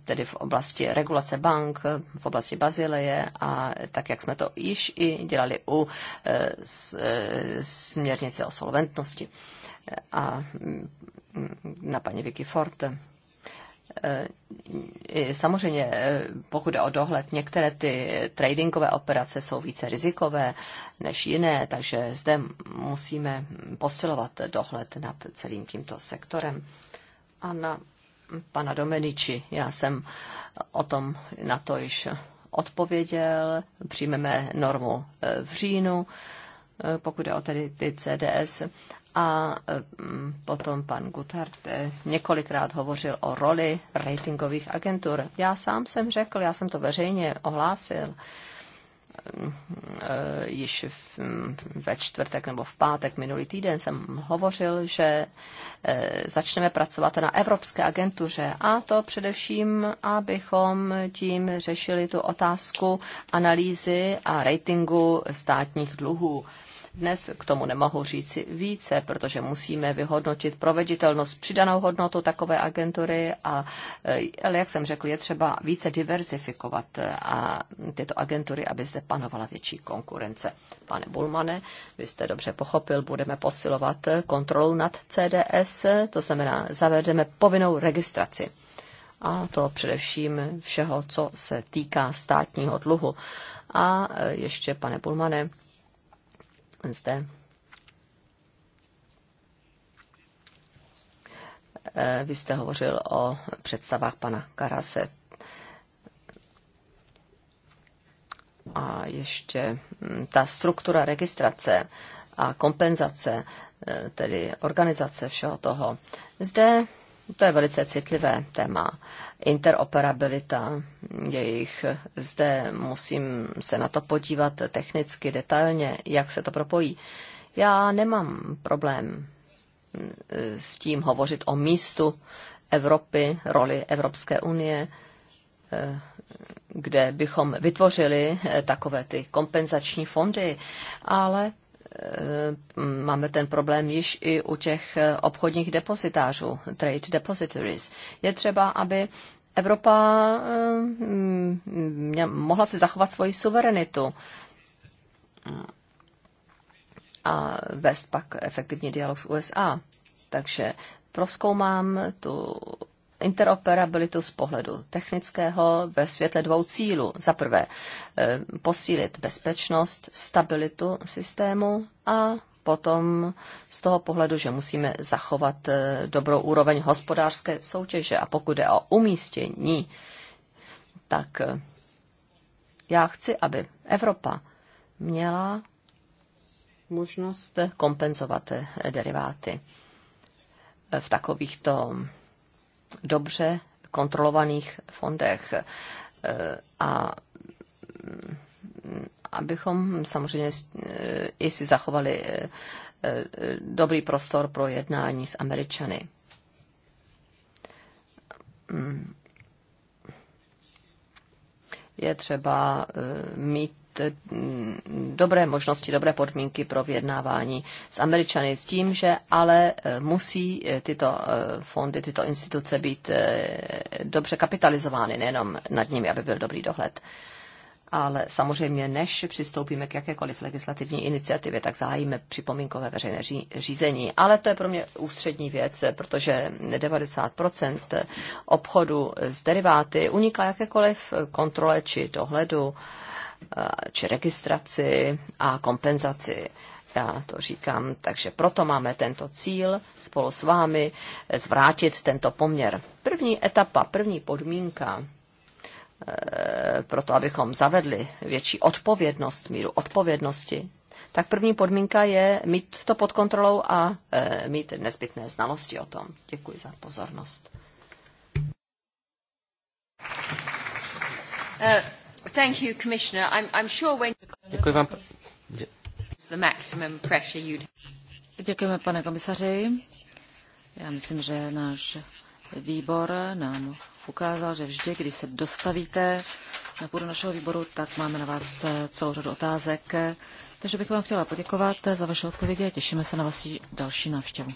tedy v oblasti regulace bank, v oblasti Bazileje a tak, jak jsme to již i dělali u eh, eh, směrnice o solventnosti. A mm, na paní Vicky Ford Eh, samozřejmě, eh, pokud jde o dohled, některé ty tradingové operace jsou více rizikové než jiné, takže zde musíme posilovat dohled nad celým tímto sektorem. A na pana Domeniči, já jsem o tom na to již odpověděl. Přijmeme normu eh, v říjnu, pokud jde o tedy ty CDS. A mm, potom pan Gutard eh, několikrát hovořil o roli ratingových agentur. Já sám jsem řekl, já jsem to veřejně ohlásil, eh, již mm, ve čtvrtek nebo v pátek minulý týden jsem hovořil, že eh, začneme pracovat na Evropské agentuře a to především, abychom tím řešili tu otázku analýzy a ratingu státních dluhů dnes k tomu nemohu říci více, protože musíme vyhodnotit proveditelnost, přidanou hodnotu takové agentury, a, eh, ale jak jsem řekl, je třeba více diverzifikovat eh, a tyto agentury, aby zde panovala větší konkurence. Pane Bulmane, vy jste dobře pochopil, budeme posilovat eh, kontrolu nad CDS, to znamená, zavedeme povinnou registraci a to především všeho, co se týká státního dluhu. A ještě, pane Bulmane, zde eh, vy jste hovořil o představách pana Karase. A ještě hm, ta struktura registrace a kompenzace, eh, tedy organizace všeho toho. Zde to je velice citlivé téma. Interoperabilita jejich. Zde musím se na to podívat technicky, detailně, jak se to propojí. Já nemám problém mm, s tím hovořit o místu Evropy, roli Evropské unie, eh, kde bychom vytvořili eh, takové ty kompenzační fondy, ale Eh, máme ten problém již i u těch eh, obchodních depozitářů, trade depositories. Je třeba, aby Evropa eh, mohla si zachovat svoji suverenitu a vést pak efektivní dialog s USA. Takže proskoumám tu interoperabilitu z pohledu technického ve světle dvou cílů. Za prvé eh, posílit bezpečnost, stabilitu systému a potom z toho pohledu, že musíme zachovat eh, dobrou úroveň hospodářské soutěže. A pokud je o umístění, tak eh, já chci, aby Evropa měla možnost kompenzovat deriváty v takovýchto dobře kontrolovaných fondech. E, a mm, abychom samozřejmě e, i si zachovali e, dobrý prostor pro jednání s Američany. Mm. Je třeba mít dobré možnosti, dobré podmínky pro vyjednávání s Američany s tím, že ale eh, musí eh, tyto eh, fondy, tyto instituce být dobře kapitalizovány, nejenom nad nimi, aby byl dobrý dohled. Ale samozřejmě, než přistoupíme k jakékoliv legislativní iniciativě, tak zahájíme připomínkové veřejné řízení. Ale to je pro mě ústřední věc, protože 90 obchodu s deriváty uniká jakékoliv kontrole či dohledu. Eh, či registraci a kompenzaci. Já to říkám, takže proto máme tento cíl spolu s vámi zvrátit tento poměr. První etapa, první podmínka eh, pro to, abychom zavedli větší odpovědnost, míru odpovědnosti, tak první podmínka je mít to pod kontrolou a eh, mít nezbytné znalosti o tom. Děkuji za pozornost. Uh. Thank you, Commissioner. I'm, I'm sure when... Děkuji vám. The maximum pressure you'd... Děkujeme, pane komisaři. Já myslím, že náš výbor nám ukázal, že vždy, když se dostavíte na půdu našeho výboru, tak máme na vás celou řadu otázek. Takže bych vám chtěla poděkovat za vaše odpovědi a těšíme se na vaši další návštěvu.